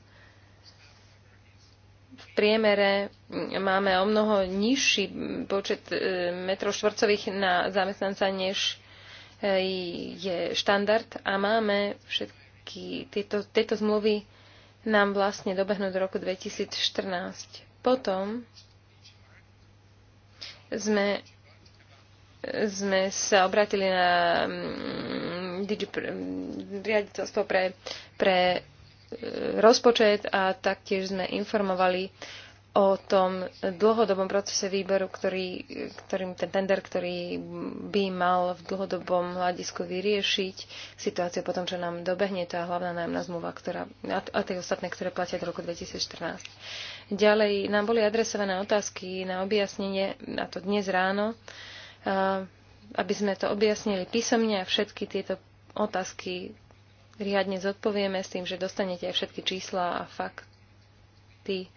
V priemere máme o mnoho nižší počet e, metrov štvorcových na zamestnanca, než je štandard a máme všetky tieto, tieto zmluvy nám vlastne dobehnú do roku 2014. Potom sme, sme sa obratili na mm, mm, riaditeľstvo pre, pre e, rozpočet a taktiež sme informovali o tom dlhodobom procese výberu, ktorý, ktorým ten tender, ktorý by mal v dlhodobom hľadisku vyriešiť situáciu potom, čo nám dobehne tá hlavná nájomná zmluva ktorá, a tie ostatné, ktoré platia do roku 2014. Ďalej nám boli adresované otázky na objasnenie, a to dnes ráno, aby sme to objasnili písomne a všetky tieto otázky riadne zodpovieme s tým, že dostanete aj všetky čísla a fakty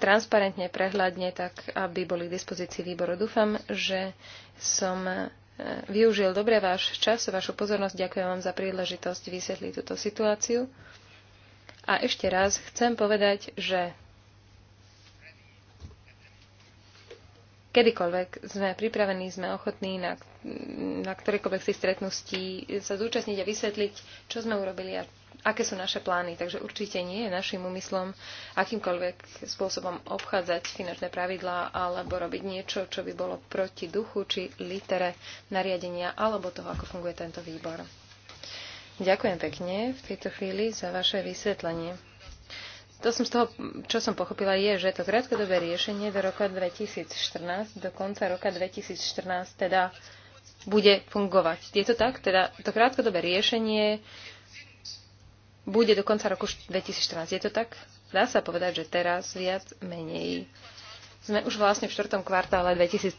transparentne, prehľadne, tak aby boli k dispozícii výboru. Dúfam, že som e, využil dobre váš čas, vašu pozornosť. Ďakujem vám za príležitosť vysvetliť túto situáciu. A ešte raz chcem povedať, že kedykoľvek sme pripravení, sme ochotní na, na ktorékoľvek si stretnosti sa zúčastniť a vysvetliť, čo sme urobili a aké sú naše plány. Takže určite nie je našim úmyslom akýmkoľvek spôsobom obchádzať finančné pravidlá alebo robiť niečo, čo by bolo proti duchu či litere nariadenia alebo toho, ako funguje tento výbor. Ďakujem pekne v tejto chvíli za vaše vysvetlenie. To som z toho, čo som pochopila, je, že to krátkodobé riešenie do roka 2014, do konca roka 2014 teda bude fungovať. Je to tak? Teda to krátkodobé riešenie bude do konca roku 2014. Je to tak? Dá sa povedať, že teraz viac menej. Sme už vlastne v čtvrtom kvartále 2013.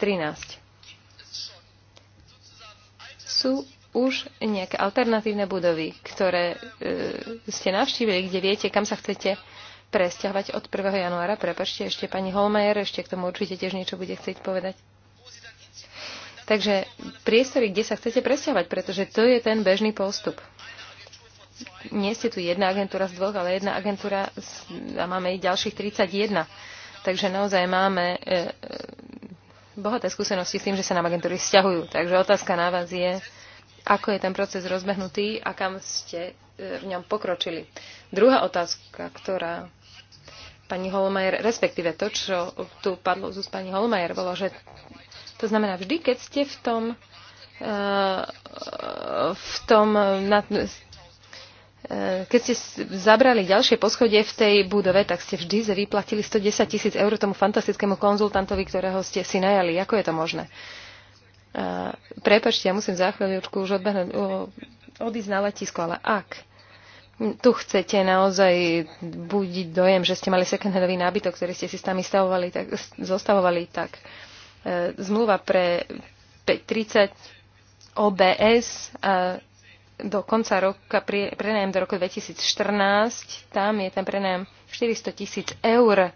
Sú už nejaké alternatívne budovy, ktoré e, ste navštívili, kde viete, kam sa chcete presťahovať od 1. januára. Prepačte, ešte pani Holmeier, ešte k tomu určite tiež niečo bude chcieť povedať. Takže priestory, kde sa chcete presťahovať, pretože to je ten bežný postup nie ste tu jedna agentúra z dvoch, ale jedna agentúra z, a máme ich ďalších 31. Takže naozaj máme e, e, bohaté skúsenosti s tým, že sa nám agentúry vzťahujú. Takže otázka na vás je, ako je ten proces rozbehnutý a kam ste e, v ňom pokročili. Druhá otázka, ktorá pani Holmajer, respektíve to, čo tu padlo z úst pani Holmajer, bolo, že to znamená, vždy, keď ste v tom, e, v tom na, Eh, keď ste zabrali ďalšie poschodie v tej budove, tak ste vždy vyplatili 110 tisíc eur tomu fantastickému konzultantovi, ktorého ste si najali. Ako je to možné? Eh, prepačte, ja musím za chvíľučku už odbehnúť, odísť na letisko, ale ak tu chcete naozaj budiť dojem, že ste mali secondhandový nábytok, ktorý ste si sami stavovali, tak, zostavovali, tak eh, zmluva pre 30 OBS a do konca roka, prenajem do roku 2014, tam je ten prenajem 400 tisíc eur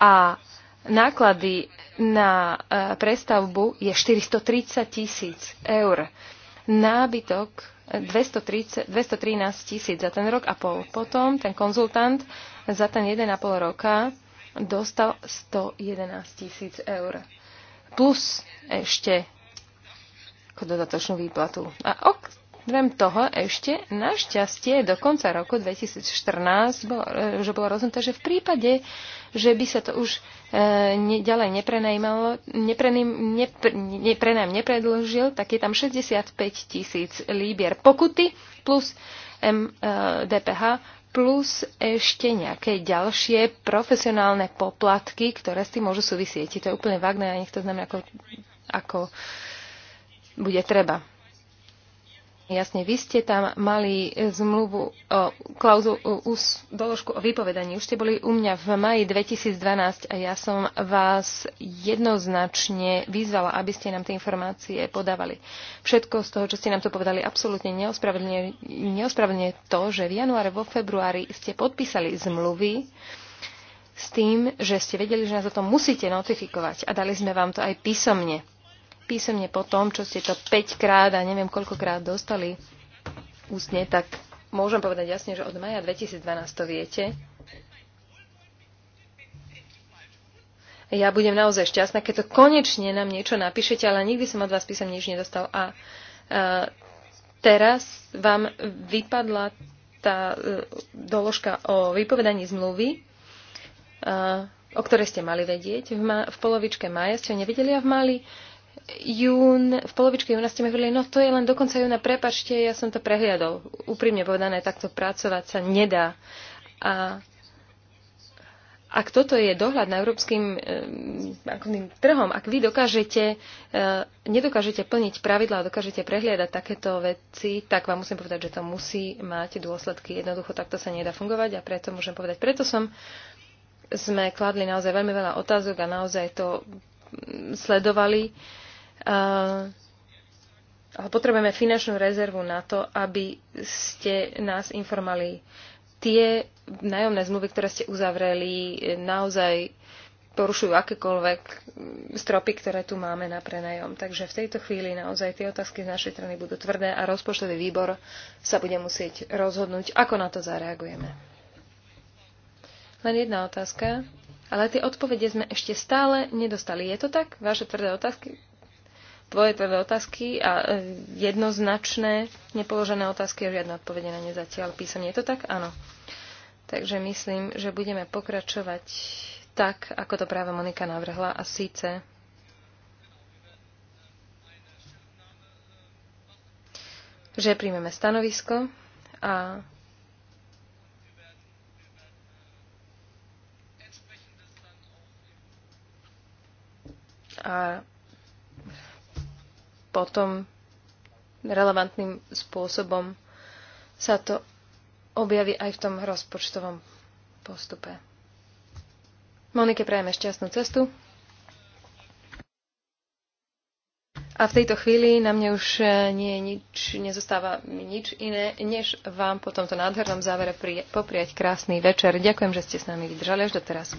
a náklady na e, prestavbu je 430 tisíc eur. Nábytok 230, e, 213 tisíc za ten rok a pol. Potom ten konzultant za ten 1,5 roka dostal 111 tisíc eur. Plus ešte dodatočnú výplatu. A ok, Vem toho ešte, našťastie, do konca roku 2014 bolo, e, že bolo rozhodnuté, že v prípade, že by sa to už e, ne, ďalej neprenajímalo, nepreným, nepr, neprenajm nepredlžil, tak je tam 65 tisíc líbier pokuty plus M, e, DPH plus ešte nejaké ďalšie profesionálne poplatky, ktoré s tým môžu súvisieť. To je úplne vágne a nech to znamená, ako, ako bude treba. Jasne, vy ste tam mali e, zmluvu o klauzu, o, e, doložku o vypovedaní. Už ste boli u mňa v maji 2012 a ja som vás jednoznačne vyzvala, aby ste nám tie informácie podávali. Všetko z toho, čo ste nám to povedali, absolútne neospravedlňuje to, že v januári, vo februári ste podpísali zmluvy, s tým, že ste vedeli, že nás o tom musíte notifikovať a dali sme vám to aj písomne písomne po tom, čo ste to 5 krát a neviem koľkokrát dostali ústne, tak môžem povedať jasne, že od maja 2012 to viete. Ja budem naozaj šťastná, keď to konečne nám niečo napíšete, ale nikdy som od vás písomne nič nedostal. A uh, teraz vám vypadla tá uh, doložka o vypovedaní zmluvy. Uh, o ktorej ste mali vedieť. V, ma- v polovičke maja. ste ho nevideli a v máli jún, v polovičke júna ste mi hovorili, no to je len do konca júna, prepačte, ja som to prehliadol. Úprimne povedané, takto pracovať sa nedá. A ak toto je dohľad na európskym e, trhom, ak vy dokážete, e, nedokážete plniť pravidlá, dokážete prehliadať takéto veci, tak vám musím povedať, že to musí mať dôsledky. Jednoducho takto sa nedá fungovať a preto môžem povedať, preto som sme kladli naozaj veľmi veľa otázok a naozaj to mm, sledovali. E, Eh, ale potrebujeme finančnú rezervu na to, aby ste nás informali. Tie nájomné zmluvy, ktoré ste uzavreli, naozaj porušujú akékoľvek stropy, ktoré tu máme na prenajom. Takže v tejto chvíli naozaj tie otázky z našej strany budú tvrdé a rozpočtový výbor sa bude musieť rozhodnúť, ako na to zareagujeme. Len jedna otázka, ale tie odpovede sme ešte stále nedostali. Je to tak? Vaše tvrdé otázky? Tvoje dvojetové otázky a e, jednoznačné nepoložené otázky a žiadne odpovede na ne zatiaľ písomne. Je to tak? Áno. Takže myslím, že budeme pokračovať tak, ako to práve Monika navrhla a síce že príjmeme stanovisko a a potom relevantným spôsobom sa to objaví aj v tom rozpočtovom postupe. Monike prajeme šťastnú cestu. A v tejto chvíli na mne už e, nie nič, nezostáva mi nič iné, než vám po tomto nádhernom závere popriať krásny večer. Ďakujem, že ste s nami vydržali až doteraz.